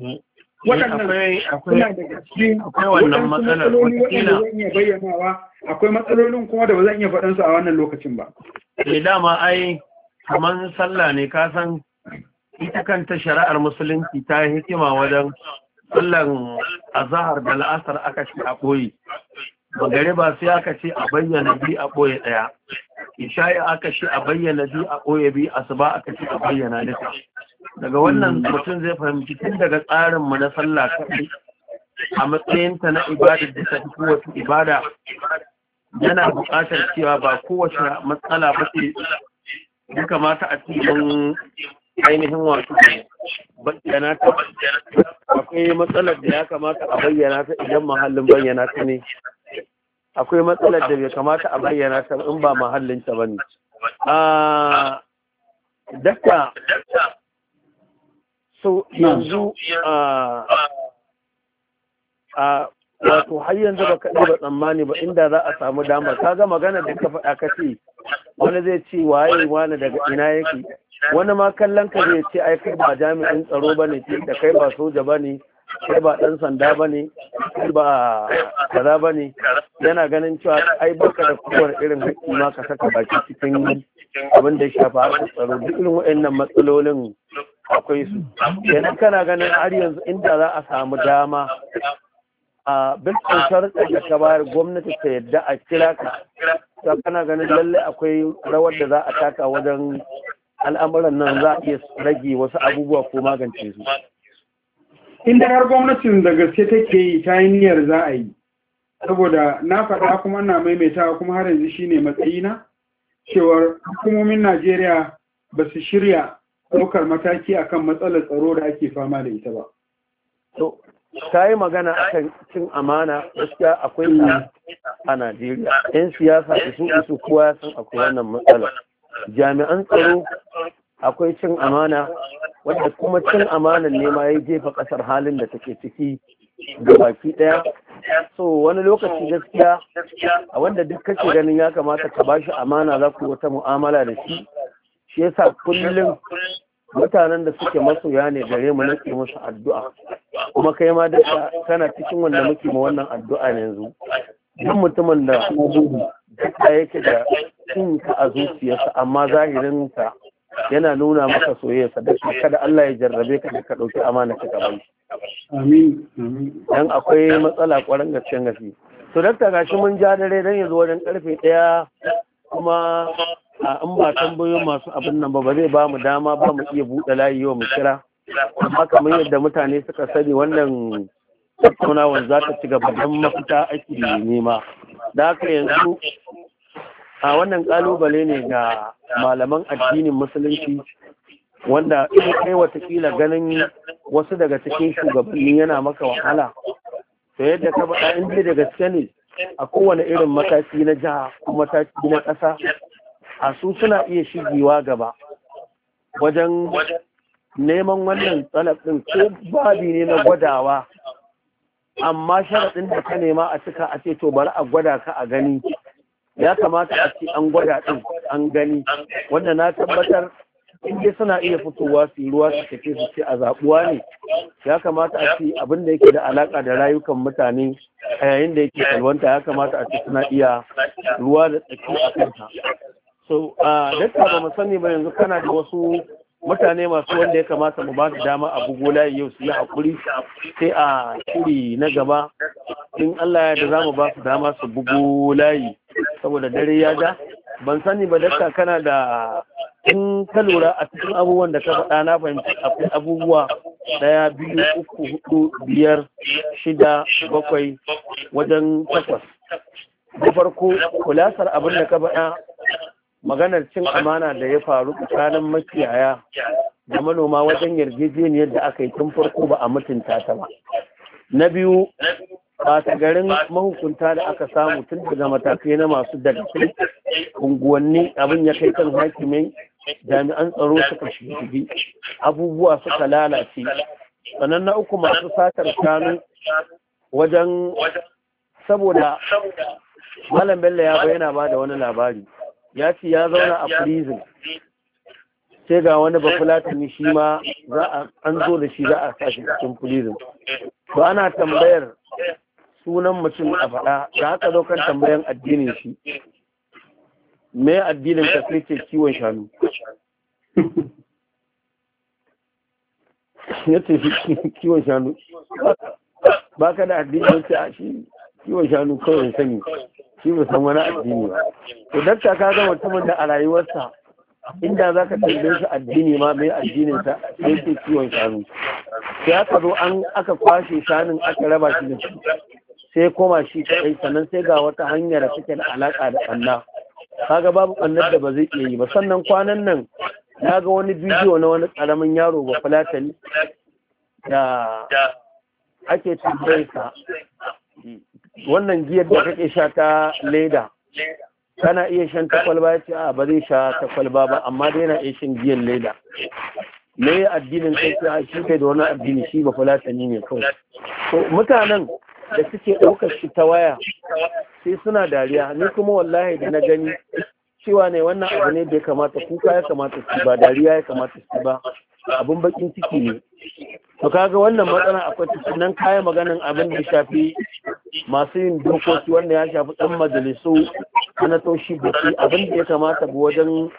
eh, akwai matsalolin kuma da ba zan iya faɗansu a wannan lokacin ba da eh, dama ai kamar sallah ne ka san ita kanta shari'ar musulunci ta hikima wajen sallan azahar da la'asar aka shi a koyi magare ba sai aka ce a bayyana bi a ɓoye ɗaya isha'i aka ce a bayyana bi a ɓoye bi asuba aka ce a bayyana ta. daga wannan hmm. mutum zai fahimci tun daga tsarin mu na sallah kaɗai a matsayinta na ibada da ta fi kowace ibada yana buƙatar cewa ba kowace matsala ba ce ya kamata a cikin ainihin wasu bayyana ta akwai matsalar da ya kamata a bayyana ta idan muhallin bayyana ta ne akwai matsalar da bai kamata a bayyana ta in ba ta bane a ah, dakka so yanzu a ah, ah, wato har yanzu ba kaɗi ba tsammani ba inda za a samu damar ka ga magana da ka faɗa ka ce wani zai ce waye wani daga ina yake wani ma kallon ka zai ce ai kai ba jami'in tsaro ba ne da kai ba soja ba ne kai ba ɗan sanda ba ne ba kaza ba ne yana ganin cewa ai baka da kowar irin haƙƙi ma ka saka baki cikin abin da shafa harkar tsaro duk irin waɗannan matsalolin akwai su kenan kana ganin har yanzu inda za a samu dama a bilkin kautar da ka bayar gwamnati ta yadda a kira ka ta kana ganin lalle akwai rawar da za a taka wajen al'amuran nan za a iya rage wasu abubuwa ko magance su inda har gwamnatin da gaske take yi ta yi niyyar za a yi saboda na faɗa kuma ana maimaitawa kuma har yanzu shine matsayina cewar hukumomin najeriya ba su shirya ɗaukar mataki akan matsalar tsaro da ake fama da ita ba to ta yi magana akan cin amana gaskiya akwai a najeriya yan siyasa isu isu kowa ya san akwai wannan matsala jami'an tsaro akwai cin amana wanda kuma cin amanan ne ma ya jefa kasar halin da take ciki ga baki daya so wani lokaci gaskiya a wanda duk kake ganin ya kamata ka bashi amana za ku wata mu'amala da shi shi yasa kullum mutanen da suke masoya ne gare mu nake musu addu'a kuma kai ma da kana cikin wanda muke ma wannan addu'a yanzu duk mutumin da duka yake da cin ka a zuciyarsa amma zahirinsa yana nuna maka soyayya sadaka kada Allah ya jarrabe ka da ka dauki amana ka gaban amin amin dan akwai matsala kwarin gaske gaske to dakta gashi mun ja dare dan yanzu wajen karfe ɗaya. kuma a ba tambayoyi masu abin nan ba ba zai ba mu dama ba mu iya buɗe layi yau mu kira amma kamar yadda mutane suka sani wannan tattaunawar za ta ci gaba don mafita ake nema da haka yanzu a wannan kalubale ne ga malaman addinin musulunci wanda in kai watakila ganin wasu daga cikin shugabanni yana maka wahala to yadda ka ba in dai da gaske a kowane irin mataki na jiha ko mataki na ƙasa a su suna iya shigewa gaba wajen neman wannan tsalafin ko babi ne na gwadawa amma sharaɗin da ka nema a cika a ce to bari a gwada ka a gani ya kamata a ce an gwada ɗin an gani wanda na tabbatar inda suna iya fitowa su ruwa su tafi su ce a zaɓuwa ne ya kamata a ce abin da yake da alaƙa da rayukan mutane a yayin da yake kalwanta ya kamata a ce suna iya ruwa da tsaki a kanta so a dakta ba mu sani ba yanzu kana da wasu mutane masu wanda ya kamata mu ba su dama a bugu layi yau su yi haƙuri sai a shiri na gaba in Allah ya da za mu ba su dama su bugu layi saboda dare ya da ban sani ba dakka kana da in ka lura a cikin abubuwan da ka faɗa na fahimci akwai abubuwa ɗaya biyu uku hudu biyar shida bakwai wajen takwas da farko kulasar abin da ka faɗa maganar cin amana da ya faru tsakanin makiyaya da manoma wajen yarjejeniyar da aka yi tun farko ba a mutunta ta ba na biyu ɓata garin mahukunta da aka samu tun daga matakai na masu daga unguwanni abin ya kai kan hakimin jami'an tsaro suka shigi abubuwa suka lalace sannan na uku masu satar shanu wajen saboda malam bello ya bayyana ba da wani labari ya ce ya zauna a prison sai ga wani bafulatani shi ma za a an zo da shi za a sashi cikin prison to ana tambayar sunan mutum a faɗa da haka zo kan tambayan addinin shi me addinin ka sai ce kiwon shanu ya ce kiwon shanu ba ka da addinin ce a shi kiwon shanu kawai sani shi bai san wani addini ba to dakta ka ga mutumin da a rayuwarsa inda za ka tambaye shi addini ma mai addinin sa sai ke kiwon shanu sai aka zo an aka kwashe shanun aka raba shi da shi sai koma shi kaɗai sannan sai ga wata hanya da take da alaƙa da Allah kaga babu annar da ba zai iya yi ba sannan kwanan nan na ga wani bidiyo na wani ƙaramin yaro ba fulatani da ake tambayarsa wannan giyar da kake sha ta leda kana iya shan takwalba ya ce a ba zai sha takwalba ba amma dai yana iya shan giyar leda me addinin kai sai shi kai da wani addini shi ba fulatani ne kawai to mutanen da suke ɗaukar shi ta waya sai suna dariya ni kuma wallahi da na gani cewa ne wannan abu ne da ya kamata kuka ya kamata su ba dariya ya kamata su ba abun bakin ciki ne to ga wannan matsala akwai cikin nan kaya maganin abin da shafi masu yin dokoki wanda ya shafi dan majalisu sanatoshi baki abin da ya kamata bu wajen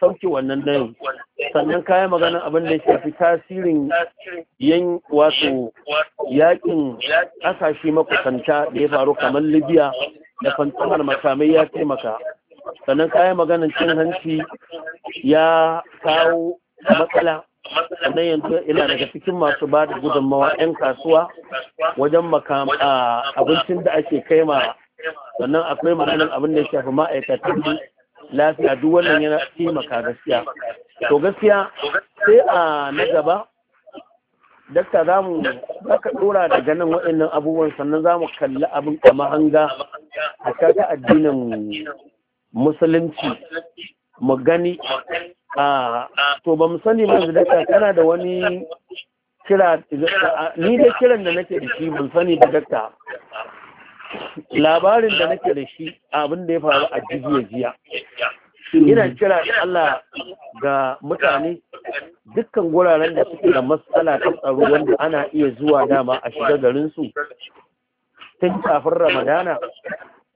sauke wannan dai sannan kaya maganin abin da ya shafi tasirin yan wato yakin kasashe makusanta da ya faru kamar libya da fantamar makamai ya taimaka sannan kayan maganin cin hanci ya kawo matsala sannan yanzu ina daga cikin masu ba da gudunmawa 'yan kasuwa wajen makam abincin da ake kai ma sannan akwai maganin abin da ya shafi ma'aikatan lafiya duk wannan yana taimaka gaskiya to gaskiya sai a na gaba dakta za mu ka dora daga nan waɗannan abubuwan sannan za mu kalli abin a mahanga a kaga addinin musulunci mu gani a to ba sani ba da kana da wani kira ni da kiran da nake da shi sani da dakta labarin da nake da shi abin da ya faru a jijiya jiya ina kira Allah ga mutane dukkan guraren da suke da matsala ta tsaro wanda ana iya zuwa dama a shiga garinsu tun kafin ramadana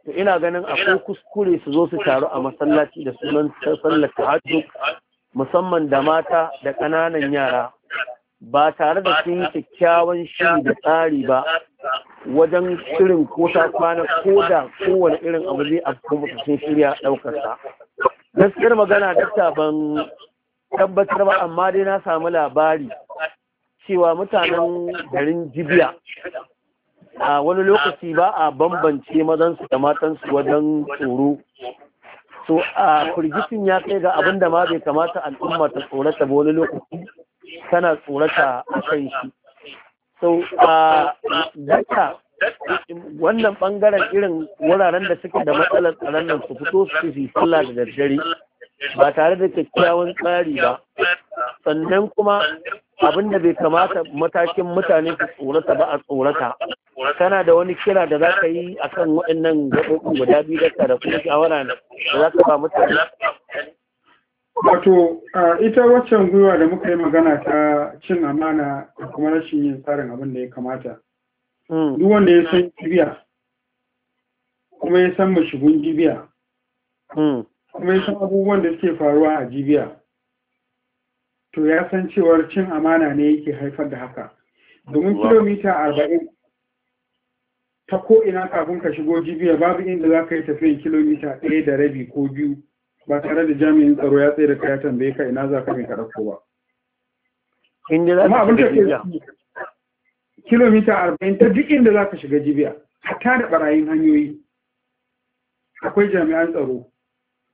to ina ganin akwai kuskure su zo su taru a masallaci da sunan sallar tahajjud musamman da mata da ƙananan yara ba tare da sun yi kyakkyawan shiri da tsari ba wajen shirin ko ta kwana ko da kowane irin abu zai a cikin sun shirya ɗaukar sa gaskiyar magana dakta ban tabbatar ba amma dai na samu labari cewa mutanen garin jibiya a wani lokaci ba a bambance mazansu da matansu wajen tsoro so a firgicin ya kai ga abin da ma bai kamata al'umma ta tsorata ba wani lokaci tana tsorata a kan shi so a daga wannan bangaren irin wuraren da suke da matsalar tsaron nan su fito su fi sallah da daddare ba tare da kyakkyawan tsari ba sannan kuma abin da bai kamata matakin mutane su tsorata ba a tsorata kana da wani kira da za ka yi a kan waɗannan gaɓoɓi guda biyu da da kuma shawara da za ka ba mutane wato ita waccan gwiwa da muka yi magana ta cin amana da kuma rashin yin tsarin abin da ya kamata hmm. duk wanda ya san kibiya kuma ya san mashigun jibiya hmm. kuma ya san abubuwan da suke faruwa a jibiya to ya san cewar cin amana ne yake haifar da haka domin kilomita arba'in ta ko'ina kafin ka shigo jibiya babu inda za ka yi tafiyan kilomita ɗaya da rabi ko biyu ba tare da jami'in tsaro ya tsaye da ya tambaye ka ina za ka mai karar ba. abin ke kilomita arba'in ta duk inda za ka shiga jibiya hatta da barayin hanyoyi akwai jami'an tsaro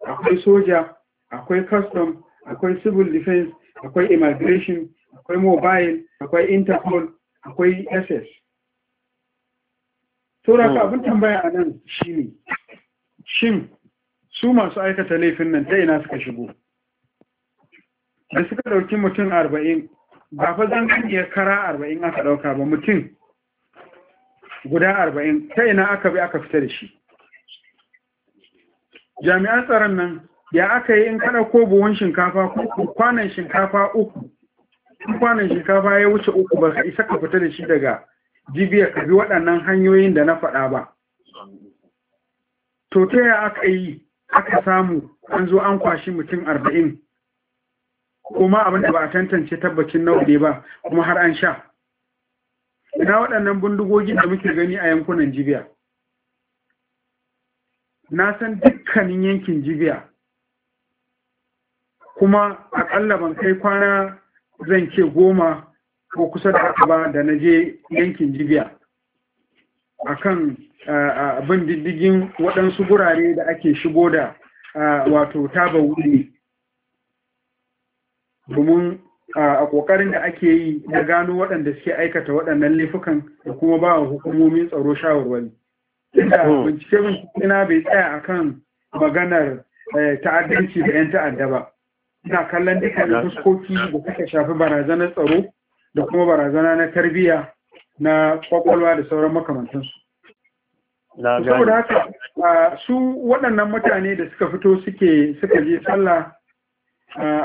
akwai soja akwai custom akwai civil defense akwai immigration akwai mobile akwai interpol akwai ss ka abin tambaya a nan ne. shin su masu aikata laifin nan ta ina suka shigo da suka ɗauki mutum arba'in ba fa zan iya kara arba'in aka ɗauka ba mutum guda arba'in ta ina aka bi aka fita da shi jami'an tsaron nan ya aka yi in kaɗa ko buhun shinkafa kwanan shinkafa uku kwanan shinkafa ya wuce uku ba ka isa ka fita da shi daga jibiya ka bi waɗannan hanyoyin da na faɗa ba to ta ya aka yi aka samu an zo an kwashi mutum arba'in kuma abin da ba a tantance tabbacin nau'i ba kuma har an sha ina waɗannan bindigogi da muke gani a yankunan jibiya na san dukkanin yankin jibiya kuma aƙalla ban kai kwana zan ce goma ko kusa da haka ba da na je yankin jibiya A kan abin diddigin waɗansu gurare da ake shigo da wato taba wuri domin a ƙoƙarin da ake yi na gano waɗanda suke aikata waɗannan laifukan da kuma ba wa hukumomin tsaro shawarwari. Inda hmm. bincike bincike bai tsaya akan maganar eh, ta'addanci da 'yan ta'adda ba. ina kallon da fuskoki da suka shafi barazanar tsaro da kuma barazana na tarbiyya na kwakwalwa da sauran makamantansu saboda haka su waɗannan mutane da suka fito suke suka je sallah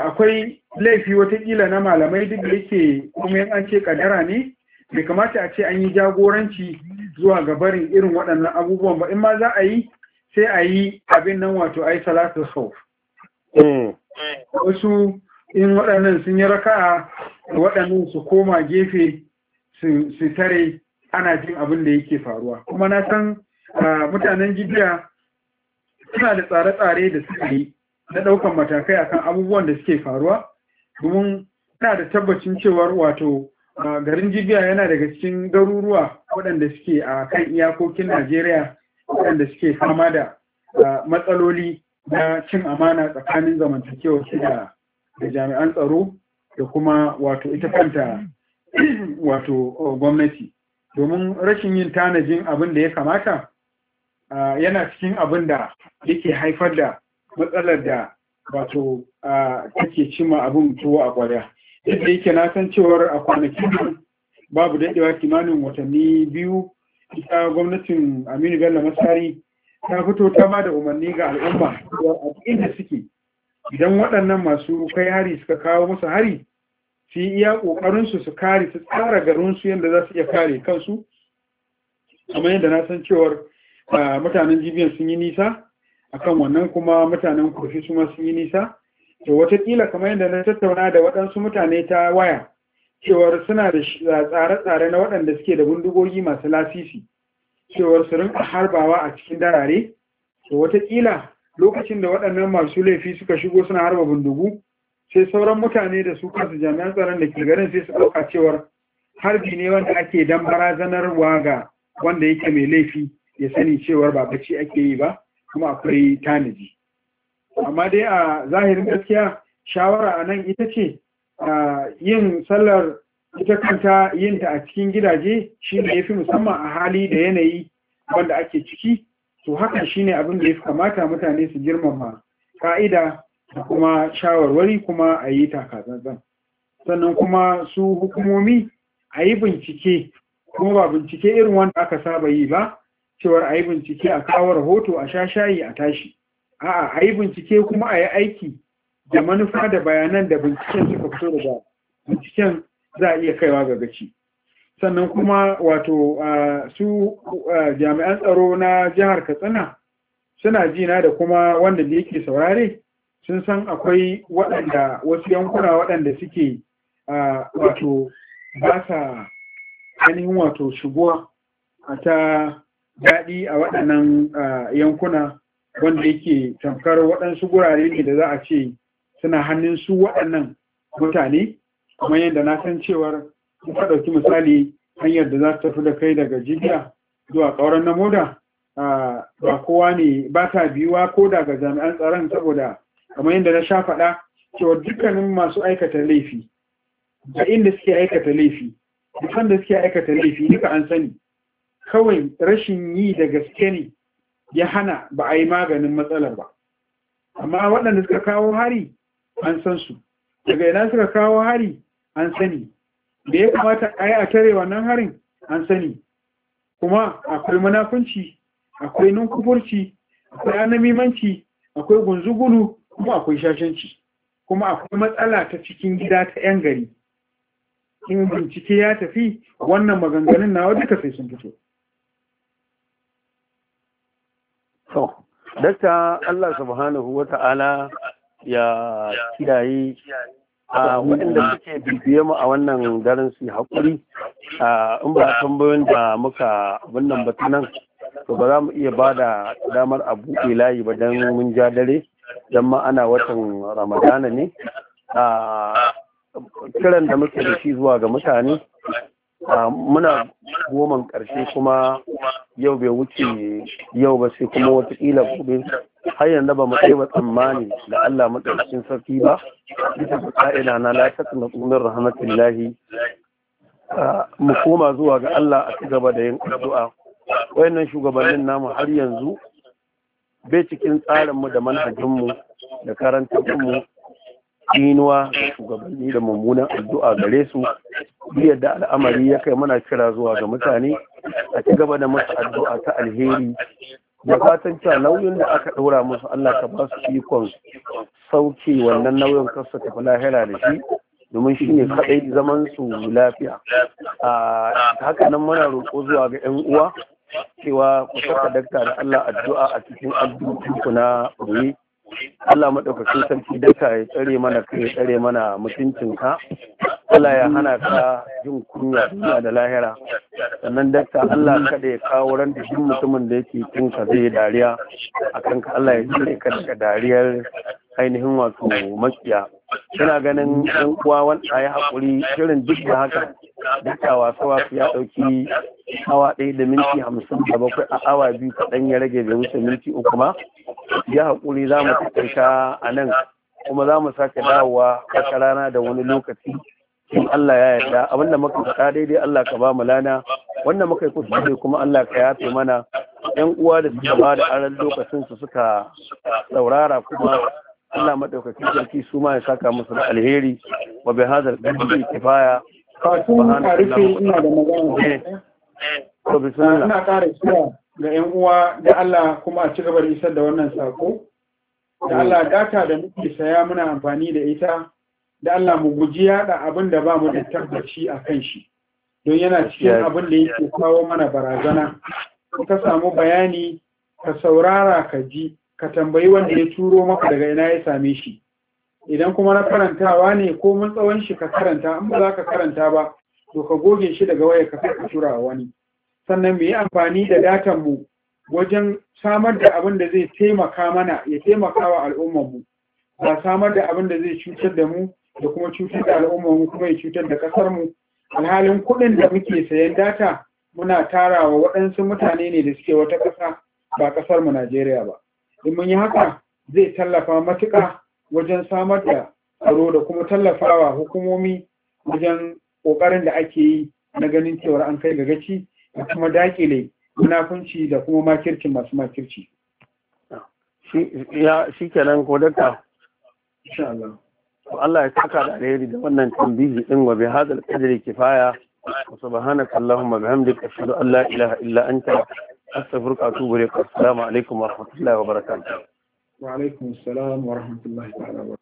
akwai laifi watakila na malamai duk da yake kuma yan an ce kadara ne bai kamata a ce an yi jagoranci zuwa ga barin irin waɗannan abubuwan ba in ma za a yi sai a yi abin nan wato yi salatul sauf wasu in waɗannan sun yi raka'a waɗannan su koma gefe su tare ana jin abin da yake faruwa kuma na san mutanen jibiya suna da tsare-tsare da suka yi na ɗaukan matakai akan abubuwan da suke faruwa domin suna da tabbacin cewar wato garin jibiya yana daga cikin garuruwa waɗanda suke a kan iyakokin najeriya waɗanda suke fama da matsaloli na cin amana tsakanin zamantakewa shida da jami'an tsaro da kuma wato ita kanta wato uh, gwamnati domin rashin yin tanajin abin da ya kamata uh, yana cikin abin da yake haifar da matsalar da wato uh, take cima abin tuwo a kwarya Yadda yake na san cewar a kwanakin babu daɗewa kimanin watanni biyu ita gwamnatin aminu bello masari ta fito ta ba da umarni ga al'umma a inda suke idan waɗannan masu kai hari suka kawo musu hari su yi iya ƙoƙarinsu su kare su tsara garinsu yadda za su iya kare kansu amma yadda na san cewar mutanen jibiyan sun yi nisa akan wannan kuma mutanen kurfi su masu yi nisa to wataƙila kamar yadda na tattauna da waɗansu mutane ta waya cewar suna da tsare-tsare na waɗanda suke da bindigogi masu lasisi cewar su rinka harbawa a cikin darare to watakila lokacin da waɗannan masu laifi suka shigo suna harba bindigu sai sauran mutane da su kansu jami'an tsaron da ke garin sai su ɗauka cewar harbi ne wanda ake dan barazanarwa ga wanda yake mai laifi ya sani cewar ba bacci ake yi ba kuma akwai tanaji amma dai a zahirin gaskiya shawara a nan ita ce yin sallar ita kanta yinta a cikin gidaje shi ne ya fi musamman a hali da yanayi wanda ake ciki to haka shi ne abin da ya kamata mutane su girmama ka'ida da kuma shawarwari kuma a yi takatsantsan sannan kuma su hukumomi a yi bincike kuma ba bincike irin wanda aka saba yi ba cewar a yi bincike a kawo rahoto a sha shayi a tashi a'a a yi bincike kuma a yi aiki da manufa da bayanan da binciken suka fito ba. binciken za a iya kaiwa ga gaci sannan kuma wato su jami'an tsaro na jihar katsina suna jina da kuma wanda da yake saurare sun san akwai waɗanda wasu yankuna waɗanda suke wato ba sa ainihin wato shigowa ta daɗi a waɗannan yankuna wanda yake tamkar waɗansu gurare ne da za a ce suna hannun su waɗannan mutane kamar yadda na san cewar in ɗauki misali hanyar da za ta tafi da kai daga jibiya zuwa ƙauren na moda ba kowa ne ba ta biyuwa ko daga jami'an tsaron saboda kamar yadda na sha faɗa cewar dukkanin masu aikata laifi da inda suke aikata laifi dukkan da suke aikata laifi duka an sani kawai rashin yi da gaske ne ya hana ba a yi maganin matsalar ba amma waɗanda suka kawo hari an san su daga ina suka kawo hari an sani da ya kamata a yi a tare wannan harin an sani kuma akwai manafunci akwai nunkufurci akwai anamimanci akwai gunzugulu kuma akwai shashanci kuma akwai matsala ta cikin gida ta 'yan gari in bincike ya tafi wannan maganganun nawa duka sai sun fito so dakta Allah subhanahu Ta'ala ya kiyaye waɗanda suke bibiye mu a wannan garin su haƙuri in ba tambayoyin da muka wannan batu nan to ba za mu iya ba da damar a buɗe layi ba don mun ja dare don ma ana watan ramadana ne kiran da muke da shi zuwa ga mutane muna goman ƙarshe kuma yau bai wuce yau ba sai kuma watakila gobe har yanzu ba mu kai ba tsammani da Allah madaukakin sarki ba bisa ga ka'ida na la na min rahmatullahi. mu koma zuwa ga Allah a ci gaba da yin addu'a wayannan shugabannin namu har yanzu bai cikin tsarin mu da manhajin mu da karantar mu inuwa da shugabanni da mummunan addu'a gare su biyar da al'amari ya kai mana kira zuwa ga mutane a ci gaba da masu addu'a ta alheri da fatan cewa nauyin da aka ɗora musu Allah ka ba su ikon sauke wannan nauyin kasa tafi lahira da shi domin shi ne kaɗai zaman su lafiya a haka nan muna roƙo zuwa ga 'yan uwa cewa ku saka dakta da Allah addu'a a cikin ku na ruwi Allah maɗaukakin sarki daka ya tsare mana ka ya tsare mana ka. Allah ya hana ka jin kunya duniya da lahira sannan dakta Allah kada ya kawo ran da duk mutumin da yake cin ka zai dariya akan ka Allah ya tsare ka daga dariyar ainihin wato makiya suna ganin yan uwa wanda ya haƙuri shirin duk da haka duka wasa wasu ya ɗauki awa ɗaya da minti hamsin da bakwai a awa biyu kaɗan ya rage bai wuce minti uku ma ya haƙuri za mu taƙaita a nan kuma za mu sake dawowa wata rana da wani lokaci in Allah ya yarda abin da muka faɗa daidai Allah ka ba mu lana wanda muka yi kuskure kuma Allah ka yafe mana yan uwa da suka ba da aran lokacin su suka saurara kuma Allah madaukakin sarki su ma ya saka musu da alheri wa bi hadal qadri rufe ina ƙara kira ga 'yan uwa da Allah kuma a ci gaba da isar da wannan sako da Allah data da muke saya muna amfani da ita da Allah mu guji yada abin da ba mu da tabbaci a kan shi don yana cikin abin da yake kawo mana barazana ka samu bayani ka saurara ka ji ka tambayi wanda ya turo maka daga ina ya same shi idan kuma na karantawa ne ko mun tsawon shi ka karanta an ba za ka karanta ba to ka goge shi daga waya ka fita tura wa wani sannan mu yi amfani da datan mu wajen samar da abin da zai taimaka mana ya taimaka wa al'ummar mu ba samar da abin da zai cutar da mu da kuma cutar da al'ummar mu kuma ya cutar da kasar mu alhalin kuɗin da muke sayan data muna tarawa waɗansu mutane ne da suke wata ƙasa ba ƙasar mu Najeriya ba in mun yi haka zai tallafa matuƙa wajen samar da tsaro da kuma tallafawa hukumomi wajen ƙoƙarin da ake yi na ganin cewar an kai ga gaci da kuma dakile munafunci da kuma makircin masu makirci shi kenan ko daga? Allah Allah ya saka da alheri da wannan tambihi din wa bi hadal qadri kifaya Wasu subhanaka allahumma bihamdika ashhadu Allah la ilaha illa anta أستغفرك أتوب إليك السلام عليكم ورحمة الله وبركاته وعليكم السلام ورحمة الله تعالى وبركاته